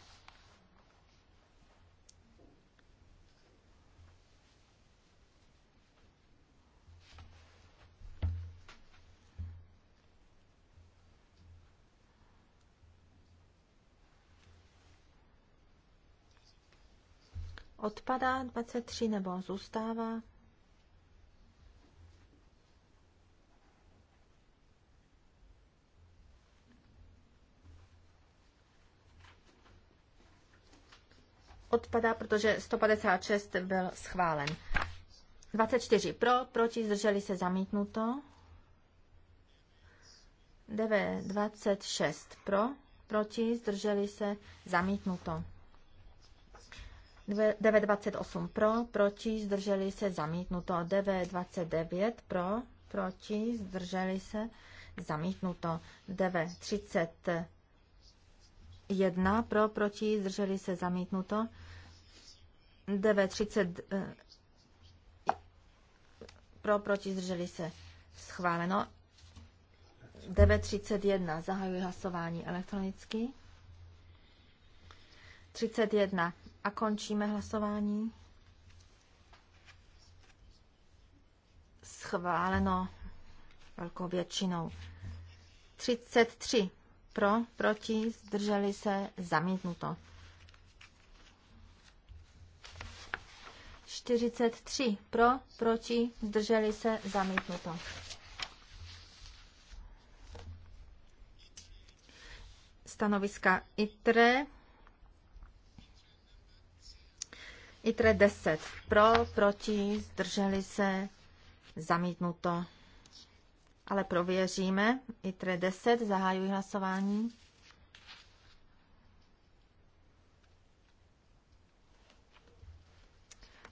Odpadá 23 nebo zůstává? odpadá, protože 156 byl schválen. 24 pro, proti, zdrželi se zamítnuto. 9, 26 pro, proti, zdrželi se zamítnuto. 928 pro, proti, zdrželi se zamítnuto. 929 pro, proti, zdrželi se zamítnuto. 931 pro, proti, zdrželi se zamítnuto. DV30 eh, pro, proti, zdrželi se. Schváleno. 9.31. Zahajuji hlasování elektronicky. 31. A končíme hlasování. Schváleno velkou většinou. 33. Pro, proti, zdrželi se, zamítnuto. 43 pro, proti, zdrželi se, zamítnuto. Stanoviska ITRE. ITRE 10 pro, proti, zdrželi se, zamítnuto. Ale prověříme. ITRE 10, zahájuji hlasování.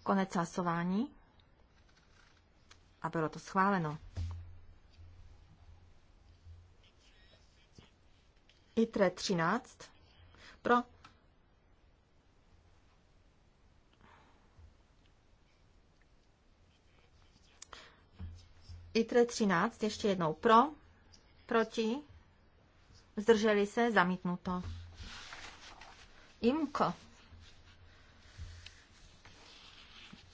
Konec hlasování. A bylo to schváleno. ITRE 13 pro ITRE 13 ještě jednou pro, proti, zdrželi se, zamítnuto. IMKO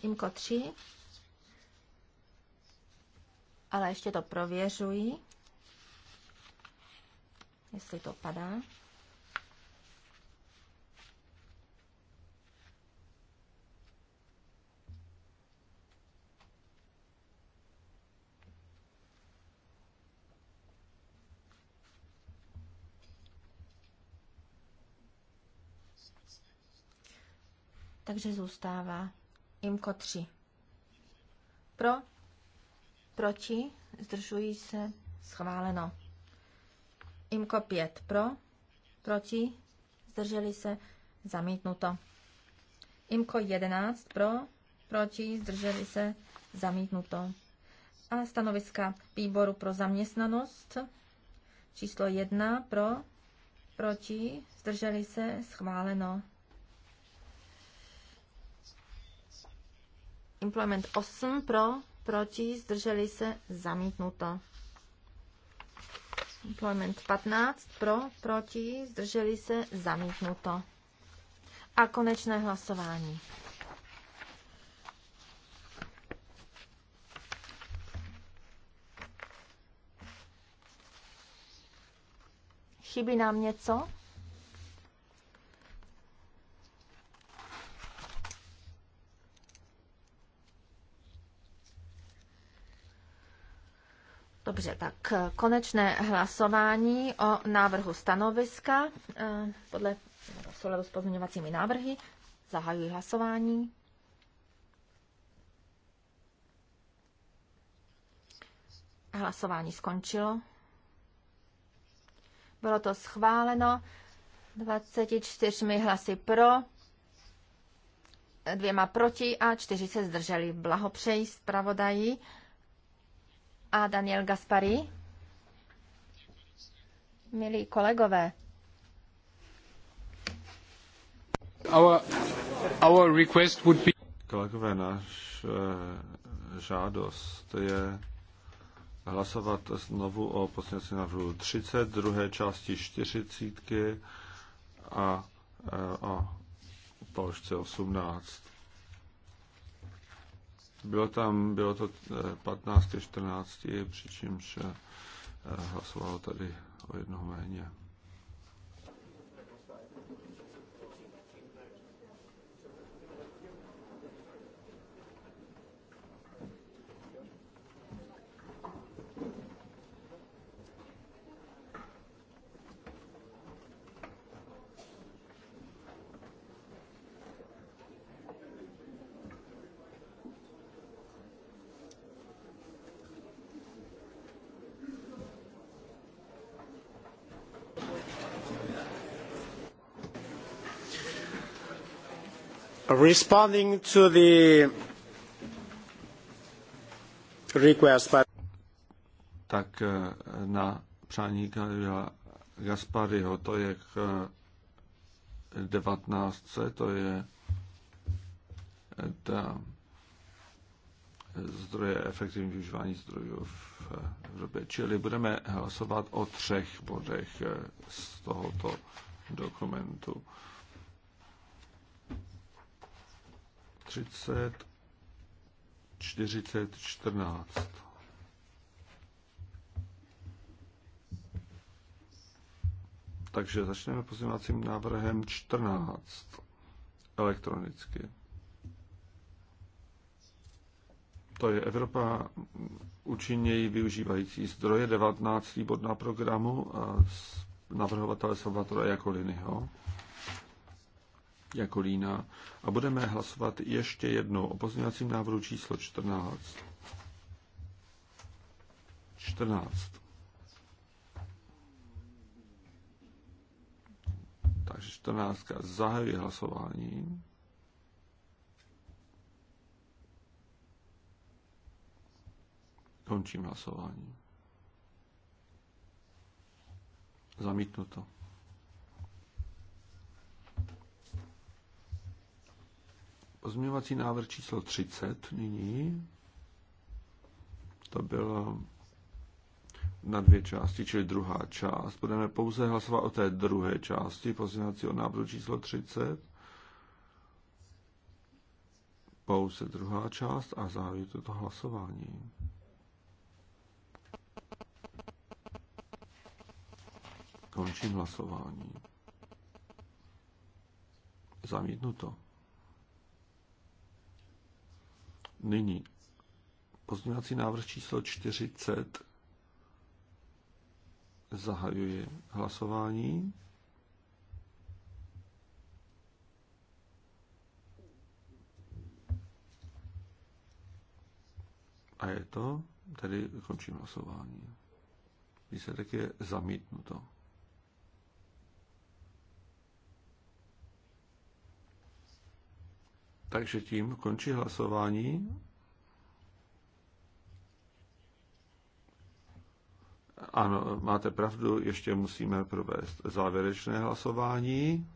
Imko 3, ale ještě to prověřuji, jestli to padá. takže zůstává IMKO 3. Pro, proti, zdržují se, schváleno. IMKO 5. Pro, proti, zdrželi se, zamítnuto. IMKO 11. Pro, proti, zdrželi se, zamítnuto. A stanoviska výboru pro zaměstnanost číslo 1. Pro, proti, zdrželi se, schváleno. Implement 8 pro, proti, zdrželi se, zamítnuto. Employment 15 pro, proti, zdrželi se, zamítnuto. A konečné hlasování. Chybí nám něco? Dobře, tak konečné hlasování o návrhu stanoviska eh, podle souladu s pozměňovacími návrhy. Zahajuji hlasování. Hlasování skončilo. Bylo to schváleno 24 hlasy pro, dvěma proti a čtyři se zdrželi. Blahopřeji zpravodají a Daniel Gaspari. Milí kolegové, Our, our request would be... Kolegové, náš uh, žádost je hlasovat znovu o poslanci návrhu 30, druhé části 40 a, uh, o položce 18. Bylo tam, bylo to 15 eh, 14, přičemž eh, hlasovalo tady o jednoho méně. responding to the request by... Tak eh, na přání Gaspariho, to je k 19. Eh, to je eh, ta zdroje, efektivní využívání zdrojů v Evropě. Čili budeme hlasovat o třech bodech z tohoto dokumentu. 30, 40, 14. Takže začneme pozměňovacím návrhem 14 elektronicky. To je Evropa účinněji využívající zdroje 19. bod na programu a navrhovatele Salvatora Jakoliniho. Jako lína a budeme hlasovat ještě jednou o pozměňovacím návrhu číslo 14. 14. Takže 14. Zahajuji hlasování. Končím hlasování. Zamítnuto. Pozměňovací návrh číslo 30 nyní. To bylo na dvě části, čili druhá část. Budeme pouze hlasovat o té druhé části pozměňovacího návrhu číslo 30. Pouze druhá část a zahájí toto hlasování. Končím hlasování. Zamítnuto. to. Nyní pozměňovací návrh číslo 40. Zahajuji hlasování. A je to, tedy končím hlasování. Výsledek je zamítnuto. Takže tím končí hlasování. Ano, máte pravdu, ještě musíme provést závěrečné hlasování.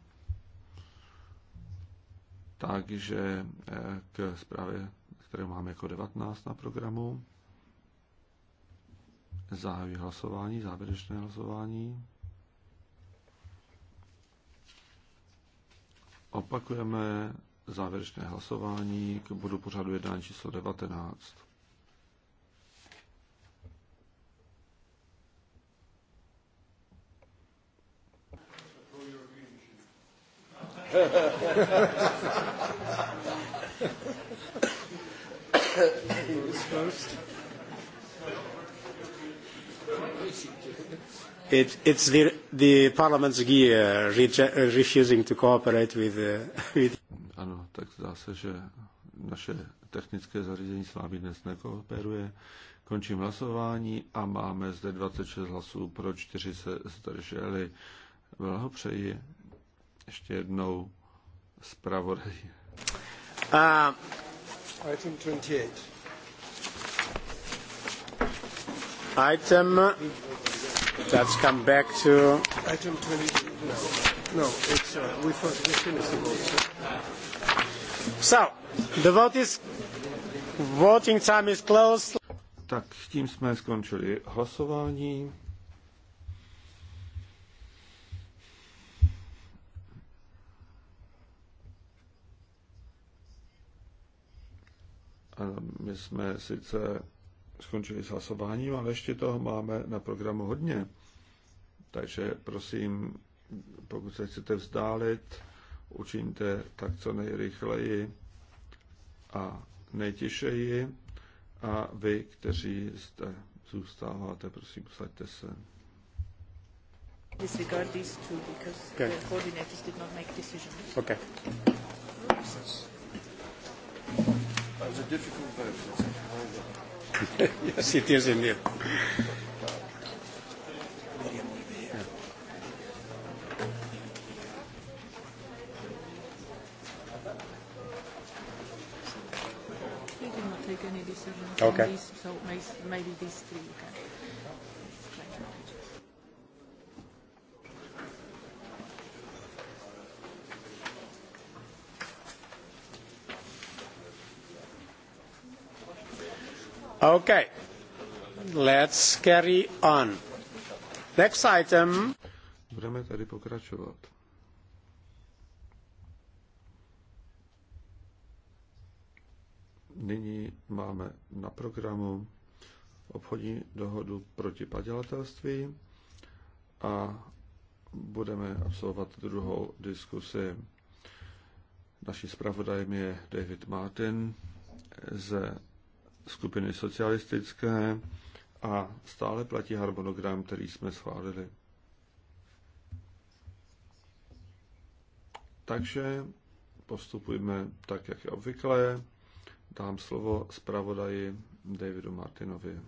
Takže eh, k zprávě, kterou máme jako 19 na programu, zahájí hlasování, závěrečné hlasování. Opakujeme závěrečné hlasování k bodu pořadu jednání číslo 19. It, it's the, the parliament's gear re refusing to cooperate with, uh, with ano, tak zdá se, že naše technické zařízení s vámi dnes nekooperuje. Končím hlasování a máme zde 26 hlasů, pro 4 se zdrželi. Blahopřeji ještě jednou zpravodaj. item 28. Item, let's come back to... Item 28. No, it's, uh, we first we finished the vote. So, the vote is, voting time is closed. Tak tím jsme skončili hlasování. my jsme sice skončili s hlasováním, ale ještě toho máme na programu hodně. Takže prosím, pokud se chcete vzdálit, učiňte tak co nejrychleji a nejtišeji. A vy, kteří jste zůstáváte, prosím, posaďte se. Disregard these two because okay. the coordinators did not make decisions. Okay. That was a difficult vote. yes, it is indeed. Okay. These, so maybe these three you can. Okay. Let's carry on. Next item. Budeme tady pokračovat. na programu obchodní dohodu proti padělatelství a budeme absolvovat druhou diskusi. Naším zpravodajem je David Martin ze skupiny socialistické a stále platí harmonogram, který jsme schválili. Takže postupujeme tak, jak je obvyklé dám slovo zpravodaji Davidu Martinovi.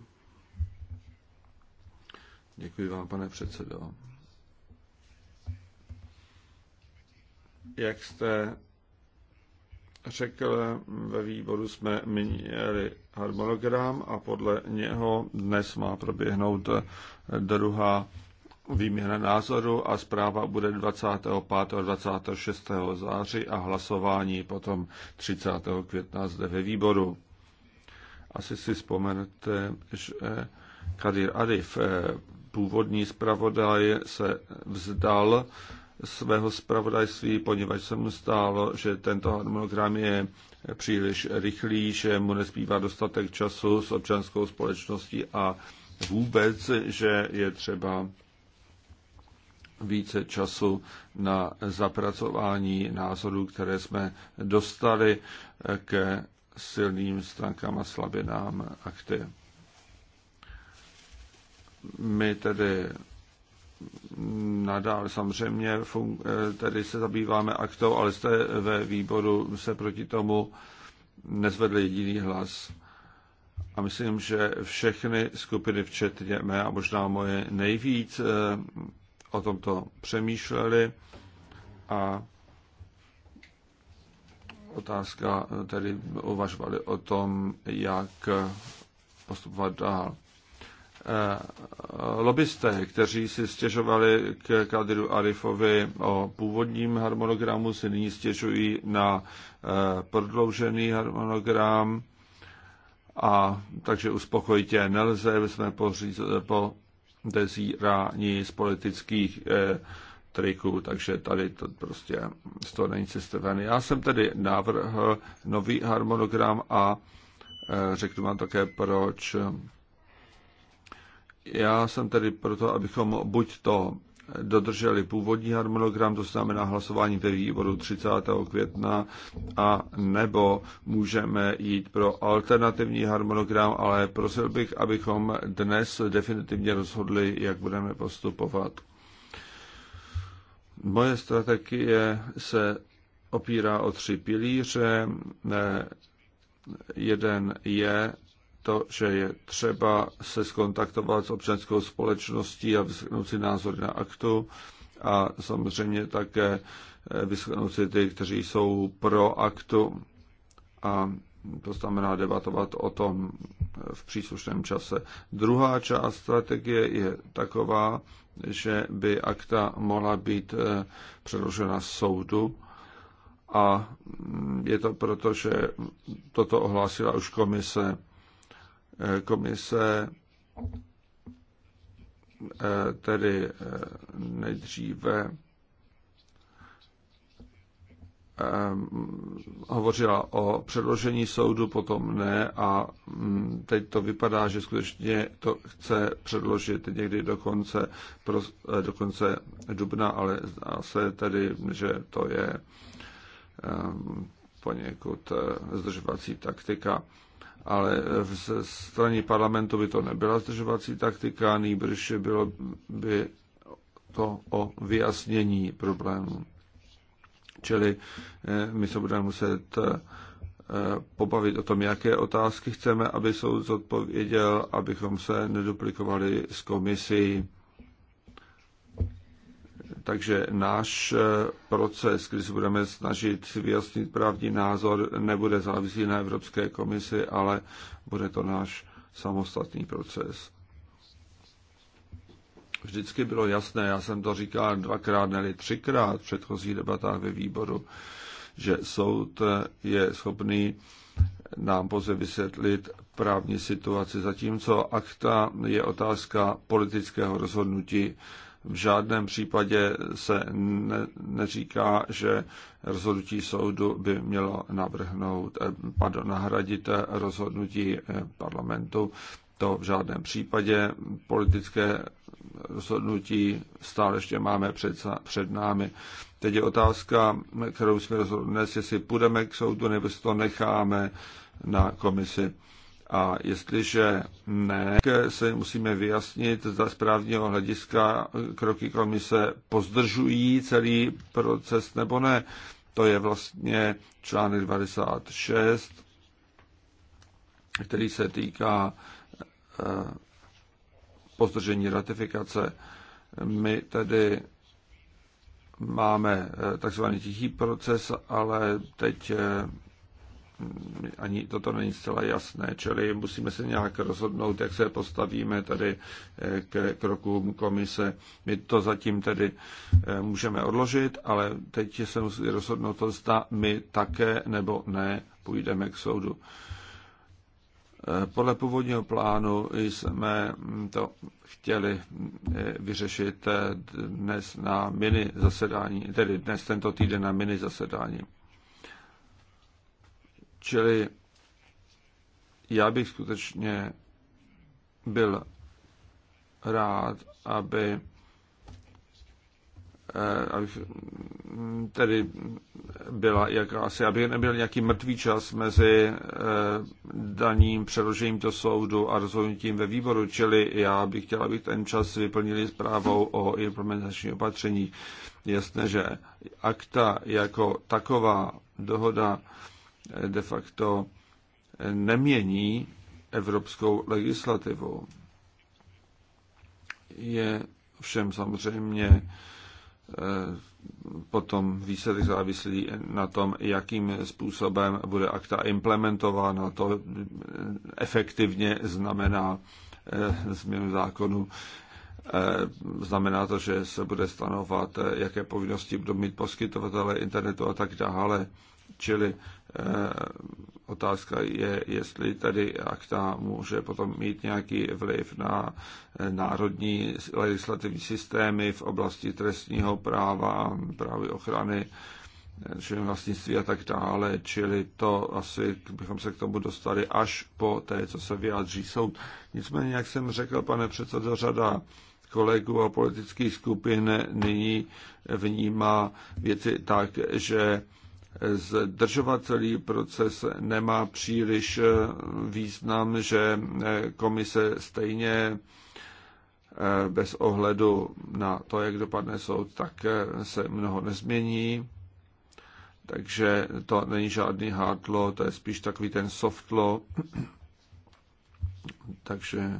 Děkuji vám, pane předsedo. Jak jste řekl, ve výboru jsme měli harmonogram a podle něho dnes má proběhnout druhá výměna názoru a zpráva bude 25. a 26. září a hlasování potom 30. května zde ve výboru. Asi si vzpomenete, že Kadir Arif, eh, původní zpravodaj, se vzdal svého zpravodajství, poněvadž se mu stálo, že tento harmonogram je příliš rychlý, že mu nezbývá dostatek času s občanskou společností a vůbec, že je třeba více času na zapracování názorů, které jsme dostali ke silným stránkám a slabinám akty. My tedy nadále samozřejmě tedy se zabýváme aktou, ale jste ve výboru se proti tomu nezvedli jediný hlas. A myslím, že všechny skupiny, včetně mé a možná moje nejvíc, eh, o tomto přemýšleli a otázka tedy uvažovali o tom, jak postupovat dál. Eh, lobbysté, kteří si stěžovali k Kadiru Arifovi o původním harmonogramu, si nyní stěžují na eh, prodloužený harmonogram a takže uspokojitě nelze, jsme po, po, dezírání z politických eh, triků, takže tady to prostě z toho není cesty ven. Já jsem tedy navrhl nový harmonogram a eh, řeknu vám také proč. Já jsem tedy proto, abychom buď to dodrželi původní harmonogram, to znamená hlasování ve výboru 30. května, a nebo můžeme jít pro alternativní harmonogram, ale prosil bych, abychom dnes definitivně rozhodli, jak budeme postupovat. Moje strategie se opírá o tři pilíře. Jeden je to, že je třeba se skontaktovat s občanskou společností a vyschnout si názory na aktu a samozřejmě také eh, vyschnout si ty, kteří jsou pro aktu a to znamená debatovat o tom eh, v příslušném čase. Druhá část strategie je taková, že by akta mohla být eh, předložena soudu a mm, je to proto, že toto ohlásila už komise Eh, komise eh, tedy eh, nejdříve hovořila o předložení soudu, potom ne a mm, teď to vypadá, že skutečně to chce předložit někdy do konce, do konce dubna, ale zdá se tedy, že to je poněkud zdržovací taktika ale ze strany parlamentu by to nebyla zdržovací taktika, nejbrž bylo by to o vyjasnění problému. Čili eh, my se budeme muset eh, pobavit o tom, jaké otázky chceme, aby soud zodpověděl, abychom se neduplikovali s komisí. Takže náš eh, proces, když se budeme snažit vyjasnit právní názor, nebude závislý na Evropské komisi, ale bude to náš samostatný proces. Vždycky bylo jasné, já jsem to říkal dvakrát, nebo třikrát v předchozích debatách ve výboru, že soud eh, je schopný nám pouze vysvětlit právní situaci, zatímco akta je otázka politického rozhodnutí v žádném případě se ne, neříká, že rozhodnutí soudu by mělo navrhnout, eh, pardon, nahradit rozhodnutí eh, parlamentu. To v žádném případě. Politické rozhodnutí stále ještě máme před, před námi. Teď je otázka, kterou jsme rozhodli dnes, jestli půjdeme k soudu nebo si to necháme na komisi. A jestliže ne, se musíme vyjasnit, za správního hlediska kroky komise pozdržují celý proces nebo ne. To je vlastně článek 26, který se týká eh, pozdržení ratifikace. My tedy máme eh, takzvaný tichý proces, ale teď eh, ani toto není zcela jasné, čili musíme se nějak rozhodnout, jak se postavíme tady eh, k krokům komise. My to zatím tedy eh, můžeme odložit, ale teď se musí rozhodnout to, zda my také nebo ne půjdeme k soudu. Eh, podle původního plánu jsme to chtěli vyřešit dnes na mini zasedání, tedy dnes tento týden na mini zasedání. Čili já bych skutečně byl rád, aby eh, aby tedy byla jakási, aby nebyl nějaký mrtvý čas mezi eh, daním předložením do soudu a rozhodnutím ve výboru, čili já bych chtěl, aby ten čas vyplnili zprávou o implementační opatření. Jasné, že akta jako taková dohoda de facto nemění evropskou legislativu. Je všem samozřejmě eh, potom výsledek závislý na tom, jakým způsobem bude akta implementována. To efektivně znamená eh, změnu zákonu. Eh, znamená to, že se bude stanovat, jaké povinnosti budou mít poskytovatele internetu a tak dále. Čili Eh, otázka je, jestli tady akta může potom mít nějaký vliv na eh, národní legislativní systémy v oblasti trestního práva, právy ochrany duševního eh, vlastnictví a tak dále, čili to asi bychom se k tomu dostali až po té, co se vyjádří soud. Nicméně, jak jsem řekl, pane předsedo, řada kolegů a politických skupin nyní vnímá věci tak, že zdržovatelý proces nemá příliš eh, význam, že eh, komise stejně eh, bez ohledu na to, jak dopadne soud, tak se mnoho nezmění. Takže to není žádný hard law, to je spíš takový ten soft law. Takže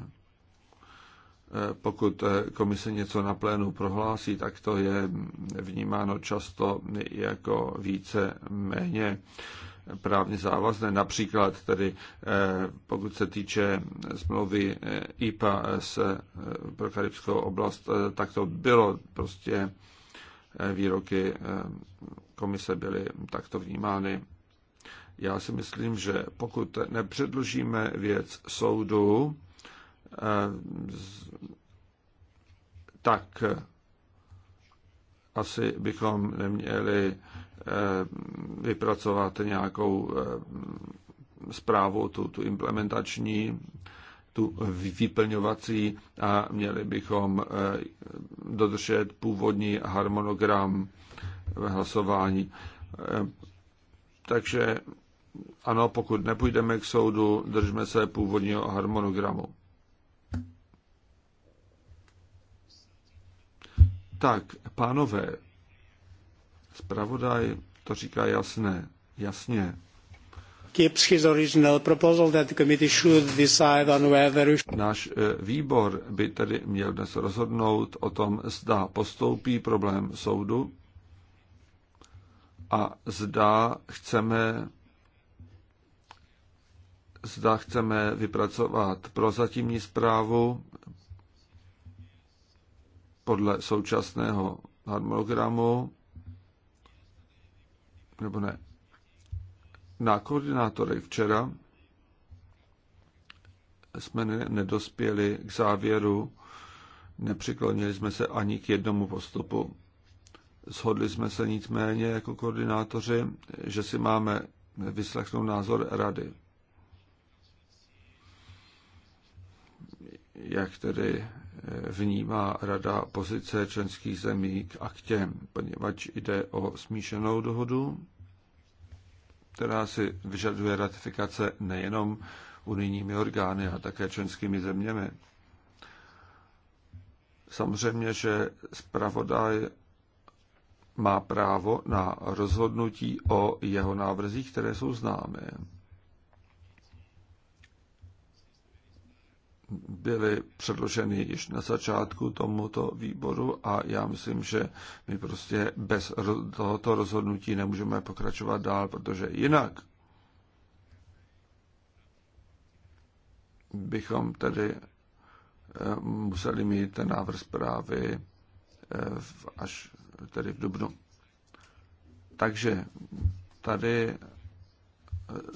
pokud eh, komise něco na plénu prohlásí, tak to je vnímáno často jako více méně právně závazné. Například tedy, eh, pokud se týče smlouvy eh, IPA s, pro karibskou oblast, tak to bylo prostě výroky komise byly takto vnímány. Já si myslím, že pokud nepředložíme věc soudu, Eh, tak asi bychom neměli eh, vypracovat nějakou eh, zprávu, tu, tu implementační, tu vyplňovací a měli bychom dodržet původní harmonogram hlasování. Takže ano, pokud nepůjdeme k soudu, držme se původního harmonogramu. Tak, pánové, zpravodaj to říká jasné, jasně. Keeps his original proposal that the committee should decide on whether... Náš eh, výbor by tedy měl dnes rozhodnout o tom, zda postoupí problém soudu a zda chceme zda chceme vypracovat prozatímní zprávu podle současného harmonogramu, nebo ne, na koordinátorech včera jsme nedospěli k závěru, nepřiklonili jsme se ani k jednomu postupu. Shodli jsme se nicméně jako koordinátoři, že si máme vyslechnout názor rady. Jak tedy vnímá Rada pozice členských zemí k aktě, poněvadž jde o smíšenou dohodu, která si vyžaduje ratifikace nejenom unijními orgány, ale také členskými zeměmi. Samozřejmě, že zpravodaj má právo na rozhodnutí o jeho návrzích, které jsou známé. byly předloženy již na začátku tomuto výboru a já myslím, že my prostě bez tohoto rozhodnutí nemůžeme pokračovat dál, protože jinak bychom tedy eh, museli mít ten návrh zprávy eh, až tedy v Dubnu. Takže tady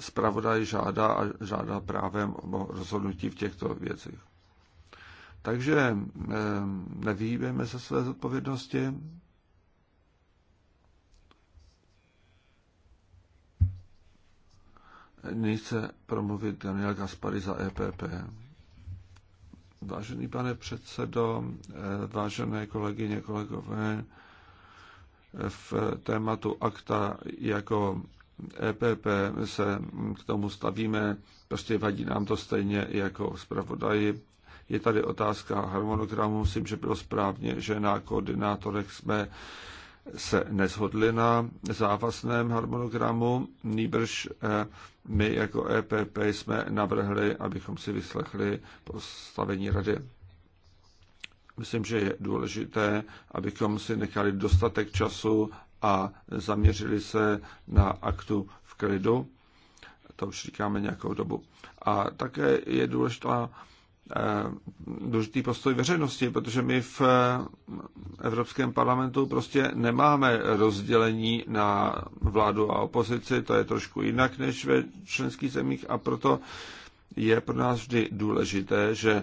zpravodaj žádá a žádá právem o rozhodnutí v těchto věcech. Takže eh, nevýjíbeme se své zodpovědnosti. Nyní promluvit Daniel Gaspari za EPP. Vážený pane předsedo, eh, vážené kolegyně, kolegové, eh, v tématu akta jako EPP se k tomu stavíme, prostě vadí nám to stejně jako zpravodaji. Je tady otázka harmonogramu, myslím, že bylo správně, že na koordinátorech jsme se neshodli na závazném harmonogramu, nýbrž e, my jako EPP jsme navrhli, abychom si vyslechli postavení rady. Myslím, že je důležité, abychom si nechali dostatek času a zaměřili se na aktu v klidu. To už říkáme nějakou dobu. A také je důležitá eh, důležitý postoj veřejnosti, protože my v eh, Evropském parlamentu prostě nemáme rozdělení na vládu a opozici, to je trošku jinak než ve členských zemích a proto je pro nás vždy důležité, že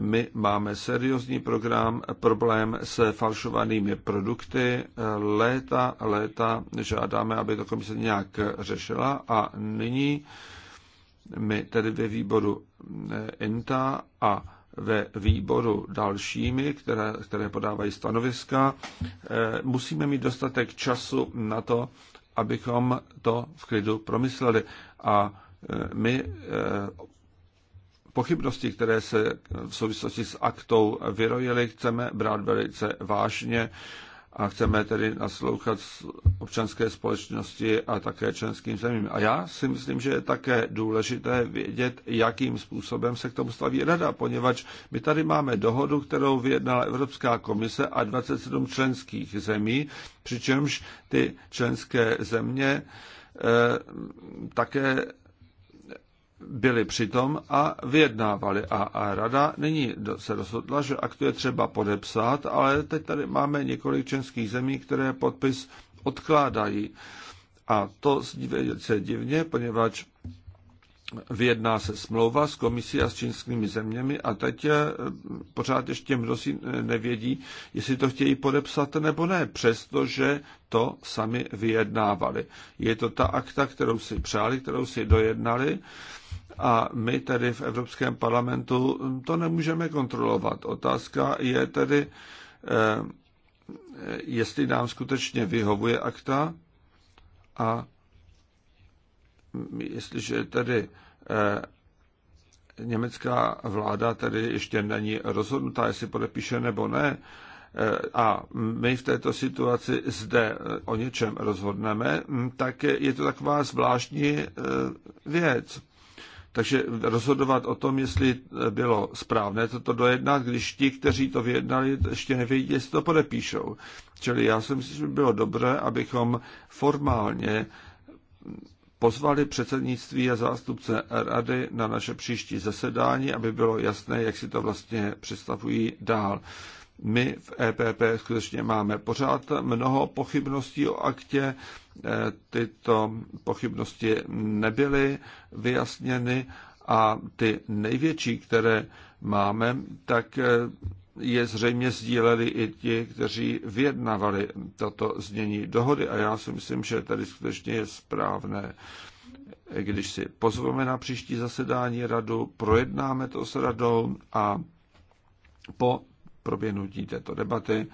my máme seriózní program, problém se falšovanými produkty. Léta, léta žádáme, aby to komise nějak řešila a nyní my tedy ve výboru INTA a ve výboru dalšími, které, které podávají stanoviska, eh, musíme mít dostatek času na to, abychom to v klidu promysleli. A eh, my eh, pochybnosti, které se v souvislosti s aktou vyrojily, chceme brát velice vážně a chceme tedy naslouchat občanské společnosti a také členským zemím. A já si myslím, že je také důležité vědět, jakým způsobem se k tomu staví rada, poněvadž my tady máme dohodu, kterou vyjednala Evropská komise a 27 členských zemí, přičemž ty členské země eh, také byli přitom a vyjednávali. A, a rada nyní se rozhodla, že akt je třeba podepsat, ale teď tady máme několik českých zemí, které podpis odkládají. A to se divně, poněvadž vyjedná se smlouva s komisí a s čínskými zeměmi a teď je eh, pořád ještě mnozí eh, nevědí, jestli to chtějí podepsat nebo ne, přestože to sami vyjednávali. Je to ta akta, kterou si přáli, kterou si dojednali a my tedy v Evropském parlamentu to nemůžeme kontrolovat. Otázka je tedy, eh, jestli nám skutečně vyhovuje akta a jestliže tedy eh, německá vláda tedy ještě není rozhodnutá, jestli podepíše nebo ne, eh, a my v této situaci zde o něčem rozhodneme, hm, tak je to taková zvláštní věc. Takže rozhodovat o tom, jestli bylo správné toto dojednat, když ti, kteří to vyjednali, ještě nevědí, jestli to podepíšou. Čili já si myslím, že by bylo dobré, abychom formálně pozvali předsednictví a zástupce rady na naše příští zasedání, aby bylo jasné, jak si to vlastně představují dál. My v EPP skutečně máme pořád mnoho pochybností o aktě, Eh, tyto pochybnosti nebyly vyjasněny a ty největší, které máme, tak eh, je zřejmě sdíleli i ti, kteří vyjednavali tato znění dohody. A já si myslím, že tady skutečně je správné, eh, když si pozveme na příští zasedání radu, projednáme to s radou a po proběhnutí této debaty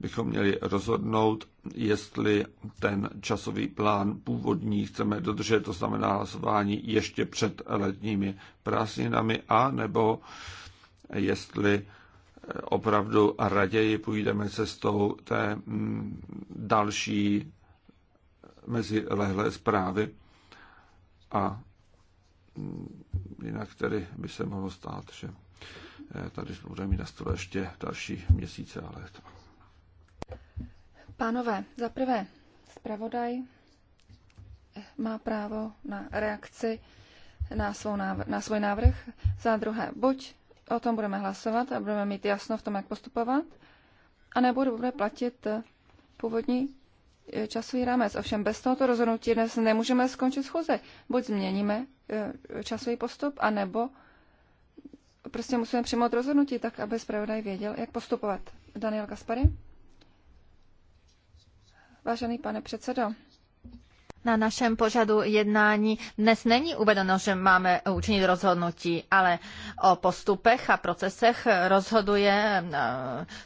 bychom měli rozhodnout, jestli ten časový plán původní chceme dodržet, to znamená hlasování ještě před letními prázdninami, a nebo jestli eh, opravdu raději půjdeme cestou té mm, další eh, mezilehlé zprávy a mm, jinak tedy by se mohlo stát, že eh, tady budeme mít na stole ještě další měsíce a léta. Pánové, za prvé, zpravodaj má právo na reakci na, svou návr- na svůj návrh. Za druhé, buď o tom budeme hlasovat a budeme mít jasno v tom, jak postupovat, anebo bude platit původní eh, časový rámec. Ovšem bez tohoto rozhodnutí dnes nemůžeme skončit schůze. Buď změníme eh, časový postup, anebo prostě musíme přijmout rozhodnutí tak, aby zpravodaj věděl, jak postupovat. Daniel Kaspary? Vážený pane předsedo, na našem pořadu jednání dnes není uvedeno, že máme učinit rozhodnutí, ale o postupech a procesech rozhoduje eh,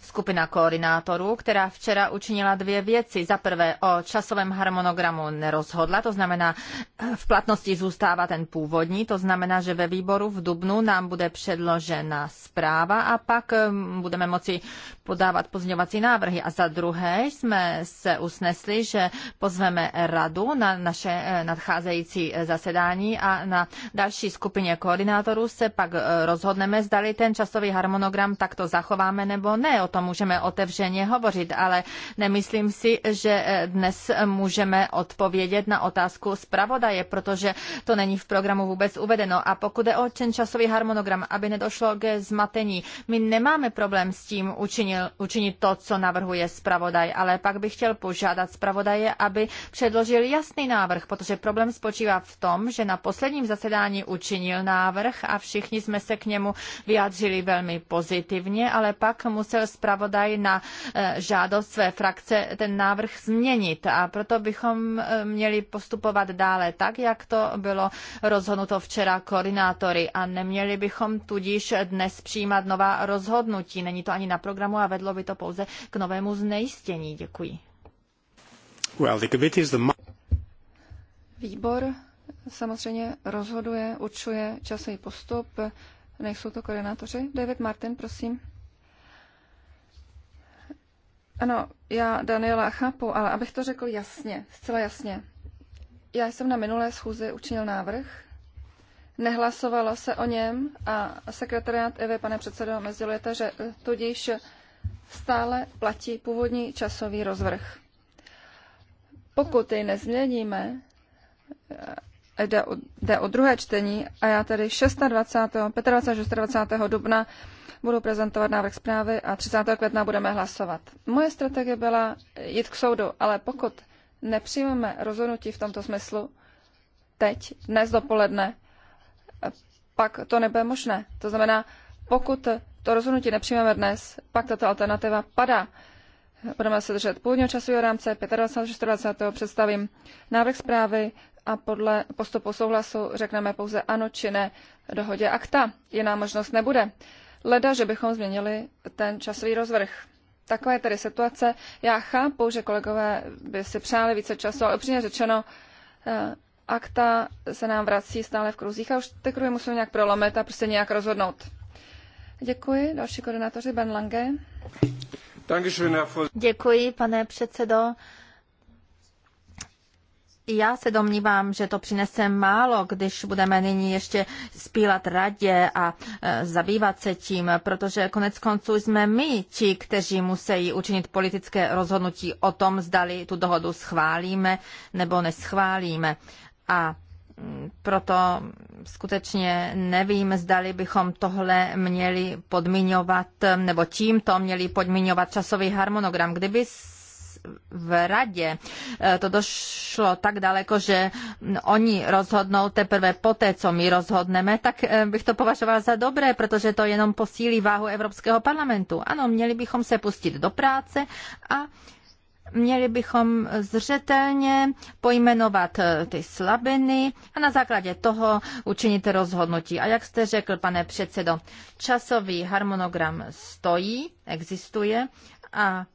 skupina koordinátorů, která včera učinila dvě věci. Za prvé o časovém harmonogramu nerozhodla, to znamená, eh, v platnosti zůstává ten původní, to znamená, že ve výboru v Dubnu nám bude předložena zpráva a pak eh, budeme moci podávat pozměňovací návrhy. A za druhé jsme se usnesli, že pozveme radu na naše eh, nadcházející eh, zasedání a na další skupině koordinátorů se pak eh, rozhodneme, zdali ten časový harmonogram takto zachováme nebo ne. O tom můžeme otevřeně hovořit, ale nemyslím si, že dnes můžeme odpovědět na otázku zpravodaje, protože to není v programu vůbec uvedeno. A pokud je o ten časový harmonogram, aby nedošlo ke zmatení, my nemáme problém s tím učinil, učinit to, co navrhuje zpravodaj, ale pak bych chtěl požádat zpravodaje, aby předložil jasný jasný návrh, protože problém spočívá v tom, že na posledním zasedání učinil návrh a všichni jsme se k němu vyjádřili velmi pozitivně, ale pak musel zpravodaj na eh, žádost své frakce ten návrh změnit a proto bychom eh, měli postupovat dále tak, jak to bylo rozhodnuto včera koordinátory a neměli bychom tudíž dnes přijímat nová rozhodnutí. Není to ani na programu a vedlo by to pouze k novému znejistění. Děkuji. Well, the committee is the Výbor samozřejmě rozhoduje, určuje časový postup, nejsou to koordinátoři. David Martin, prosím. Ano, já Daniela chápu, ale abych to řekl jasně, zcela jasně. Já jsem na minulé schůzi učinil návrh, nehlasovalo se o něm a sekretariát EV, pane předsedo, mi sdělujete, že eh, tudíž stále platí původní časový rozvrh. Pokud jej nezměníme, jde o, jde o druhé čtení a já tady 26. 25. 26. dubna budu prezentovat návrh zprávy a 30. května budeme hlasovat. Moje strategie byla jít k soudu, ale pokud nepřijmeme rozhodnutí v tomto smyslu teď, dnes dopoledne, pak to nebude možné. To znamená, pokud to rozhodnutí nepřijmeme dnes, pak tato alternativa padá. Budeme se držet původního časového rámce 25. 26. představím návrh zprávy, a podle postupu souhlasu řekneme pouze ano či ne dohodě akta. Jiná možnost nebude. Leda, že bychom změnili ten časový rozvrh. Taková je tedy situace. Já chápu, že kolegové by si přáli více času, ale upřímně řečeno, eh, akta se nám vrací stále v kruzích a už ty kruhy musíme nějak prolomit a prostě nějak rozhodnout. Děkuji. Další koordinátoři, Ben Lange. Děkuji, pane předsedo. Já se domnívám, že to přinese málo, když budeme nyní ještě spílat radě a e, zabývat se tím, protože konec konců jsme my ti, kteří musí učinit politické rozhodnutí o tom, zdali tu dohodu schválíme nebo neschválíme. A mm, proto skutečně nevím, zdali bychom tohle měli podmiňovat, nebo tímto měli podmiňovat časový harmonogram. Kdyby v radě. E, to došlo tak daleko, že oni rozhodnou teprve poté, co my rozhodneme, tak e, bych to považoval za dobré, protože to jenom posílí váhu Evropského parlamentu. Ano, měli bychom se pustit do práce a měli bychom zřetelně pojmenovat e, ty slabiny a na základě toho učinit rozhodnutí. A jak jste řekl, pane předsedo, časový harmonogram stojí, existuje a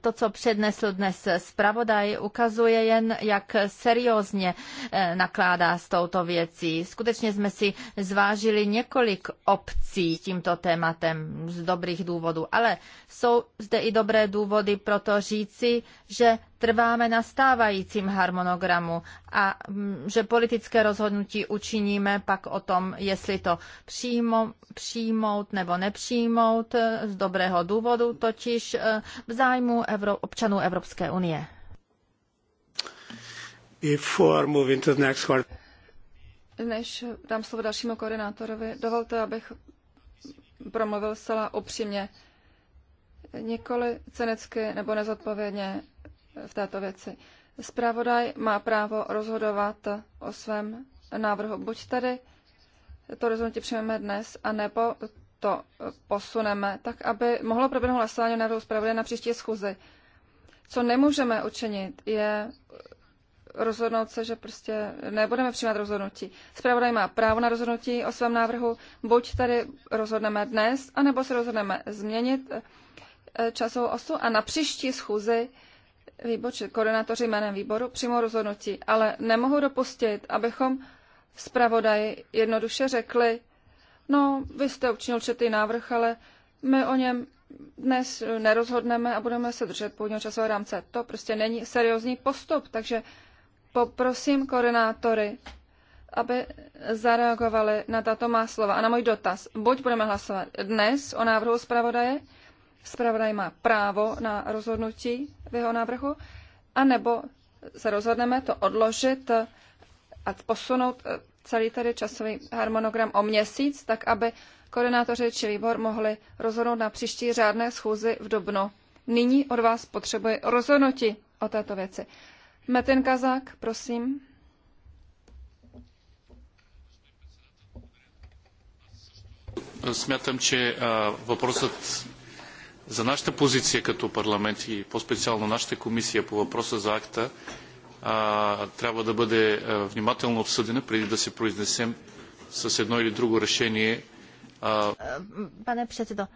to, co přednesl dnes zpravodaj, ukazuje jen, jak seriózně eh, nakládá s touto věcí. Skutečně jsme si zvážili několik opcí tímto tématem z dobrých důvodů, ale jsou zde i dobré důvody pro to říci, že trváme na stávajícím harmonogramu a mm, že politické rozhodnutí učiníme pak o tom, jestli to přijmo, přijmout nebo nepřijmout e, z dobrého důvodu, totiž e, v zájmu Evro, občanů Evropské unie. Než dám slovo dalšímu koordinátorovi, dovolte, abych promluvil zcela upřímně, nikoli cenecky nebo nezodpovědně v této věci. Zpravodaj má právo rozhodovat o svém návrhu. Buď tedy to rozhodnutí přijmeme dnes, anebo to posuneme, tak aby mohlo proběhnout hlasování návrhu zpravodaje na příští schůzi. Co nemůžeme učinit, je rozhodnout se, že prostě nebudeme přijímat rozhodnutí. Zpravodaj má právo na rozhodnutí o svém návrhu, buď tady rozhodneme dnes, anebo se rozhodneme změnit eh, časovou osu a na příští schůzi vybočit koordinátoři jménem výboru přímo rozhodnutí, ale nemohu dopustit, abychom zpravodaji jednoduše řekli, no, vy jste učinil četý návrh, ale my o něm dnes nerozhodneme a budeme se držet původního časového rámce. To prostě není seriózní postup, takže poprosím koordinátory, aby zareagovali na tato má slova a na můj dotaz. Buď budeme hlasovat dnes o návrhu zpravodaje, zpravodaj má právo na rozhodnutí v jeho návrhu, anebo se rozhodneme to odložit a posunout eh, celý tady časový harmonogram o měsíc, tak aby koordinátoři či výbor mohli rozhodnout na příští řádné schůzi v Dubnu. Nyní od vás potřebuji rozhodnutí o této věci. Metin Kazák, prosím. Смятам, че въпросът за нашата позиция като парламент и по-специално нашата комисия по въпроса за акта а, трябва да бъде а, внимателно обсъдена преди да се произнесем с едно или друго решение. A... Pane předsedo,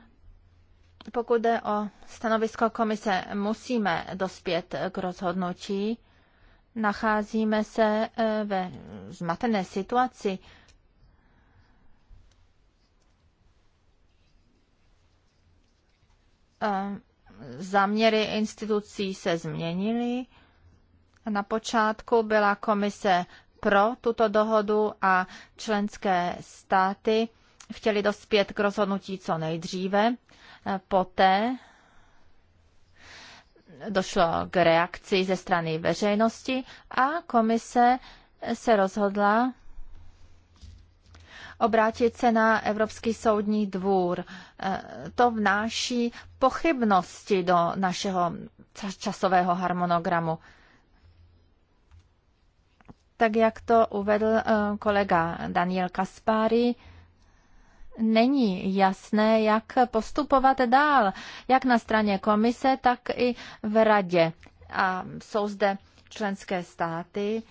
pokud jde o stanovisko komise, musíme dospět k rozhodnutí. Nacházíme se ve zmatené situaci. Eh, záměry institucí se změnily. Na počátku byla komise pro tuto dohodu a členské státy chtěli dospět k rozhodnutí co nejdříve. Eh, poté došlo k reakci ze strany veřejnosti a komise se rozhodla obrátit se na Evropský soudní dvůr. E, to vnáší pochybnosti do našeho časového harmonogramu. Tak jak to uvedl e, kolega Daniel Kaspari, není jasné, jak postupovat dál, jak na straně komise, tak i v radě. A jsou zde členské státy,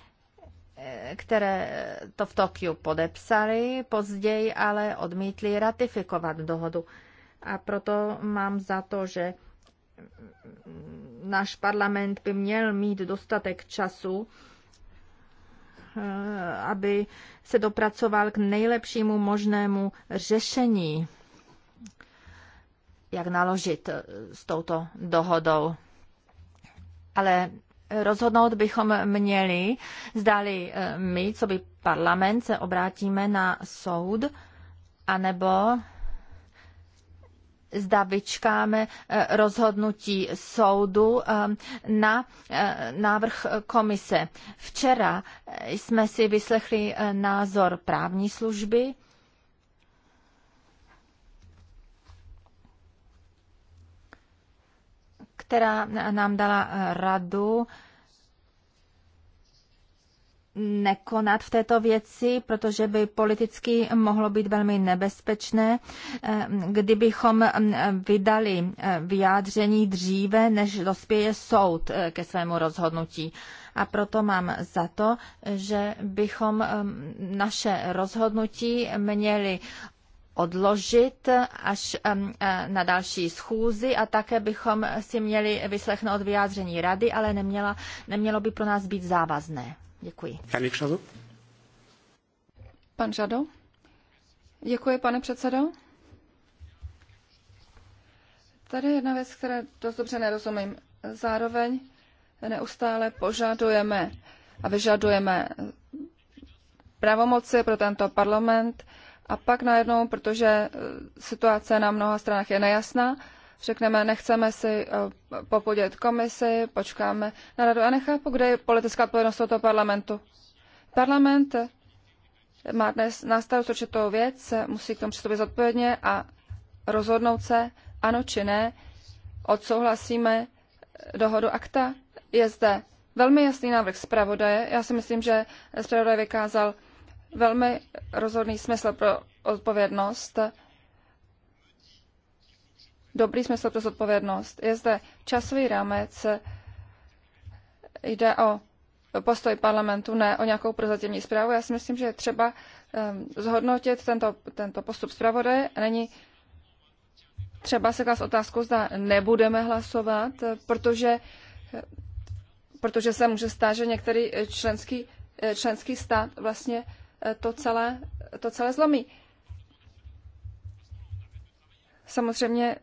které to v Tokiu podepsali, později ale odmítli ratifikovat dohodu. A proto mám za to, že náš parlament by měl mít dostatek času, eh, aby se dopracoval k nejlepšímu možnému řešení, jak naložit s touto dohodou. Ale rozhodnout bychom měli, zdali eh, my, co by parlament, se obrátíme na soud, anebo zda vyčkáme eh, rozhodnutí soudu eh, na návrh komise. Včera jsme si vyslechli názor právní služby která nám dala eh, radu nekonat v této věci, protože by politicky mohlo být velmi nebezpečné, eh, kdybychom mm, vydali eh, vyjádření dříve, než dospěje soud ke svému rozhodnutí. A proto mám za to, že bychom mm, naše rozhodnutí měli odložit až e, na další schůzi a také bychom si měli vyslechnout vyjádření rady, ale neměla, nemělo by pro nás být závazné. Děkuji. Pan Žado? Děkuji, pane předsedo. Tady je jedna věc, které dost dobře nerozumím. Zároveň neustále požadujeme a vyžadujeme pravomoci pro tento parlament, a pak najednou, protože eh, situace na mnoha stranách je nejasná, řekneme, nechceme si eh, popodět komisi, počkáme na radu a nechápu, kde je politická odpovědnost tohoto parlamentu. Parlament eh, má dnes na starost určitou věc, musí k tomu přistoupit zodpovědně a rozhodnout se, ano či ne, odsouhlasíme dohodu akta. Je zde velmi jasný návrh zpravodaje. Já si myslím, že zpravodaj vykázal velmi rozhodný smysl pro odpovědnost, dobrý smysl pro zodpovědnost. Je zde časový rámec, jde o postoj parlamentu, ne o nějakou prozatímní zprávu. Já si myslím, že je třeba ehm, zhodnotit tento, tento postup zpravodaje. Není třeba se klas otázku, zda nebudeme hlasovat, protože, protože se může stát, že některý eh, členský, eh, členský stát vlastně to celé, to celé zlomí. Samozřejmě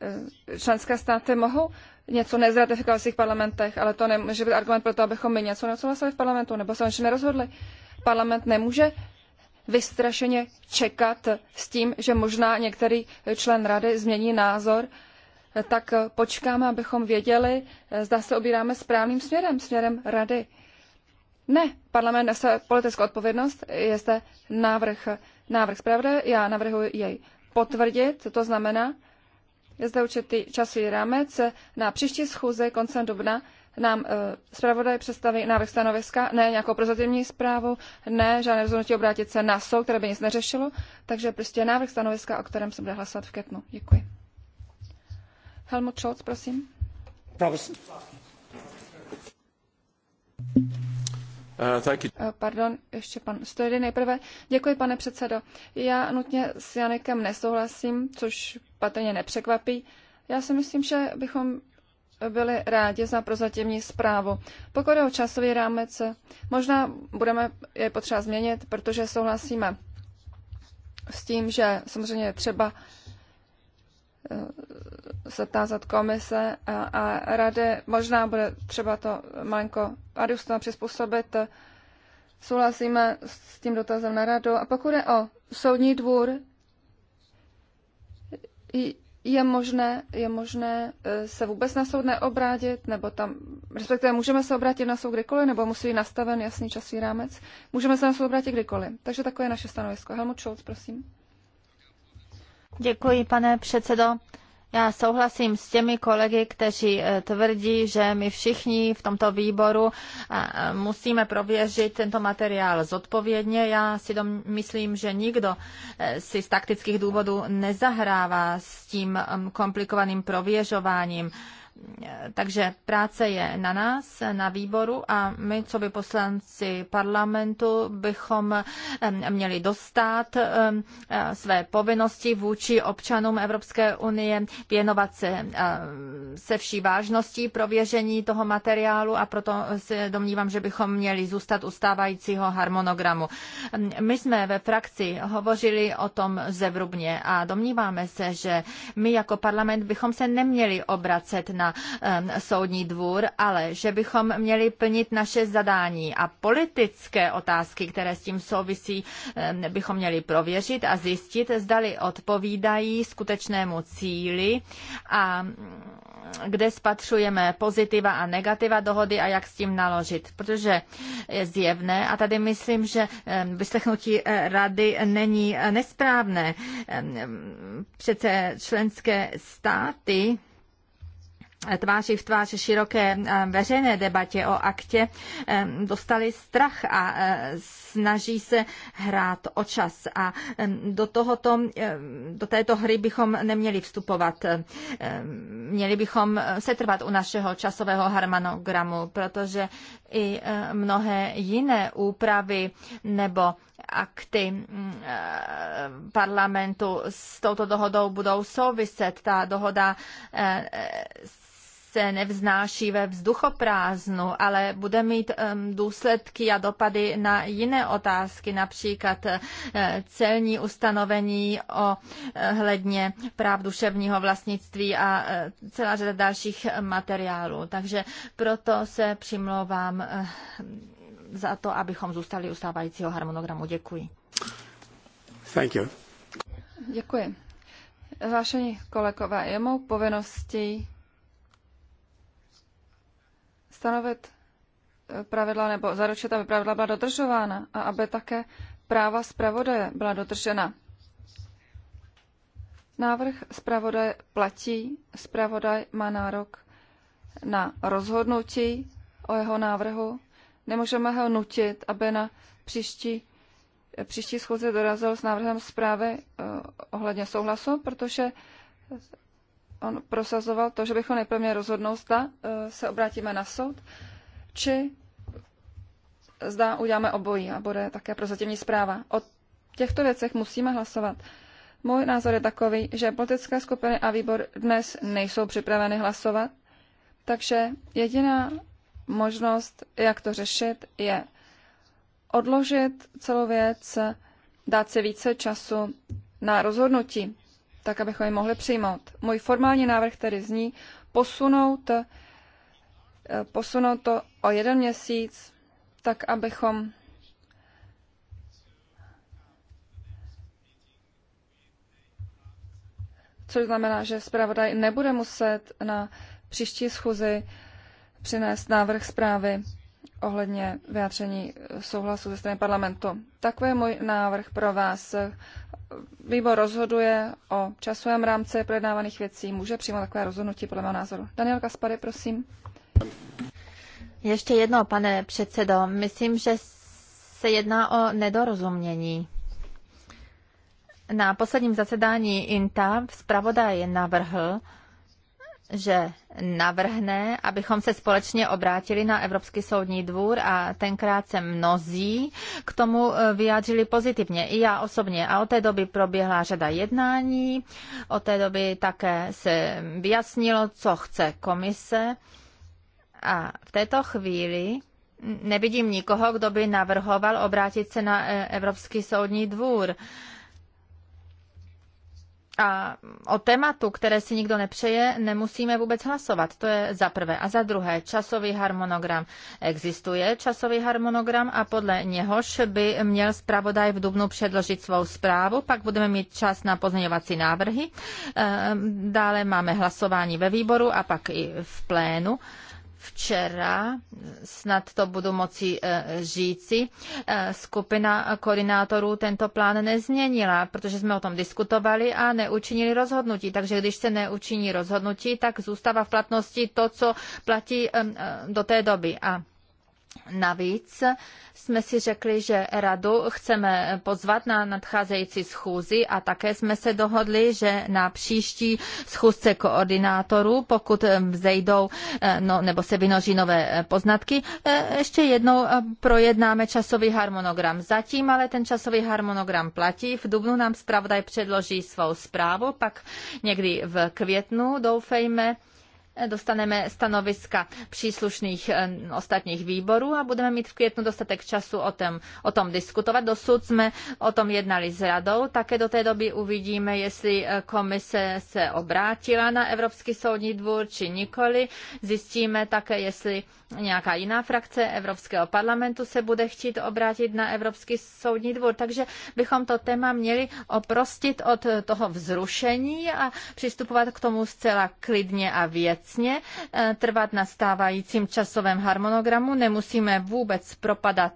eh, členské státy mohou něco nezratifikovat v svých parlamentech, ale to nemůže být argument pro to, abychom my něco neodsouhlasili v parlamentu, nebo se ještě nerozhodli. Parlament nemůže vystrašeně čekat s tím, že možná některý člen rady změní názor, tak počkáme, abychom věděli, eh, zda se obíráme správným směrem, směrem rady. Ne, parlament nese politickou odpovědnost, je zde návrh, návrh zpravodaje, já navrhuji jej potvrdit, to znamená, je zde určitý časový rámec. Na příští schůzi koncem dubna nám eh, zpravodaj představí návrh stanoviska, ne nějakou prozatímní zprávu, ne žádné rozhodnutí obrátit se na soud, které by nic neřešilo, takže prostě návrh stanoviska, o kterém se bude hlasovat v květnu. Děkuji. Helmut Scholz, prosím. Pravus. Uh, eh, pardon, ještě pan Stojedy nejprve. Děkuji, pane předsedo. Já nutně s Janekem nesouhlasím, což patrně nepřekvapí. Já si myslím, že bychom byli rádi za prozatímní zprávu. Pokud je o časový rámec, možná budeme je potřeba změnit, protože souhlasíme s tím, že samozřejmě je třeba Eh, se tázat komise a, a rady. Možná bude třeba to malinko adjustovat, přizpůsobit. Souhlasíme s tím dotazem na radu. A pokud je o soudní dvůr, je možné, je možné eh, se vůbec na soud neobrátit, nebo tam, respektive můžeme se obrátit na soud kdykoliv, nebo musí být nastaven jasný časový rámec. Můžeme se na soud obrátit kdykoliv. Takže takové je naše stanovisko. Helmut Scholz, prosím. Děkuji, pane předsedo. Já souhlasím s těmi kolegy, kteří eh, tvrdí, že my všichni v tomto výboru eh, musíme prověřit tento materiál zodpovědně. Já si dom- myslím, že nikdo eh, si z taktických důvodů nezahrává s tím mm, komplikovaným prověřováním takže práce je na nás, na výboru a my, co by poslanci parlamentu, bychom měli dostat své povinnosti vůči občanům Evropské unie, věnovat se se vší vážností prověření toho materiálu a proto se domnívám, že bychom měli zůstat u stávajícího harmonogramu. My jsme ve frakci hovořili o tom zevrubně a domníváme se, že my jako parlament bychom se neměli obracet na Um, soudní dvůr, ale že bychom měli plnit naše zadání a politické otázky, které s tím souvisí, um, bychom měli prověřit a zjistit, zdali odpovídají skutečnému cíli a mm, kde spatřujeme pozitiva a negativa dohody a jak s tím naložit, protože je zjevné a tady myslím, že um, vyslechnutí eh, rady není eh, nesprávné. Přece členské státy Eh, tváří v tvář široké eh, veřejné debatě o aktě eh, dostali strach a snaží se hrát o čas. A do, tohoto, do této hry bychom neměli vstupovat. Měli bychom setrvat u našeho časového harmonogramu, protože i mnohé jiné úpravy nebo akty mm, parlamentu s touto dohodou budou souviset. Ta dohoda se nevznáší ve vzduchoprázdnu, ale bude mít důsledky a dopady na jiné otázky, například eh, celní ustanovení o eh, hledně práv duševního vlastnictví a eh, celá řada dalších materiálů. Takže proto se přimlouvám za to, abychom zůstali u stávajícího harmonogramu. Děkuji. Thank you. Děkuji. Vážení kolegové, je mou povinností stanovit eh, pravidla nebo zaručit, aby pravidla byla dodržována a aby také práva zpravodaje byla dodržena. Návrh zpravodaje platí, zpravodaj má nárok na rozhodnutí o jeho návrhu. Nemůžeme ho nutit, aby na příští, eh, příští schůzi dorazil s návrhem zprávy eh, ohledně souhlasu, protože on prosazoval to, že bychom nejprve měli rozhodnout, zda e, se obrátíme na soud, či zda uděláme obojí a bude také prozatímní zpráva. O těchto věcech musíme hlasovat. Můj názor je takový, že politické skupiny a výbor dnes nejsou připraveny hlasovat, takže jediná možnost, jak to řešit, je odložit celou věc, dát si více času na rozhodnutí tak abychom ji mohli přijmout. Můj formální návrh tedy zní posunout, eh, posunout to o jeden měsíc, tak abychom což znamená, že zpravodaj nebude muset na příští schůzi přinést návrh zprávy ohledně vyjádření souhlasu ze strany parlamentu. Takový je můj návrh pro vás. Výbor rozhoduje o časovém rámci projednávaných věcí. Může přijmout takové rozhodnutí podle mého názoru. Daniel Kaspary, prosím. Ještě jedno, pane předsedo. Myslím, že se jedná o nedorozumění. Na posledním zasedání INTA zpravodaj navrhl, že navrhne, abychom se společně obrátili na Evropský soudní dvůr a tenkrát se mnozí k tomu eh, vyjádřili pozitivně, i já osobně. A od té doby proběhla řada jednání, od té doby také se vyjasnilo, co chce komise. A v této chvíli nevidím nikoho, kdo by navrhoval obrátit se na eh, Evropský soudní dvůr. A o tématu, které si nikdo nepřeje, nemusíme vůbec hlasovat. To je za prvé. A za druhé, časový harmonogram. Existuje časový harmonogram a podle něhož by měl zpravodaj v Dubnu předložit svou zprávu, pak budeme mít čas na pozměňovací návrhy. Ehm, dále máme hlasování ve výboru a pak i v plénu včera, snad to budu moci eh, říci, eh, skupina koordinátorů tento plán nezměnila, protože jsme o tom diskutovali a neučinili rozhodnutí. Takže když se neučiní rozhodnutí, tak zůstává v platnosti to, co platí eh, do té doby. A Navíc jsme si řekli, že radu chceme pozvat na nadcházející schůzi a také jsme se dohodli, že na příští schůzce koordinátorů, pokud eh, vzejdou eh, no, nebo se vynoží nové eh, poznatky, ještě jednou projednáme časový harmonogram. Zatím ale ten časový harmonogram platí. V dubnu nám zpravodaj předloží svou zprávu, pak někdy v květnu doufejme dostaneme stanoviska příslušných eh, ostatních výborů a budeme mít v květnu dostatek času o tom, o tom diskutovat. Dosud jsme o tom jednali s radou, také do té doby uvidíme, jestli eh, komise se obrátila na Evropský soudní dvůr či nikoli. Zjistíme také, jestli nějaká jiná frakce Evropského parlamentu se bude chtít obrátit na Evropský soudní dvůr. Takže bychom to téma měli oprostit od toho vzrušení a přistupovat k tomu zcela klidně a věcně, e, trvat na stávajícím časovém harmonogramu. Nemusíme vůbec propadat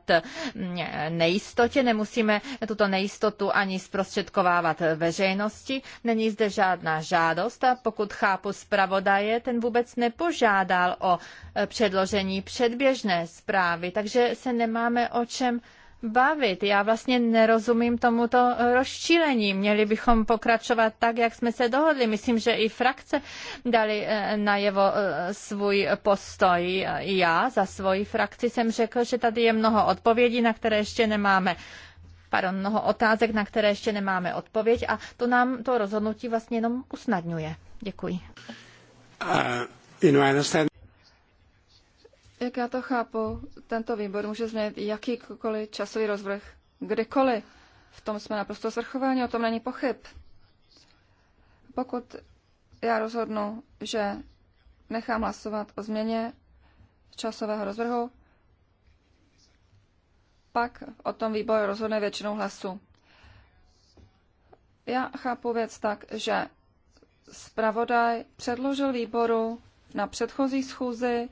nejistotě, nemusíme tuto nejistotu ani zprostředkovávat veřejnosti. Není zde žádná žádost a pokud chápu zpravodaje, ten vůbec nepožádal o e, předložení hodnocení předběžné zprávy, takže se nemáme o čem bavit. Já vlastně nerozumím tomuto rozčílení. Měli bychom pokračovat tak, jak jsme se dohodli. Myslím, že i frakce dali eh, najevo eh, svůj postoj. Já za svoji frakci jsem řekl, že tady je mnoho odpovědí, na které ještě nemáme pardon, mnoho otázek, na které ještě nemáme odpověď a to nám to rozhodnutí vlastně jenom usnadňuje. Děkuji. Uh, you know, jak já to chápu, tento výbor může změnit jakýkoliv časový rozvrh, kdykoliv. V tom jsme naprosto zvrchováni, o tom není pochyb. Pokud já rozhodnu, že nechám hlasovat o změně časového rozvrhu, pak o tom výbor rozhodne většinou hlasu. Já chápu věc tak, že zpravodaj předložil výboru na předchozí schůzi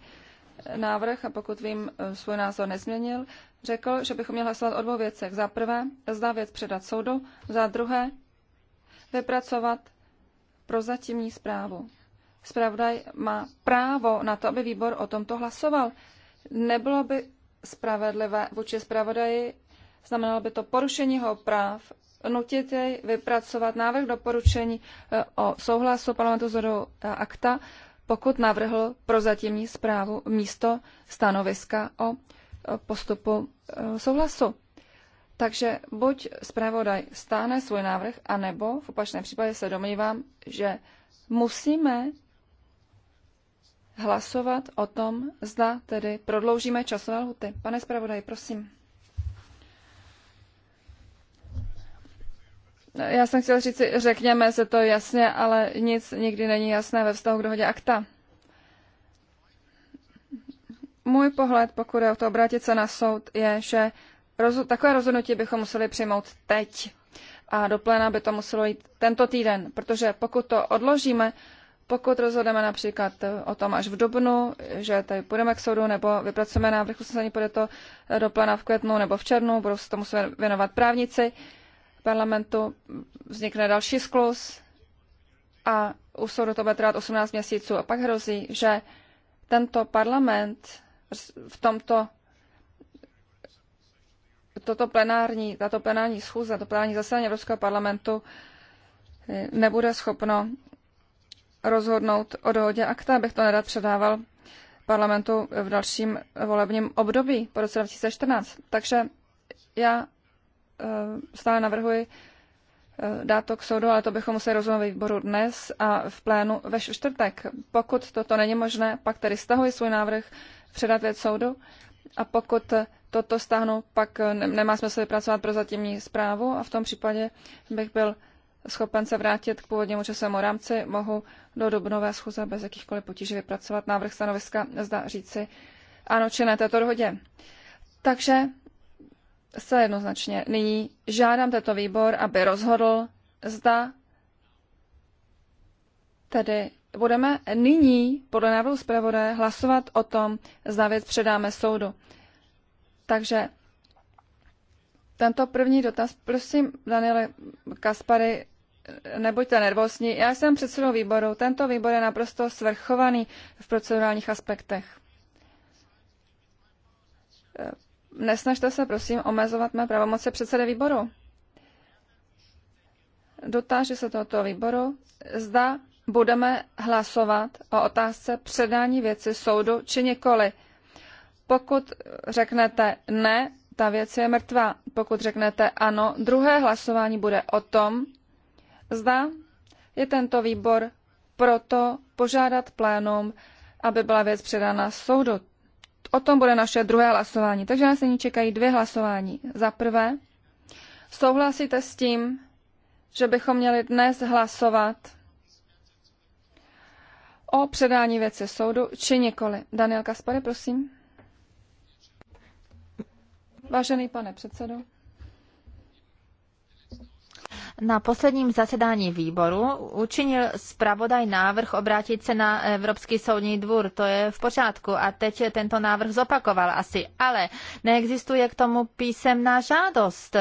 návrh, a pokud vím, eh, svůj názor nezměnil, řekl, že bychom měli hlasovat o dvou věcech. Za prvé, zda věc předat soudu, za druhé, vypracovat prozatímní zprávu. Spravodaj má právo na to, aby výbor o tomto hlasoval. Nebylo by spravedlivé vůči zpravodaji, znamenalo by to porušení jeho práv, nutit jej vypracovat návrh doporučení eh, o souhlasu parlamentu zhodu akta, pokud navrhl prozatímní zprávu místo stanoviska o postupu e, souhlasu. Takže buď zpravodaj stáhne svůj návrh, anebo v opačném případě se domnívám, že musíme hlasovat o tom, zda tedy prodloužíme časové lhuty. Pane zpravodaj, prosím. Já jsem chtěl říct, řekněme se to jasně, ale nic nikdy není jasné ve vztahu k dohodě akta. Můj pohled, pokud je o to obrátit se na soud, je, že rozho- takové rozhodnutí bychom museli přijmout teď. A do pléna by to muselo jít tento týden, protože pokud to odložíme, pokud rozhodneme například eh, o tom až v dubnu, že tady půjdeme k soudu nebo vypracujeme návrh usnesení, půjde to eh, do pléna v květnu nebo v červnu, budou se tomu věnovat právníci, parlamentu vznikne další sklus a u soudu to bude trvat 18 měsíců a pak hrozí, že tento parlament v tomto toto plenární, tato plenární schůze, to plenární zasedání Evropského parlamentu eh, nebude schopno rozhodnout o dohodě akta, abych to nedat předával parlamentu v dalším volebním období po roce 2014. Takže já Eh, stále navrhuji eh, dát to k soudu, ale to bychom museli rozhodnout výboru dnes a v plénu ve čtvrtek. Pokud toto není možné, pak tedy stahuji svůj návrh předat věc soudu a pokud toto stáhnu, pak eh, nemá smysl vypracovat zatímní zprávu a v tom případě bych byl schopen se vrátit k původnímu časovému rámci, mohu do dubnové schůze bez jakýchkoliv potíží vypracovat návrh stanoviska, zda říci ano či ne této dohodě. Takže se jednoznačně nyní žádám tento výbor, aby rozhodl, zda tedy budeme nyní podle návrhu zpravodaje hlasovat o tom, zda věc předáme soudu. Takže tento první dotaz, prosím, Daniele Kaspary, nebuďte nervózní. Já jsem předsedou výboru. Tento výbor je naprosto svrchovaný v procedurálních aspektech Nesnažte se, prosím, omezovat mé pravomoci předsedy výboru. Dotáže se tohoto výboru, zda budeme hlasovat o otázce předání věci soudu či nikoli. Pokud řeknete ne, ta věc je mrtvá. Pokud řeknete ano, druhé hlasování bude o tom, zda je tento výbor proto požádat plénum, aby byla věc předána soudu o tom bude naše druhé hlasování. Takže nás nyní čekají dvě hlasování. Za prvé, souhlasíte s tím, že bychom měli dnes hlasovat o předání věce soudu, či nikoli. Daniel Kaspary, prosím. Vážený pane předsedo. Na posledním zasedání výboru učinil zpravodaj návrh obrátit se na Evropský soudní dvůr. To je v pořádku a teď tento návrh zopakoval asi, ale neexistuje k tomu písemná žádost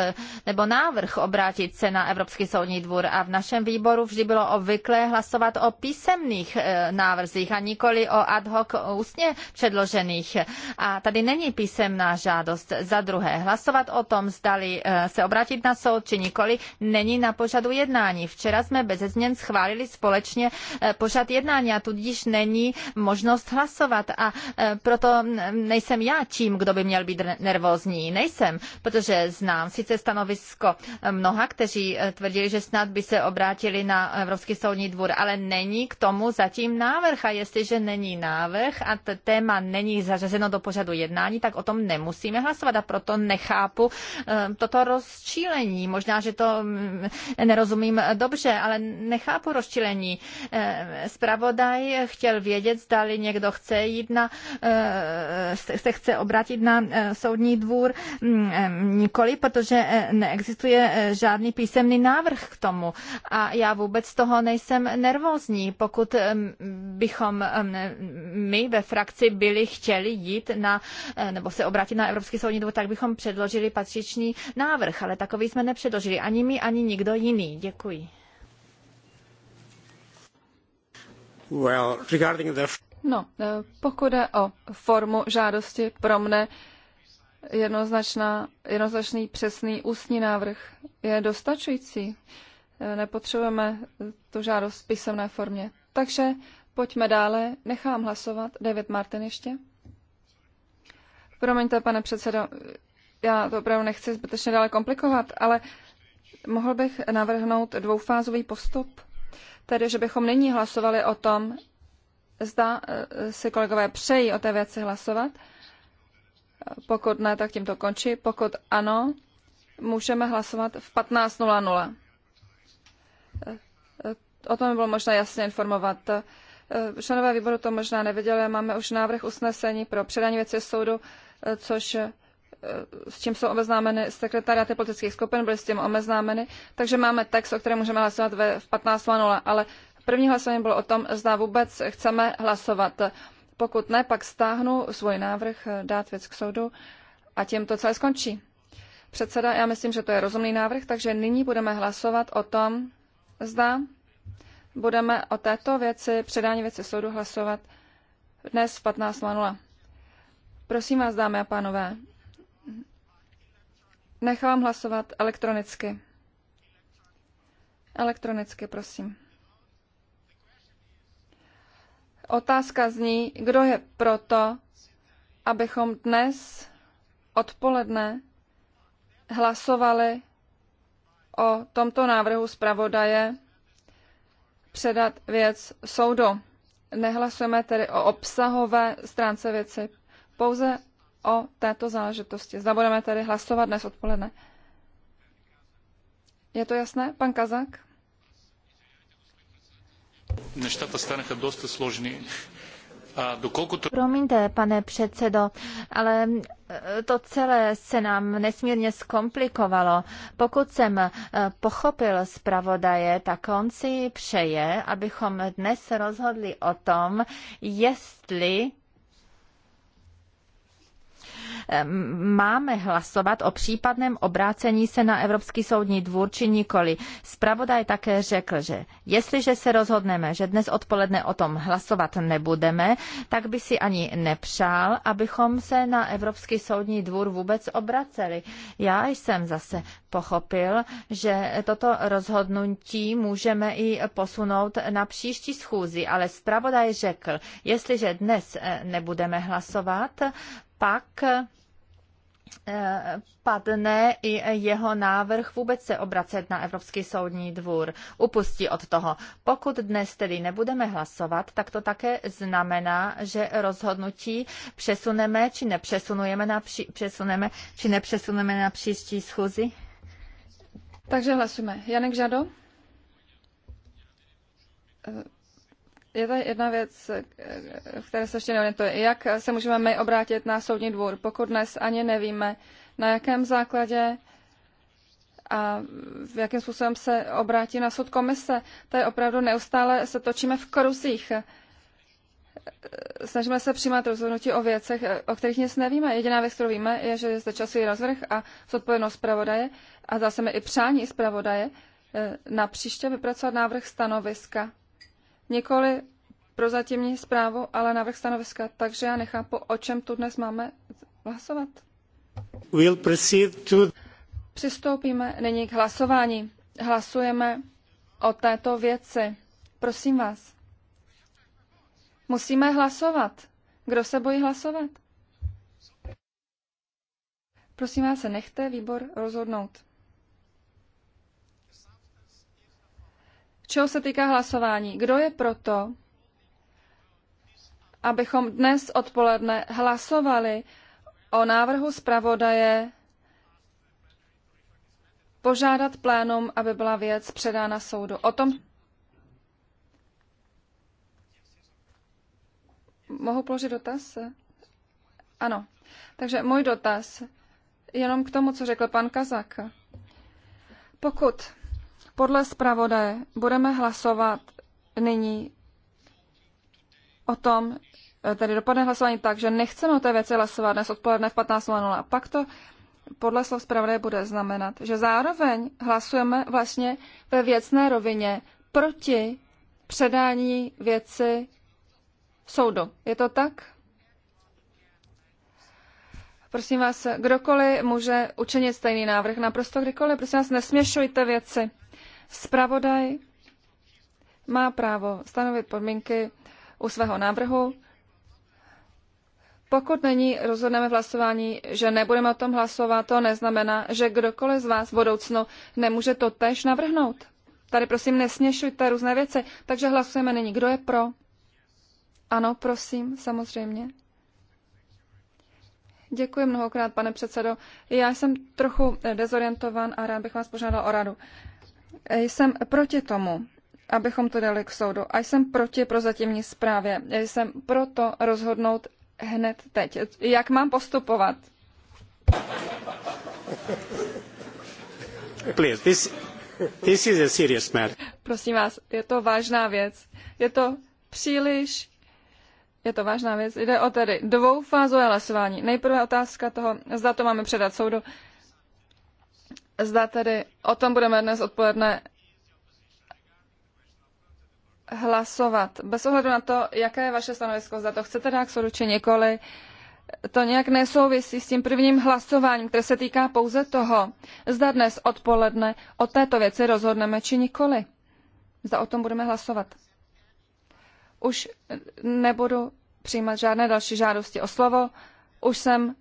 nebo návrh obrátit se na Evropský soudní dvůr a v našem výboru vždy bylo obvyklé hlasovat o písemných eh, návrzích a nikoli o ad hoc ústně předložených. A tady není písemná žádost. Za druhé, hlasovat o tom, zdali eh, se obrátit na soud či nikoli, není na na pořadu jednání. Včera jsme bez změn schválili společně eh, pořad jednání a tudíž není možnost hlasovat a eh, proto nejsem já tím, kdo by měl být nervózní. Nejsem, protože znám sice stanovisko eh, mnoha, kteří tvrdili, že snad by se obrátili na Evropský soudní dvůr, ale není k tomu zatím návrh a jestliže není návrh a téma není zařazeno do pořadu jednání, tak o tom nemusíme hlasovat a proto nechápu toto rozčílení. Možná, že to mm, nerozumím dobře, ale nechápu rozčilení. Spravodaj eh, chtěl vědět, zdali někdo chce jít na, eh, se chce obratit na eh, soudní dvůr. Mm, nikoli, protože neexistuje žádný písemný návrh k tomu. A já vůbec z toho nejsem nervózní. Pokud bychom my ve frakci byli chtěli jít na, nebo se obrátit na Evropský soudní dvůr, tak bychom předložili patřičný návrh, ale takový jsme nepředložili ani my, ani nikdo nikdo jiný. Děkuji. No, eh, pokud je o formu žádosti pro mne, jednoznačná, jednoznačný přesný ústní návrh je dostačující. Eh, nepotřebujeme tu žádost v písemné formě. Takže pojďme dále. Nechám hlasovat. David Martin ještě. Promiňte, pane předsedo, já to opravdu nechci zbytečně dále komplikovat, ale Mohl bych navrhnout dvoufázový postup, tedy že bychom nyní hlasovali o tom, zda eh, si kolegové přejí o té věci hlasovat. Pokud ne, tak tím to končí. Pokud ano, můžeme hlasovat v 15.00. Eh, o tom bylo možná jasně informovat. Eh, členové výboru to možná neviděli, máme už návrh usnesení pro předání věci soudu, což s čím jsou obeznámeny sekretariáty politických skupin, byly s tím obeznámeny, takže máme text, o kterém můžeme hlasovat ve, v 15.00, ale první hlasování bylo o tom, zda vůbec chceme hlasovat. Pokud ne, pak stáhnu svůj návrh eh, dát věc k soudu a tím to celé skončí. Předseda, já myslím, že to je rozumný návrh, takže nyní budeme hlasovat o tom, zda budeme o této věci, předání věci soudu hlasovat dnes v 15.00. Prosím vás, dámy a pánové, Nechám hlasovat elektronicky. Elektronicky, prosím. Otázka zní, kdo je proto, abychom dnes odpoledne hlasovali o tomto návrhu zpravodaje předat věc soudu. Nehlasujeme tedy o obsahové stránce věci, pouze o této záležitosti. Zda budeme tedy hlasovat dnes odpoledne. Je to jasné, pan Kazak? složný. Promiňte, pane předsedo, ale e, to celé se nám nesmírně zkomplikovalo. Pokud jsem e, pochopil zpravodaje, tak on si přeje, abychom dnes rozhodli o tom, jestli Ehm, máme hlasovat o případném obrácení se na Evropský soudní dvůr či nikoli. Spravodaj také řekl, že jestliže se rozhodneme, že dnes odpoledne o tom hlasovat nebudeme, tak by si ani nepřál, abychom se na Evropský soudní dvůr vůbec obraceli. Já jsem zase pochopil, že toto rozhodnutí můžeme i posunout na příští schůzi, ale zpravodaj řekl, jestliže dnes eh, nebudeme hlasovat, pak Eh, padne i jeho návrh vůbec se obracet na Evropský soudní dvůr. Upustí od toho. Pokud dnes tedy nebudeme hlasovat, tak to také znamená, že rozhodnutí přesuneme či nepřesunujeme na, při, přesuneme, či nepřesuneme na příští schůzi. Takže hlasujeme. Janek Žado? Eh, je tady jedna věc, eh, které se ještě neorientuje. Jak se můžeme my obrátit na soudní dvůr, pokud dnes ani nevíme, na jakém základě a v jakým způsobem se obrátí na soud komise. To je opravdu neustále, se točíme v kruzích. Eh, snažíme se přijímat rozhodnutí o věcech, eh, o kterých nic nevíme. Jediná věc, kterou víme, je, že je zde časový rozvrh a zodpovědnost zpravodaje a zase mi i přání zpravodaje na příště vypracovat návrh stanoviska nikoli prozatímní zprávu, ale návrh stanoviska, takže já nechápu, o čem tu dnes máme hlasovat. We'll proceed to... Přistoupíme nyní k hlasování. Hlasujeme o této věci. Prosím vás. Musíme hlasovat. Kdo se bojí hlasovat? Prosím vás, nechte výbor rozhodnout. Čeho se týká hlasování? Kdo je proto, abychom dnes odpoledne hlasovali o návrhu zpravodaje požádat plénum, aby byla věc předána soudu. O tom mohu položit dotaz? Ano. Takže můj dotaz jenom k tomu, co řekl pan Kazak. Pokud podle zpravodaje budeme hlasovat nyní o tom, e, tedy dopadne hlasování tak, že nechceme o té věci hlasovat dnes odpoledne v 15.00 a pak to podle slov zpravodaje bude znamenat, že zároveň hlasujeme vlastně ve věcné rovině proti předání věci soudu. Je to tak? Prosím vás, kdokoliv může učinit stejný návrh, naprosto kdykoliv. Prosím vás, nesměšujte věci. Spravodaj má právo stanovit podmínky u svého návrhu. Pokud není, rozhodneme v hlasování, že nebudeme o tom hlasovat, to neznamená, že kdokoliv z vás v budoucnu nemůže to tež navrhnout. Tady prosím nesměšujte různé věci, takže hlasujeme nyní. Kdo je pro? Ano, prosím, samozřejmě. Děkuji mnohokrát, pane předsedo. Já jsem trochu dezorientovan a rád bych vás požádal o radu. Jsem proti tomu, abychom to dali k soudu. A jsem proti prozatímní zprávě. Jsem proto rozhodnout hned teď. Jak mám postupovat? Please, this, this is a serious matter. Prosím vás, je to vážná věc. Je to příliš je to vážná věc. Jde o tedy dvoufázové hlasování. Nejprve otázka toho, zda to máme předat soudu. Zda tedy o tom budeme dnes odpoledne hlasovat. Bez ohledu na to, jaké je vaše stanovisko, zda to chcete dát k soudu či nikoli, to nějak nesouvisí s tím prvním hlasováním, které se týká pouze toho, zda dnes odpoledne o této věci rozhodneme či nikoli. Zda o tom budeme hlasovat. Už nebudu přijímat žádné další žádosti o slovo. Už jsem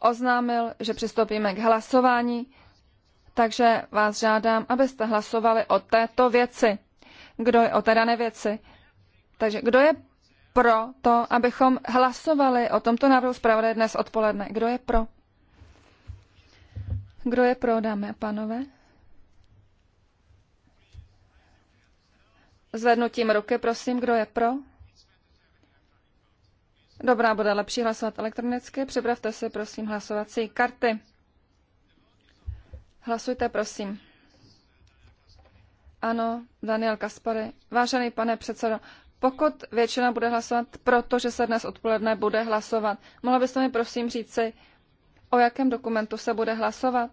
oznámil, že přistoupíme k hlasování takže vás žádám, abyste hlasovali o této věci. Kdo je o té dané věci? Takže kdo je pro to, abychom hlasovali o tomto návrhu zpravodaje dnes odpoledne? Kdo je pro? Kdo je pro, dámy a pánové? Zvednutím ruky, prosím, kdo je pro? Dobrá, bude lepší hlasovat elektronicky. Připravte si, prosím, hlasovací karty. Hlasujte, prosím. Ano, Daniel Kaspary. Vážený pane předsedo, pokud většina bude hlasovat, protože se dnes odpoledne bude hlasovat, mohla byste mi prosím říci, o jakém dokumentu se bude hlasovat?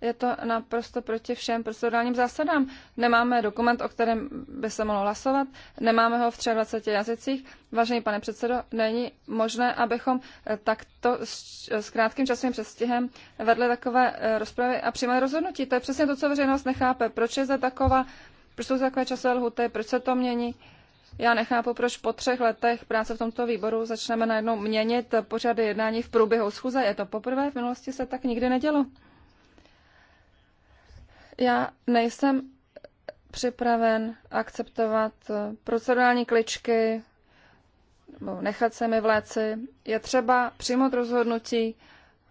je to naprosto proti všem procedurálním zásadám. Nemáme dokument, o kterém by se mohlo hlasovat, nemáme ho v 23 jazycích. Vážený pane předsedo, není možné, abychom eh, takto s, s krátkým časovým přestihem vedli takové eh, rozpravy a přijímali rozhodnutí. To je přesně to, co veřejnost nechápe. Proč je za taková, proč jsou takové časové lhuty, proč se to mění? Já nechápu, proč po třech letech práce v tomto výboru začneme najednou měnit pořady jednání v průběhu schůze. Je to poprvé, v minulosti se tak nikdy nedělo. Já nejsem připraven akceptovat eh, procedurální kličky nebo nechat se mi vléci. Je třeba přijmout rozhodnutí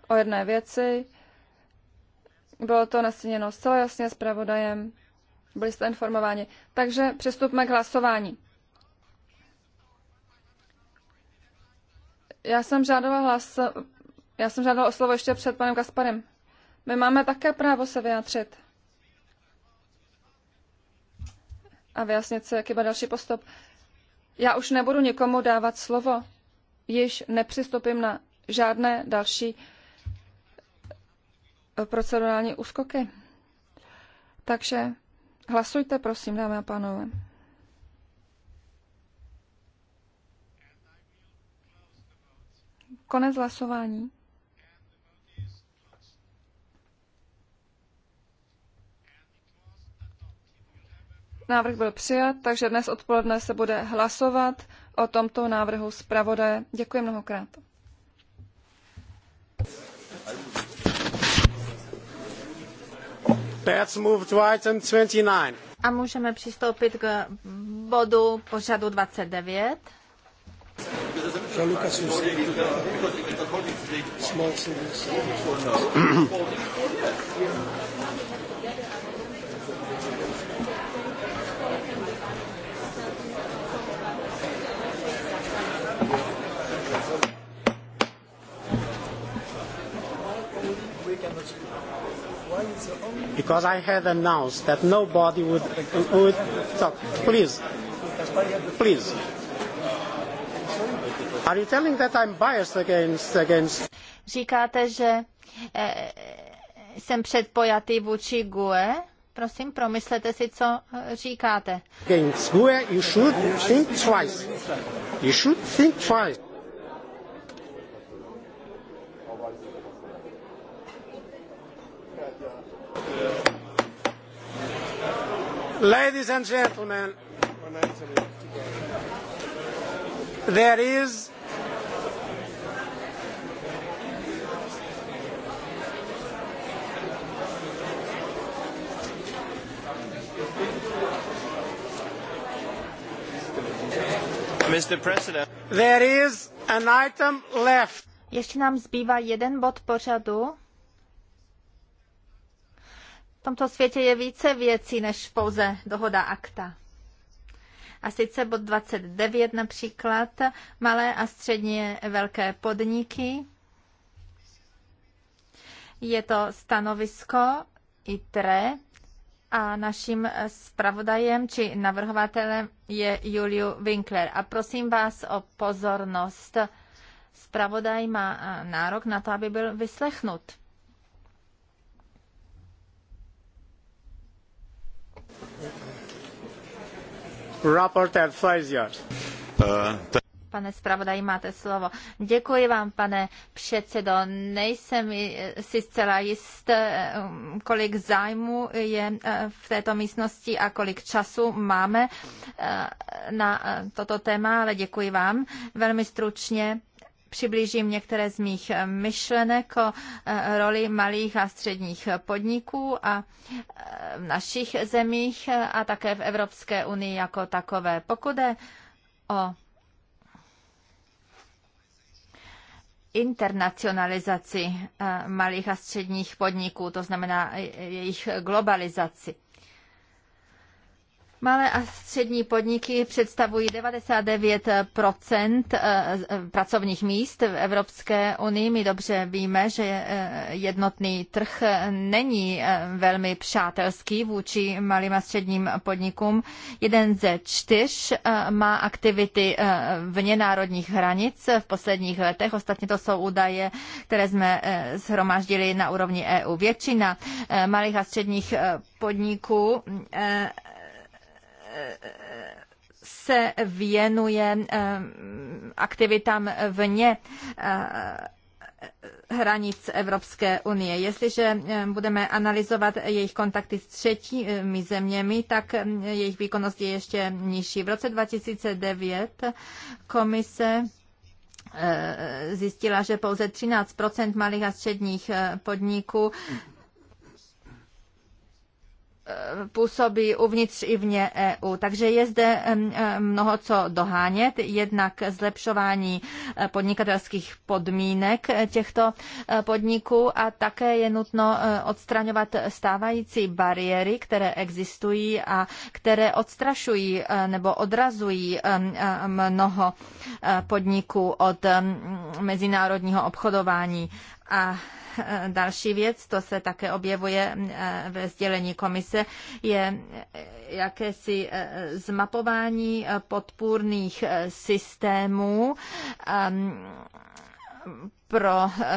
o jedné věci. Bylo to nastěněno zcela jasně s pravodajem. Byli jste informováni. Takže přistupme k hlasování. Já jsem žádala hlas... Já jsem žádala o slovo ještě před panem Kasparem. My máme také právo se vyjádřit. a vyjasnit se, jaký bude další postup. Já už nebudu nikomu dávat slovo, již nepřistoupím na žádné další eh, procedurální úskoky. Takže hlasujte, prosím, dámy a pánové. Konec hlasování. Návrh byl přijat, takže dnes odpoledne se bude hlasovat o tomto návrhu zpravodaje. Děkuji mnohokrát. Let's move to item 29. A můžeme přistoupit k bodu pořadu 29. Because I had announced that nobody would, would talk. Please. Please. Are you telling that I'm biased against, against... Říkáte, že eh, eh jsem předpojatý vůči GUE? Prosím, promyslete si, co eh, říkáte. Against GUE you should think twice. You should think twice. Ladies and gentlemen, there is Mr. President. There is an item left. Ještě nám zbývá jeden bod pořadu. V tomto světě je více věcí než pouze dohoda akta. A sice bod 29 například, malé a středně velké podniky. Je to stanovisko ITRE a naším zpravodajem či navrhovatelem je Juliu Winkler. A prosím vás o pozornost. Zpravodaj má nárok na to, aby byl vyslechnut. Uh, pane zpravodaji, máte slovo. Děkuji vám, pane předsedo. Nejsem si zcela jist, um, kolik zájmu je uh, v této místnosti a kolik času máme uh, na toto téma, ale děkuji vám. Velmi stručně přiblížím některé z mých eh, myšlenek o eh, roli malých a středních podniků a eh, v našich zemích a také v Evropské unii jako takové. Pokud je o internacionalizaci malých a středních podniků, to znamená jejich globalizaci. Malé a střední podniky představují 99 eh, eh, pracovních míst v Evropské unii. My dobře víme, že eh, jednotný trh není velmi přátelský vůči malým a středním podnikům. Jeden ze čtyř má aktivity vně národních hranic v posledních letech. Ostatně to jsou údaje, které jsme shromáždili na úrovni EU. Většina malých a středních podniků se věnuje eh, aktivitám vně eh, hranic Evropské unie. Jestliže eh, budeme analyzovat jejich kontakty s třetími zeměmi, tak jejich výkonnost je ještě nižší. V roce 2009 komise zjistila, že pouze 13 malých a středních podniků působí uvnitř i vně EU. Takže je zde mnoho co dohánět, jednak zlepšování eh, podnikatelských podmínek eh, těchto eh, podniků a také je nutno odstraňovat stávající bariéry, které existují a které odstrašují nebo odrazují mnoho podniků od mezinárodního obchodování. A Eh, další věc, to se také objevuje eh, ve sdělení komise, je eh, jakési zmapování podpůrných systémů ehm, pro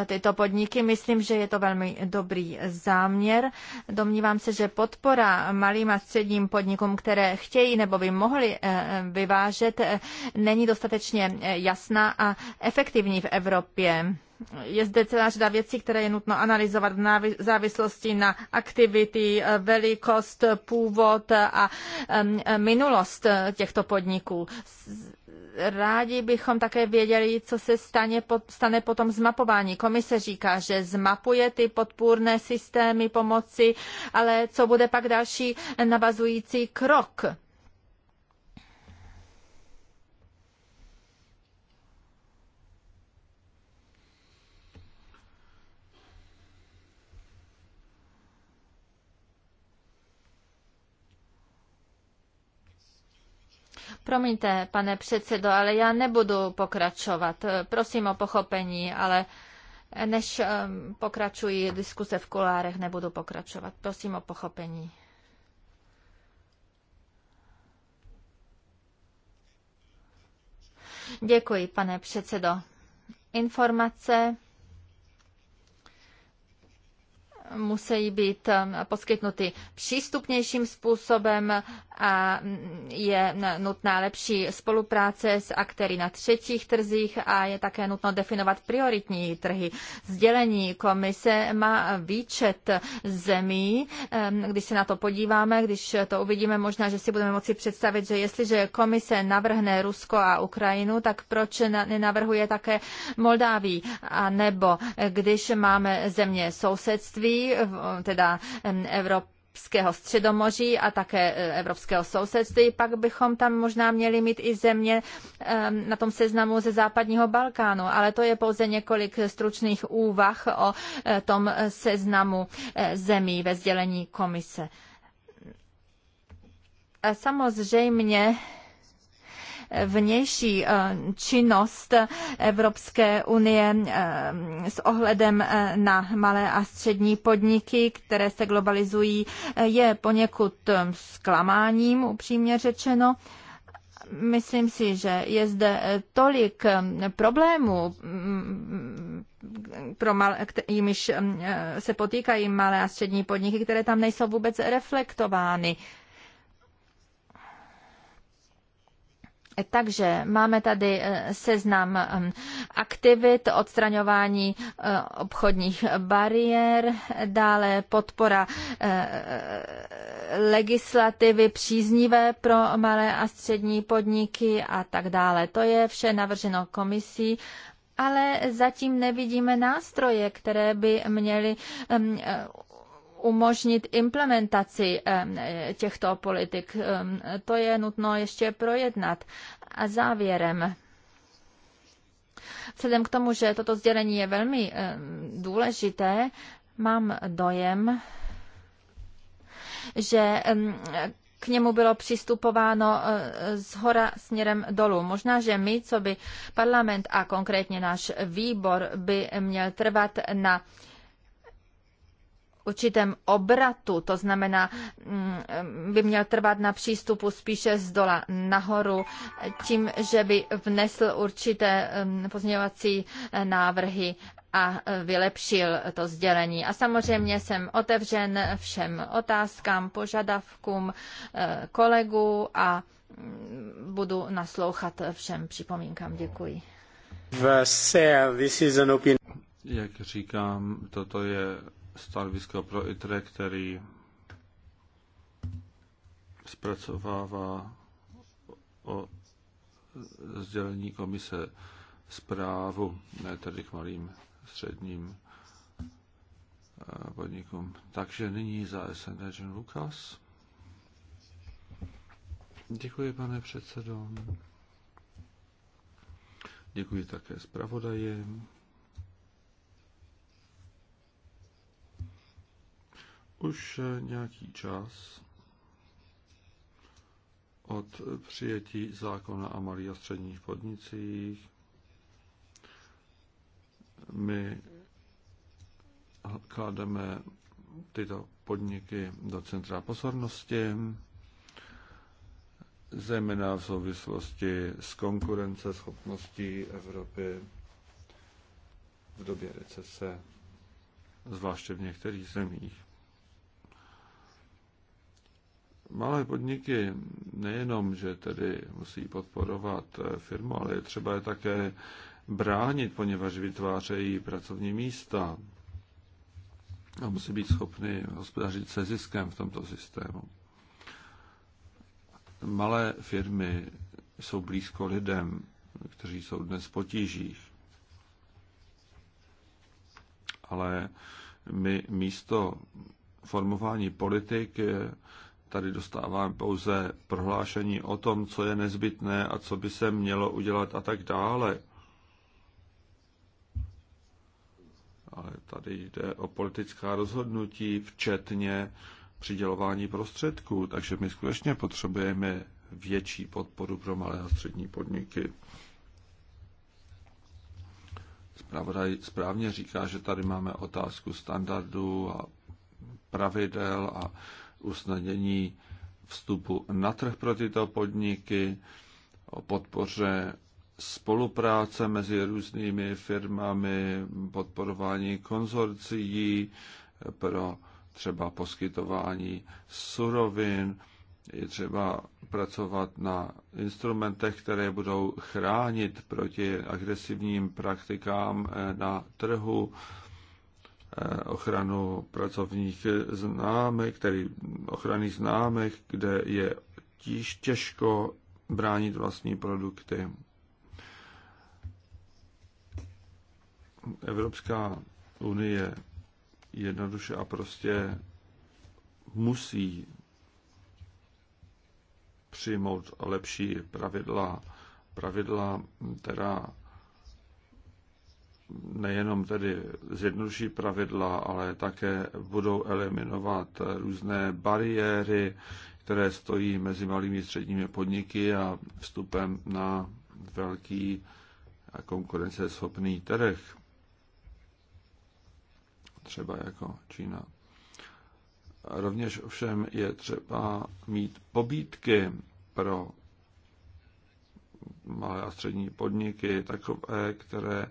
tyto podniky. Myslím, že je to velmi dobrý záměr. Domnívám se, že podpora malým a středním podnikům, které chtějí nebo by mohli vyvážet, není dostatečně jasná a efektivní v Evropě je zde celá řada věcí, které je nutno analyzovat v závislosti na aktivity, eh, velikost, původ a eh, minulost eh, těchto podniků. Rádi bychom také věděli, co se stane, stane potom zmapování. Komise říká, že zmapuje ty podpůrné systémy pomoci, ale co bude pak další navazující krok? Promiňte, pane předsedo, ale já nebudu pokračovat. Prosím o pochopení, ale než eh, pokračují diskuse v kulárech, nebudu pokračovat. Prosím o pochopení. Děkuji, pane předsedo. Informace musí být um, poskytnuty přístupnějším způsobem a je nutná lepší spolupráce s aktéry na třetích trzích a je také nutno definovat prioritní trhy. Sdělení komise má výčet zemí. Um, když se na to podíváme, když to uvidíme, možná, že si budeme moci představit, že jestliže komise navrhne Rusko a Ukrajinu, tak proč nenavrhuje také Moldávii? A nebo když máme země sousedství, teda Evropa Evropského středomoří a také e, evropského sousedství. Pak bychom tam možná měli mít i země na tom seznamu ze západního Balkánu, ale to je pouze několik stručných úvah o e, tom seznamu e, zemí ve sdělení komise. Samozřejmě vnější eh, činnost Evropské unie eh, s ohledem eh, na malé a střední podniky, které se globalizují, je poněkud zklamáním, upřímně řečeno myslím si, že je zde tolik problémů, mm, pro mal, jimiž se potýkají malé a střední podniky, které tam nejsou vůbec reflektovány. Takže máme tady eh, seznam ehm, aktivit, odstraňování eh, obchodních bariér, dále podpora eh, legislativy příznivé pro malé a střední podniky a tak dále. To je vše navrženo komisí ale zatím nevidíme nástroje, které by měly ehm, umožnit implementaci e, těchto politik. To je nutno ještě projednat. A závěrem. Vzhledem k tomu, že toto sdělení je velmi důležité, mám dojem, že k němu bylo přistupováno e, z hora směrem dolů. Možná, že my, co by parlament a konkrétně náš výbor by měl trvat na uh, určitém obratu, to znamená, mm, by měl trvat na přístupu spíše z dola nahoru, tím, že by vnesl určité mm, pozměňovací eh, návrhy a eh, vylepšil to sdělení. A samozřejmě jsem otevřen všem otázkám, požadavkům eh, kolegů a mm, budu naslouchat všem připomínkám. Děkuji. Jak říkám, toto je stanovisko pro ITRE, který zpracovává o sdělení komise zprávu, ne tedy k malým středním eh, podnikům. Takže nyní za SND Jean Lukas. Děkuji, pane předsedo. Děkuji také zpravodajem. Už nějaký čas od přijetí zákona o malých a středních podnicích my klademe tyto podniky do centra pozornosti, zejména v souvislosti s konkurenceschopností Evropy v době recese, zvláště v některých zemích malé podniky nejenom, že tedy musí podporovat eh, firmu, ale je třeba je také bránit, poněvadž vytvářejí pracovní místa a musí být schopny hospodařit se ziskem v tomto systému. Malé firmy jsou blízko lidem, kteří jsou dnes potížích. Ale my místo formování politik tady dostávám pouze prohlášení o tom, co je nezbytné a co by se mělo udělat a tak dále. Ale tady jde o politická rozhodnutí, včetně přidělování prostředků, takže my skutečně potřebujeme větší podporu pro malé a střední podniky. Spravodaj správně říká, že tady máme otázku standardů a pravidel a usnadnění vstupu na trh pro tyto podniky, o podpoře spolupráce mezi různými firmami, podporování konzorcií pro třeba poskytování surovin, je třeba pracovat na instrumentech, které budou chránit proti agresivním praktikám eh, na trhu, ochranu pracovních známek, tedy ochranných známek, kde je tíž těžko bránit vlastní produkty. Evropská unie jednoduše a prostě musí přijmout lepší pravidla, pravidla, která nejenom tedy zjednoduší pravidla, ale také budou eliminovat různé bariéry, které stojí mezi malými a středními podniky a vstupem na velký a konkurenceschopný trh, třeba jako Čína. A rovněž ovšem je třeba mít pobídky pro malé a střední podniky, takové, které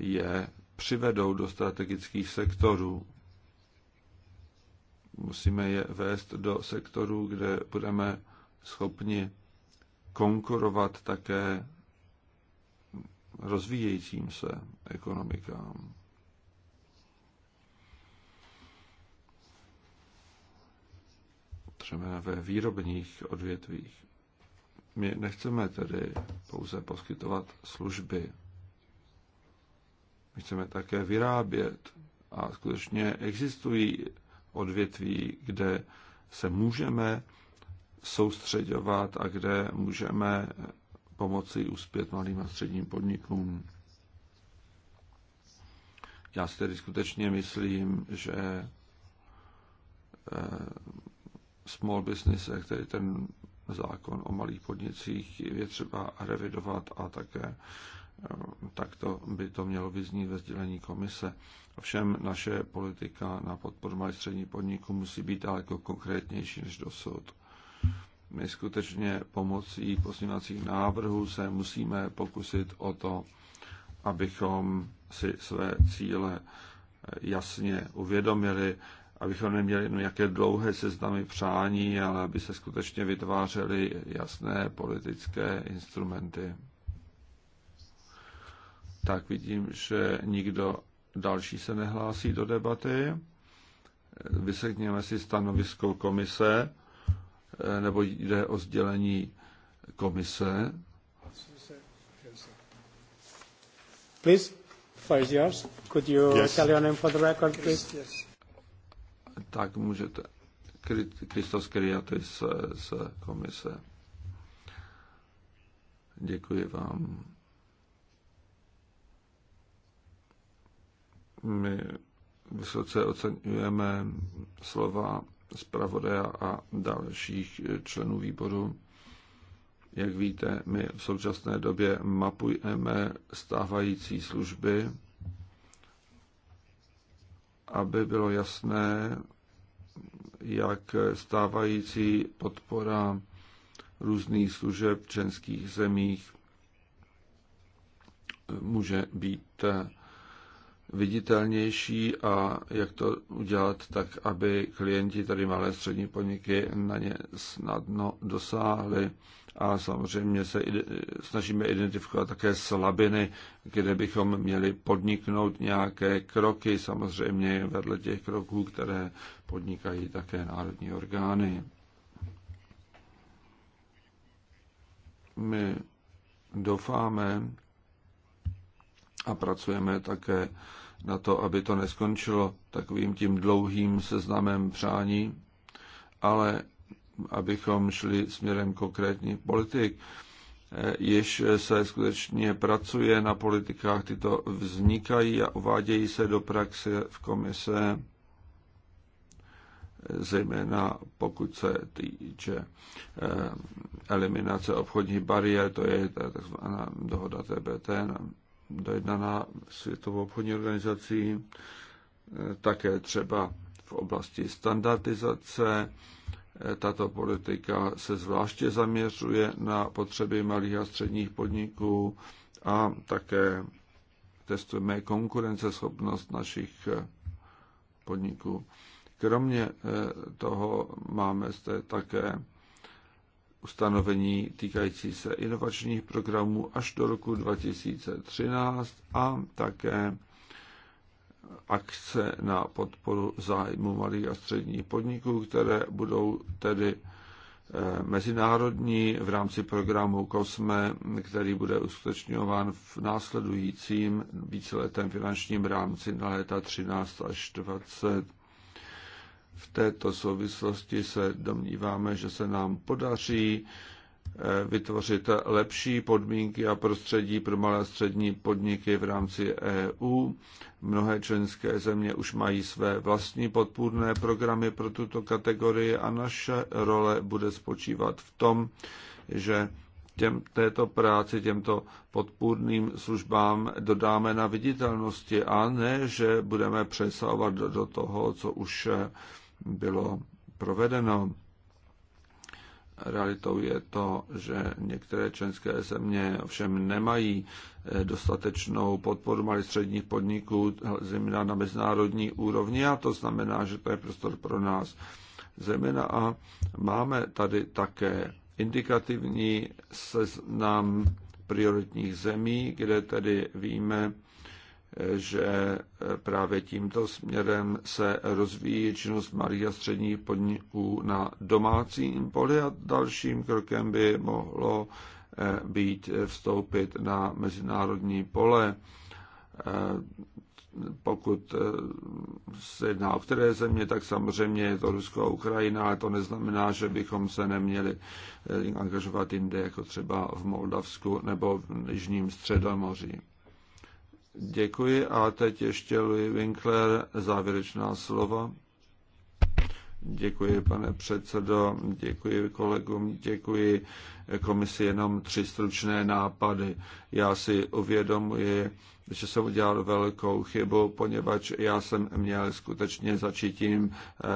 je přivedou do strategických sektorů. Musíme je vést do sektorů, kde budeme schopni konkurovat také rozvíjejícím se ekonomikám. Třeba ve výrobních odvětvích. My nechceme tedy pouze poskytovat služby. My chceme také vyrábět a skutečně existují odvětví, kde se můžeme soustředovat a kde můžeme pomoci uspět malým a středním podnikům. Já si tedy skutečně myslím, že eh, small business, který ten zákon o malých podnicích je třeba revidovat a také Eh, tak to by to mělo vyznít ve sdělení komise. Ovšem naše politika na podporu malých středních podniků musí být daleko konkrétnější než dosud. My skutečně pomocí pozměňovacích návrhů se musíme pokusit o to, abychom si své cíle eh, jasně uvědomili, abychom neměli nějaké dlouhé seznamy přání, ale aby se skutečně vytvářely jasné politické instrumenty tak vidím, že nikdo další se nehlásí do debaty. Vysekněme si stanovisko komise, nebo jde o sdělení komise. Please, is yours. Could you for the record, please? Tak můžete. Kristos Kriatis eh, z komise. Děkuji vám. My vysoce oceňujeme slova zpravodaje a dalších členů výboru. Jak víte, my v současné době mapujeme stávající služby, aby bylo jasné, jak stávající podpora různých služeb v členských zemích může být viditelnější a jak to udělat tak, aby klienti, tady malé střední podniky, na ně snadno dosáhli. A samozřejmě se snažíme identifikovat také slabiny, kde bychom měli podniknout nějaké kroky, samozřejmě vedle těch kroků, které podnikají také národní orgány. My doufáme a pracujeme také na to, aby to neskončilo takovým tím dlouhým seznamem přání, ale abychom šli směrem konkrétní politik. Eh, již se skutečně pracuje na politikách, tyto vznikají a uvádějí se do praxe v komise, eh, zejména pokud se týče eh, eliminace obchodních bariér, to je takzvaná dohoda TBT, dojednaná Světovou obchodní organizací, e, také třeba v oblasti standardizace. E, tato politika se zvláště zaměřuje na potřeby malých a středních podniků a také testujeme konkurenceschopnost našich e, podniků. Kromě toho máme zde také ustanovení týkající se inovačních programů až do roku 2013 a také akce na podporu zájmu malých a středních podniků, které budou tedy eh, mezinárodní v rámci programu COSME, který bude uskutečňován v následujícím víceletém finančním rámci na léta 13 až 20. V této souvislosti se domníváme, že se nám podaří eh, vytvořit lepší podmínky a prostředí pro malé a střední podniky v rámci EU. Mnohé členské země už mají své vlastní podpůrné programy pro tuto kategorii a naše role bude spočívat v tom, že těm, této práci, těmto podpůrným službám dodáme na viditelnosti a ne, že budeme přesávat do, do toho, co už eh, bylo provedeno. Realitou je to, že některé členské země ovšem nemají eh, dostatečnou podporu malých středních podniků, zejména na mezinárodní úrovni, a to znamená, že to je prostor pro nás. Zejména a máme tady také indikativní seznam prioritních zemí, kde tedy víme, že eh, právě tímto směrem se rozvíjí činnost malých a středních podniků na domácím poli a dalším krokem by mohlo eh, být eh, vstoupit na mezinárodní pole. Pokud se jedná o které země, tak samozřejmě je to Rusko a Ukrajina, ale to neznamená, že bychom se neměli angažovat jinde, jako třeba v Moldavsku nebo v Jižním Středomoří. Děkuji a teď ještě Louis Winkler, závěrečná slova. Děkuji, pane předsedo, děkuji kolegům, děkuji komisi, jenom tři stručné nápady. Já si uvědomuji, že jsem udělal velkou chybu, poněvadž já jsem měl skutečně začít tím eh,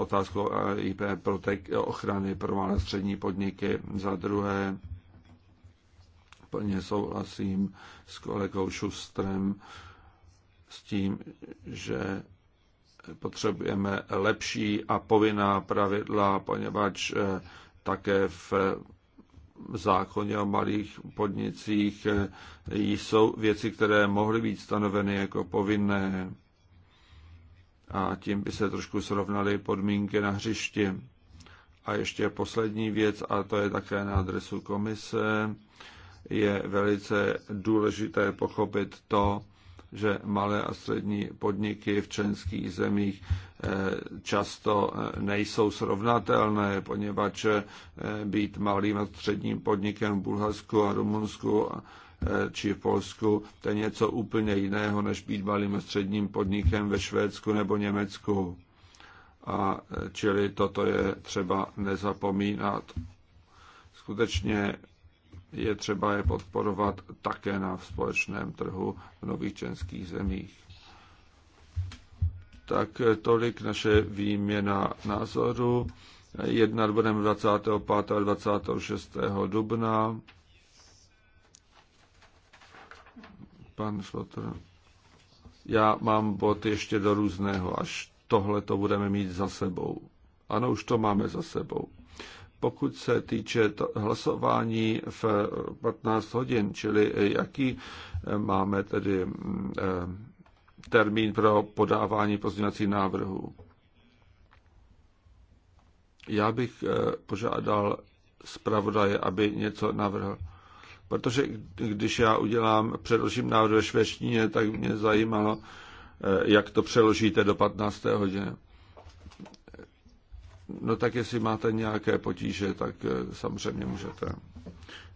otázku eh, IP protek- ochrany pro malé střední podniky. Za druhé, plně souhlasím s kolegou Šustrem s tím, že potřebujeme lepší a povinná pravidla, poněvadž eh, také v zákoně o malých podnicích eh, jsou věci, které mohly být stanoveny jako povinné a tím by se trošku srovnaly podmínky na hřišti. A ještě poslední věc, a to je také na adresu komise je velice důležité pochopit to, že malé a střední podniky v členských zemích eh, často eh, nejsou srovnatelné, poněvadž eh, být malým a středním podnikem v Bulharsku a Rumunsku či v Polsku, to je něco úplně jiného, než být malým a středním podnikem ve Švédsku nebo Německu. A čili toto je třeba nezapomínat. Skutečně je třeba je podporovat také na společném trhu v nových členských zemích. Tak tolik naše výměna názoru. Jednat budeme 25. a 26. dubna. Pan Slotr. Já mám bod ještě do různého, až tohle to budeme mít za sebou. Ano, už to máme za sebou pokud se týče hlasování v 15 hodin, čili jaký eh, máme tedy eh, termín pro podávání pozměňovacích návrhů. Já bych eh, požádal zpravodaje, aby něco navrhl. Protože když já udělám, předložím návrh ve švečtině, tak mě zajímalo, jak to přeložíte do 15. hodiny. No tak jestli máte nějaké potíže, tak eh, samozřejmě můžete.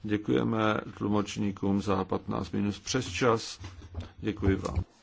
Děkujeme tlumočníkům za 15 minut přes čas. Děkuji vám.